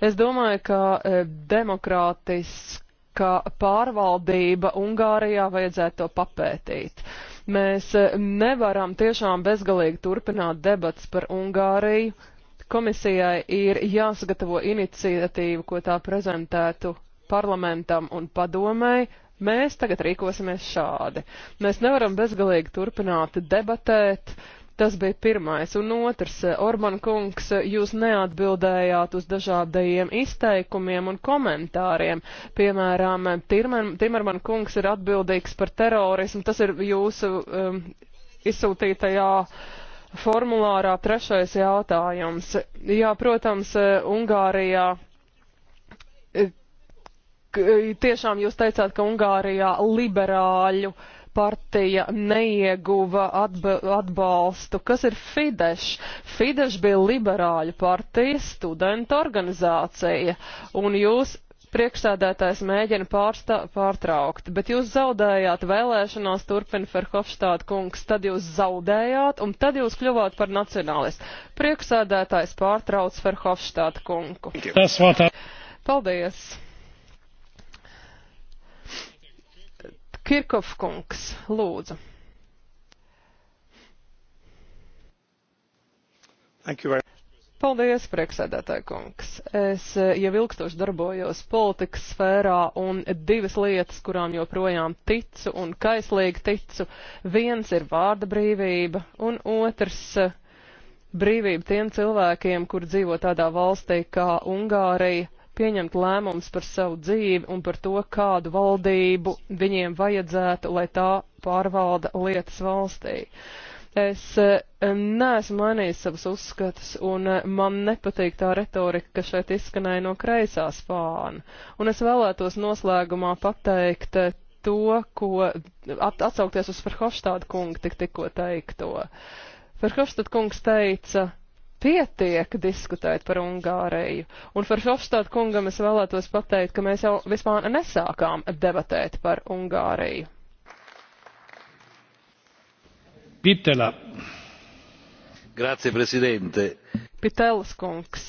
Es domāju, ka e, demokrātiski ka pārvaldība Ungārijā vajadzētu to papētīt. Mēs e, nevaram tiešām bezgalīgi turpināt debats par Ungāriju. Komisijai ir jāsagatavo iniciatīva, ko tā prezentētu parlamentam un padomēji. Mēs tagad rīkosimies šādi. Mēs nevaram bezgalīgi turpināt debatēt, uh, Tas bija pirmais. Un otrs, eh, Orban kungs, eh, jūs neatbildējāt uz dažādajiem izteikumiem un komentāriem. Piemēram, Timerman kungs ir atbildīgs par terorismu. Tas ir jūsu um, izsūtītajā formulārā trešais jautājums. Jā, protams, eh, Ungārijā tiešām jūs teicāt, ka Ungārijā liberāļu uh, partija neieguva atbalstu. Kas ir Fidesz? Fidesz bija liberāļu partija, studenta organizācija, un jūs priekšsēdētājs mēģina pārstā, pārtraukt, bet jūs zaudējāt vēlēšanās, turpina Ferhofstāda kungs, tad jūs zaudējāt, un tad jūs kļuvāt par nacionālistu. Priekšsēdētājs pārtrauc Ferhofstāda kungu. Tas var tā. Paldies! Kirkofkungs, lūdzu. Paldies, prieksēdētāji kungs. Es eh, jau ilgstoši darbojos politikas sfērā un divas lietas, kurām joprojām ticu un kaislīgi ticu. Viens ir vārda brīvība un otrs eh, brīvība tiem cilvēkiem, kur dzīvo tādā valstī kā Ungārija, pieņemt lēmums par savu dzīvi un par to, kādu valdību viņiem vajadzētu, lai tā pārvalda lietas valstī. Es e, neesmu mainījis savus uzskatus, un e, man nepatīk tā retorika, kas šeit izskanēja no kreisās fāna. Un es vēlētos noslēgumā pateikt e, to, ko atsaukties uz Ferhofstāda kunga tik tikko teikto. Ferhofstāda kungs teica, pietiek diskutēt par Ungāriju. Un par Šofstāt kungam es vēlētos pateikt, ka mēs jau vispār nesākām debatēt par Ungāriju. Pitela. Grazie, prezidente. Pitelas kungs.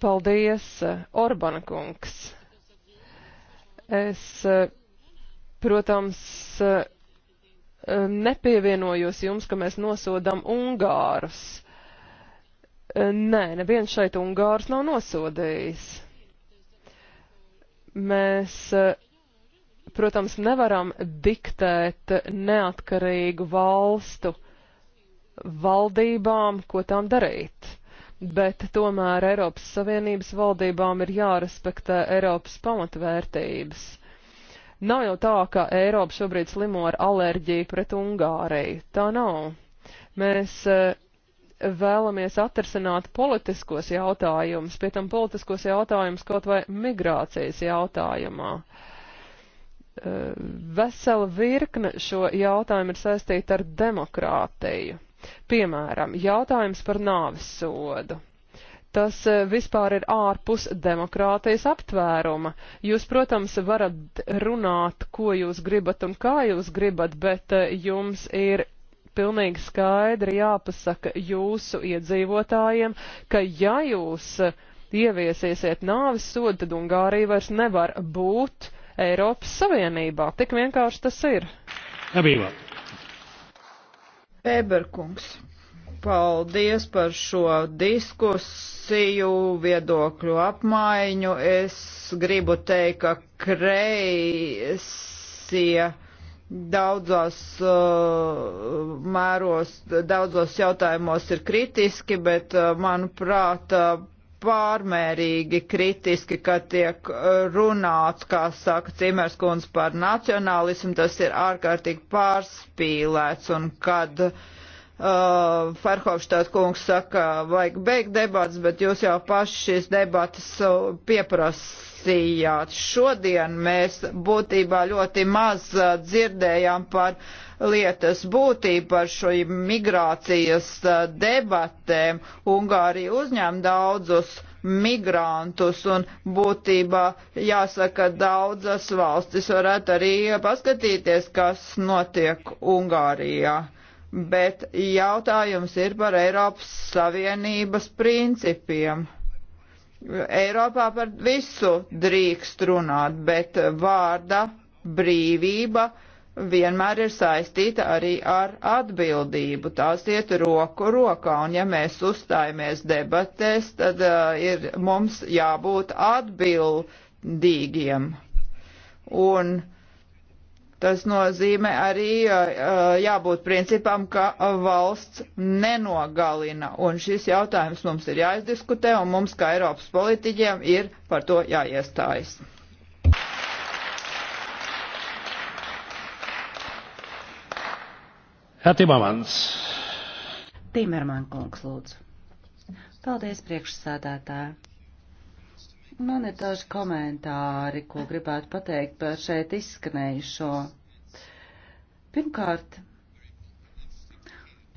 Paldies, Orbana kungs. Es, protams, nepievienojos jums, ka mēs nosodam Ungārus Nē, neviens šeit Ungārs nav nosodījis. Mēs, protams, nevaram diktēt neatkarīgu valstu valdībām, ko tām darīt bet tomēr Eiropas Savienības valdībām ir jārespektē Eiropas pamatvērtības. Nav jau tā, ka Eiropa šobrīd slimo ar alerģiju pret Ungāriju. Tā nav. Mēs vēlamies atrasināt politiskos jautājumus, pie tam politiskos jautājumus kaut vai migrācijas jautājumā. E, vesela virkne šo jautājumu ir saistīta ar demokrātiju. Piemēram, jautājums par nāves sodu tas e, vispār ir ārpus demokrātijas aptvēruma. Jūs, protams, varat runāt, ko jūs gribat un kā jūs gribat, bet e, jums ir pilnīgi skaidri jāpasaka jūsu iedzīvotājiem, ka ja jūs ieviesiesiet nāvis sodu, tad Ungārija vairs nevar būt Eiropas Savienībā. Tik vienkārši tas ir. Abībā. Eberkungs, paldies par šo diskusiju, viedokļu apmaiņu. Es gribu teikt, ka kreisija daudzos uh, mēros, daudzos jautājumos ir kritiski, bet, uh, manuprāt, uh, pārmērīgi kritiski, ka tiek uh, runāts, kā saka Cimerskundze, par nacionālismu, tas ir ārkārtīgi pārspīlēts, un kad uh, Ferhofštāt kungs saka, vajag beigt debats, bet jūs jau paši šīs debatas uh, pieprasa sacījāt. Šodien mēs būtībā ļoti maz uh, dzirdējām par lietas būtību, par šo migrācijas uh, debatēm. Ungārija uzņem daudzus migrantus un būtībā jāsaka daudzas valstis varētu arī paskatīties, kas notiek Ungārijā bet jautājums ir par Eiropas Savienības principiem. Eiropā par visu drīkst runāt, bet vārda brīvība vienmēr ir saistīta arī ar atbildību. Tās iet roku rokā, un ja mēs uzstājamies debatēs, tad uh, ir mums jābūt atbildīgiem. Un Tas nozīmē arī jābūt principam, ka valsts nenogalina. Un šis jautājums mums ir jāizdiskutē, un mums, kā Eiropas politiķiem, ir par to jāiestājas. Herr Timermans. Timerman kungs, lūdzu. Paldies, priekšsādātāji. Man ir daži komentāri, ko gribētu pateikt par šeit izskanējušo. Pirmkārt,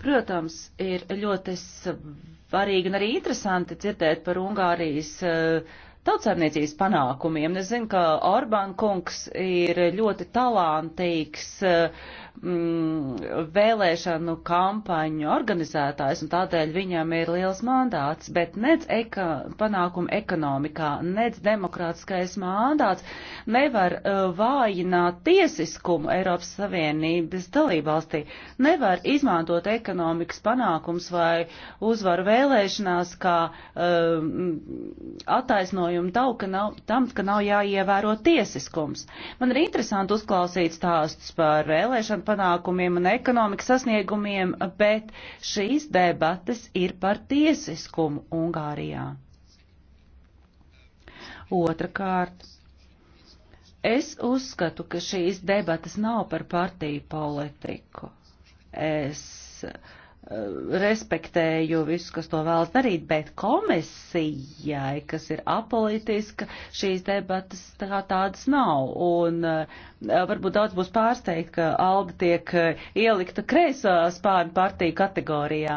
protams, ir ļoti svarīgi un arī interesanti dzirdēt par Ungārijas eh, tautsēmniecības panākumiem. Es zinu, ka Orbán kungs ir ļoti talantīgs uh, mm, vēlēšanu kampaņu organizētājs, un tādēļ viņam ir liels mandāts, bet nec eka, panākumu ekonomikā, nec demokrātiskais mandāts nevar uh, vājināt tiesiskumu Eiropas Savienības dalībvalstī, nevar izmantot ekonomikas panākums vai uzvaru vēlēšanās kā uh, attaisnojumu tau, ka nav, tam, ka nav jāievēro tiesiskums. Man ir interesanti uzklausīt stāstus par vēlēšanu un panākumiem un ekonomikas sasniegumiem, bet šīs debates ir par tiesiskumu Ungārijā. Otrakārt, es uzskatu, ka šīs debatas nav par partiju politiku. Es uh, Eh, respektēju visu, kas to vēlas darīt, bet komisijai, kas ir apolitiska, šīs debatas tā tādas nav. Un eh, varbūt daudz būs pārsteigt, ka Alda tiek eh, ielikta kreisā spārnu partiju kategorijā.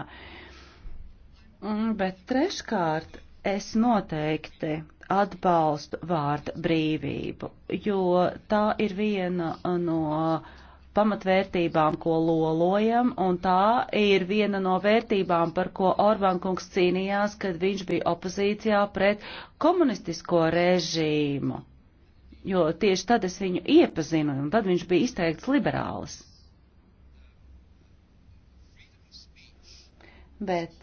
Mm, bet treškārt es noteikti atbalstu vārdu brīvību, jo tā ir viena no. Uh, pamatvērtībām, ko lolojam, un tā ir viena no vērtībām, par ko Orbán kungs cīnījās, kad viņš bija opozīcijā pret komunistisko režīmu. Jo tieši tad es viņu iepazinu, un tad viņš bija izteikts liberālis. Bet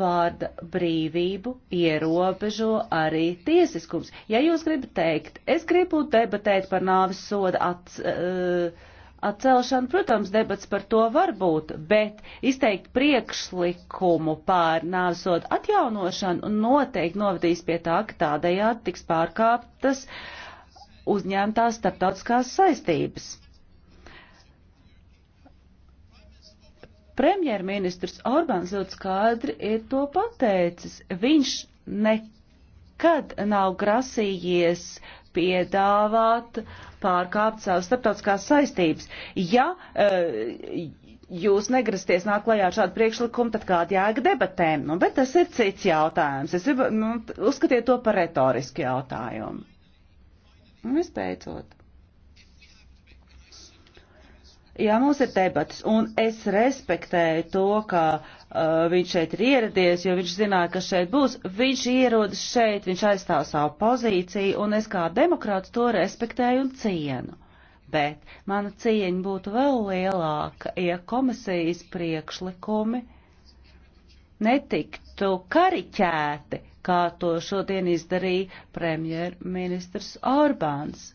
vārda brīvību ierobežo arī tiesiskums. Ja jūs gribat teikt, es gribu debatēt par nāvis soda ats, uh, atcelšanu. Protams, debats par to var būt, bet izteikt priekšlikumu pār nāvsodu atjaunošanu noteikti novadīs pie tā, ka tādējādi tiks pārkāptas uzņemtās starptautiskās saistības. Premjerministrs Orbāns ļoti skaidri ir to pateicis. Viņš nekad nav grasījies piedāvāt pārkāpt savas starptautiskās saistības. Ja eh, jūs negrasties nāk klajā ar šādu priekšlikumu, tad kāda jēga debatēm? Nu, bet tas ir cits jautājums. Es gribu, nu, uzskatiet to par retorisku jautājumu. Un visbeidzot. Jā, mums ir debatas, un es respektēju to, ka uh, viņš šeit ir ieradies, jo viņš zināja, ka šeit būs. Viņš ierodas šeit, viņš aizstāv savu pozīciju, un es kā demokrāts to respektēju un cienu. Bet mana cieņa būtu vēl lielāka, ja komisijas priekšlikumi netiktu kariķēti, kā to šodien izdarīja premjerministrs Orbāns.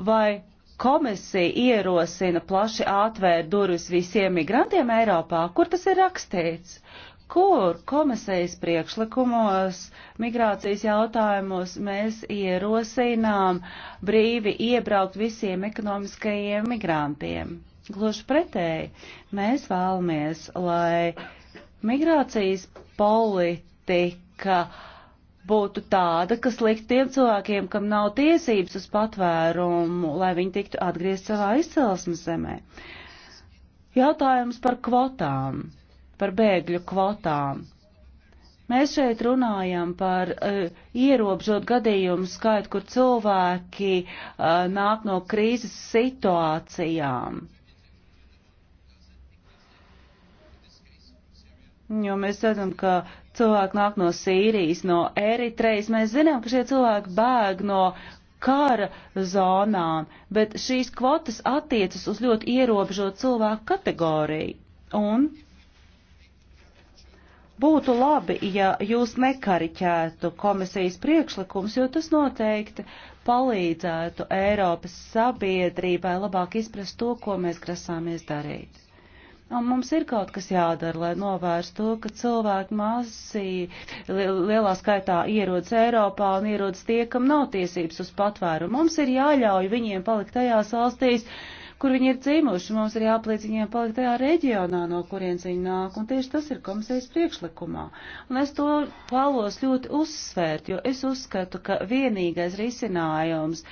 Vai komisija ierosina plaši atvērt durvis visiem migrantiem Eiropā, kur tas ir rakstīts? Kur komisijas priekšlikumos migrācijas jautājumos mēs ierosinām brīvi iebraukt visiem ekonomiskajiem migrantiem? Gluži pretēji, mēs vēlamies, lai migrācijas politika uh, politika būtu tāda, kas likt tiem cilvēkiem, kam nav tiesības uz patvērumu, lai viņi tiktu atgriezt savā izcelsmes zemē. Jautājums par kvotām, par bēgļu kvotām. Mēs šeit runājam par uh, ierobežot gadījumu skaitu, kur cilvēki uh, nāk no krīzes situācijām. Jo mēs redzam, ka uh, cilvēki nāk no Sīrijas, no Eritrejas. Mēs zinām, ka šie cilvēki bēg no kara zonām, bet šīs kvotas attiecas uz ļoti ierobežotu cilvēku kategoriju. Un būtu labi, ja jūs nekariķētu komisijas priekšlikums, jo tas noteikti palīdzētu Eiropas sabiedrībai labāk izprast to, ko mēs grasāmies darīt. Un nu, mums ir kaut kas jādara, lai novērstu to, ka cilvēki masī lielā skaitā ierodas Eiropā un ierodas tie, kam nav tiesības uz patvēru. Mums ir jāļauj viņiem palikt tajās valstīs, uh, kur viņi ir dzīvojuši. Mums ir jāpalīdz viņiem palikt tajā reģionā, no kurienes viņi nāk, un tieši tas ir komisijas priekšlikumā. Un es to vēlos ļoti uzsvērt, jo es uzskatu, ka vienīgais risinājums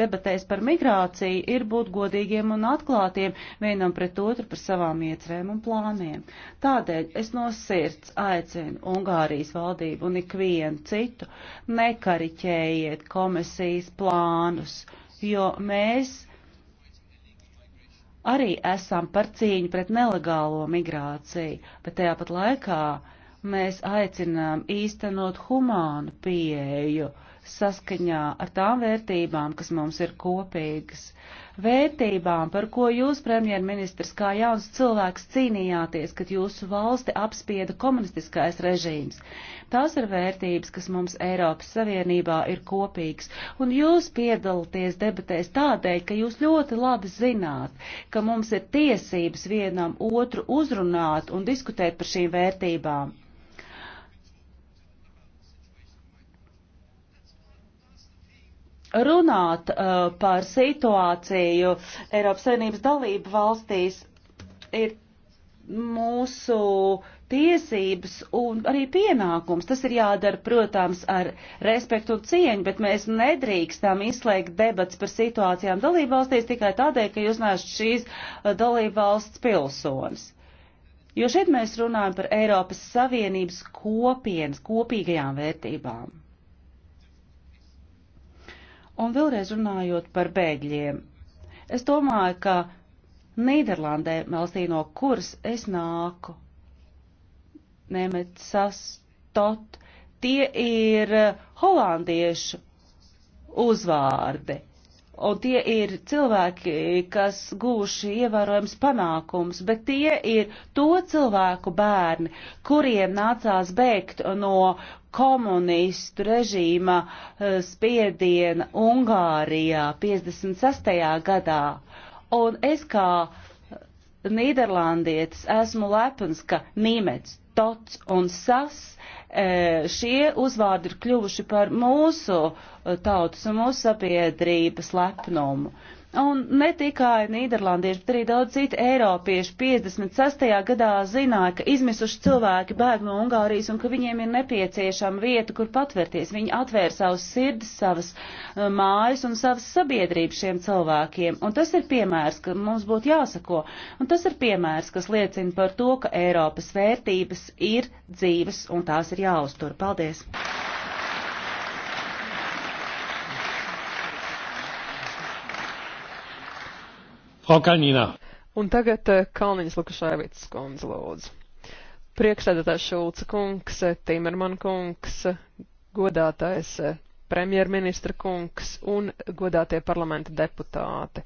debatēs par migrāciju ir būt godīgiem un atklātiem vienam pret otru par savām iecerēm un plāniem. Tādēļ es no sirds aicinu Ungārijas valdību un ikvienu citu nekariķējiet komisijas plānus, jo mēs arī esam par cīņu pret nelegālo migrāciju, bet tajā pat laikā mēs aicinām īstenot humānu pieeju uh, saskaņā ar tām vērtībām, kas mums ir kopīgas. Vērtībām, par ko jūs, premjerministrs, kā jauns cilvēks cīnījāties, kad jūsu valsti apspieda komunistiskais režīms. Tās ir vērtības, kas mums Eiropas Savienībā ir kopīgas, un jūs piedalāties debatēs tādēļ, ka jūs ļoti labi zināt, ka mums ir tiesības vienam otru uzrunāt un diskutēt par šīm vērtībām. runāt uh, par situāciju Eiropas Savienības dalību valstīs ir mūsu tiesības un arī pienākums. Tas ir jādara, protams, ar respektu un cieņu, bet mēs nedrīkstam izslēgt debats par situācijām dalībvalstīs tikai tādēļ, ka jūs neesat šīs uh, dalībvalsts pilsonis. Jo šeit mēs runājam par Eiropas Savienības kopienas, kopīgajām vērtībām. Un vēlreiz runājot par bēgļiem. Es domāju, ka Nīderlandē, valstī no kuras es nāku, Nemets Sastot, tie ir eh, holandiešu uzvārdi. Un tie ir cilvēki, kas gūši ievērojams panākums, bet tie ir to cilvēku bērni, kuriem nācās bēgt no komunistu režīma eh, spiediena Ungārijā 56. gadā. Un es kā Nīderlandietis esmu lepns, ka Nīmets, Tots un Sas eh, šie uzvārdi ir kļuvuši par mūsu eh, tautas un mūsu sabiedrības lepnumu. Un ne tikai Nīderlandieši, bet arī daudz citu eiropiešu 56. gadā zināja, ka izmisuši cilvēki bēg no Ungārijas un ka viņiem ir nepieciešama vieta, kur patvērties. Viņi atvēra savus sirdis, savas uh, mājas un savas sabiedrības šiem cilvēkiem. Un tas ir piemērs, ka mums būtu jāsako. Un tas ir piemērs, kas liecina par to, ka Eiropas vērtības ir dzīves un tās ir jāuztur. Paldies! Frau Kalnīnā. Un tagad eh, Kalniņas Lukašēvits kundze lūdzu. Priekšsēdētājs Šulca kungs, eh, Timerman kungs, godātais eh, premjerministra kungs un godātie parlamenta deputāti.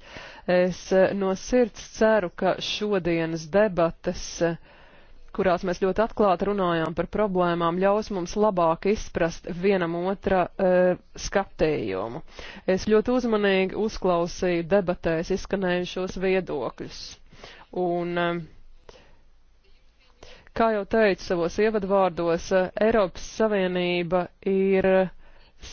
Es no sirds ceru, ka šodienas debatas uh, kurās mēs ļoti atklāti runājām par problēmām, ļaus mums labāk izprast vienam otra e, skatījumu. Es ļoti uzmanīgi uzklausīju debatēs izskanējušos viedokļus. Un, e, kā jau teicu savos ievadvārdos, e, Eiropas Savienība ir e,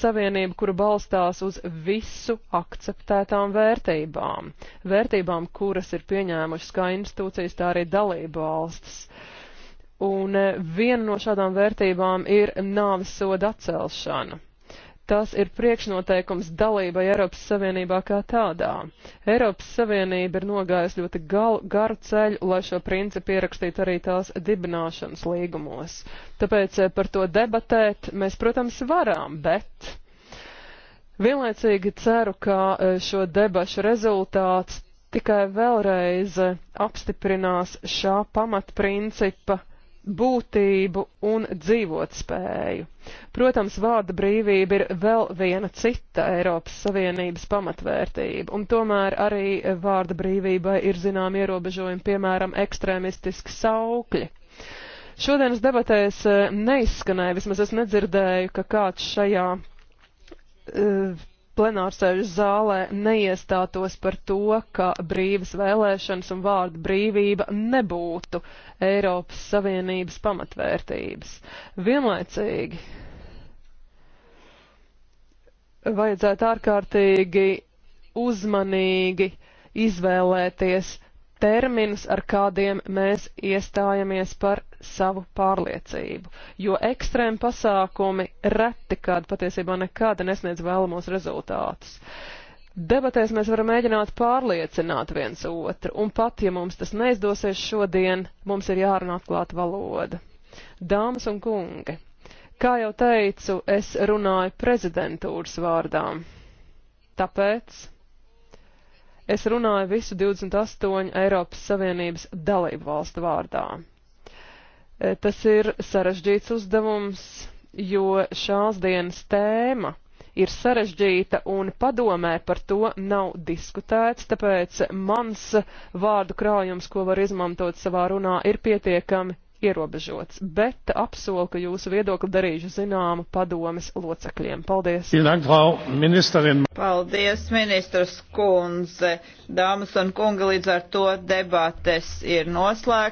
savienība, kura balstās uz visu akceptētām vērtībām. Vērtībām, kuras ir pieņēmušas kā institūcijas, tā arī dalība valsts. Un eh, viena no šādām vērtībām ir nāves soda atcelšana. Tas ir priekšnoteikums dalībai Eiropas Savienībā kā tādā. Eiropas Savienība ir nogājusi ļoti gal, garu ceļu, lai šo principu ierakstītu arī tās dibināšanas līgumos. Tāpēc eh, par to debatēt mēs, protams, varam, bet vienlaicīgi ceru, ka eh, šo debašu rezultāts tikai vēlreiz apstiprinās šā pamatprincipa būtību un dzīvotspēju. Protams, vārda brīvība ir vēl viena cita Eiropas Savienības pamatvērtība, un tomēr arī vārda brīvībai ir zinām ierobežojumi, piemēram, ekstrēmistiski saukļi. Šodienas debatēs eh, neizskanēja, vismaz es nedzirdēju, ka kāds šajā uh, plenārsēžu zālē neiestātos par to, ka brīvas vēlēšanas un vārda brīvība nebūtu Eiropas Savienības pamatvērtības. Vienlaicīgi vajadzētu ārkārtīgi uzmanīgi izvēlēties terminus, ar kādiem mēs iestājamies par savu pārliecību, jo ekstrēma pasākumi reti kād patiesībā nekad nesniedz vēlamos rezultātus. Debatēs mēs varam mēģināt pārliecināt viens otru, un pat ja mums tas neizdosies šodien, mums ir jārunā atklāta valoda. Dāmas un kungi, kā jau teicu, es runāju prezidentūras vārdām. Tāpēc Es runāju visu 28 Eiropas Savienības dalību valstu vārdā. E, tas ir sarežģīts uzdevums, jo šās dienas tēma ir sarežģīta un padomē par to nav diskutēts, tāpēc mans vārdu krājums, ko var izmantot savā runā, ir pietiekami ierobežots, bet apsolu, ka jūsu viedokli darīšu zināmu padomes locekļiem. Paldies! Paldies, ministrs kundze! Dāmas un kungi, līdz ar to debates ir noslēgts.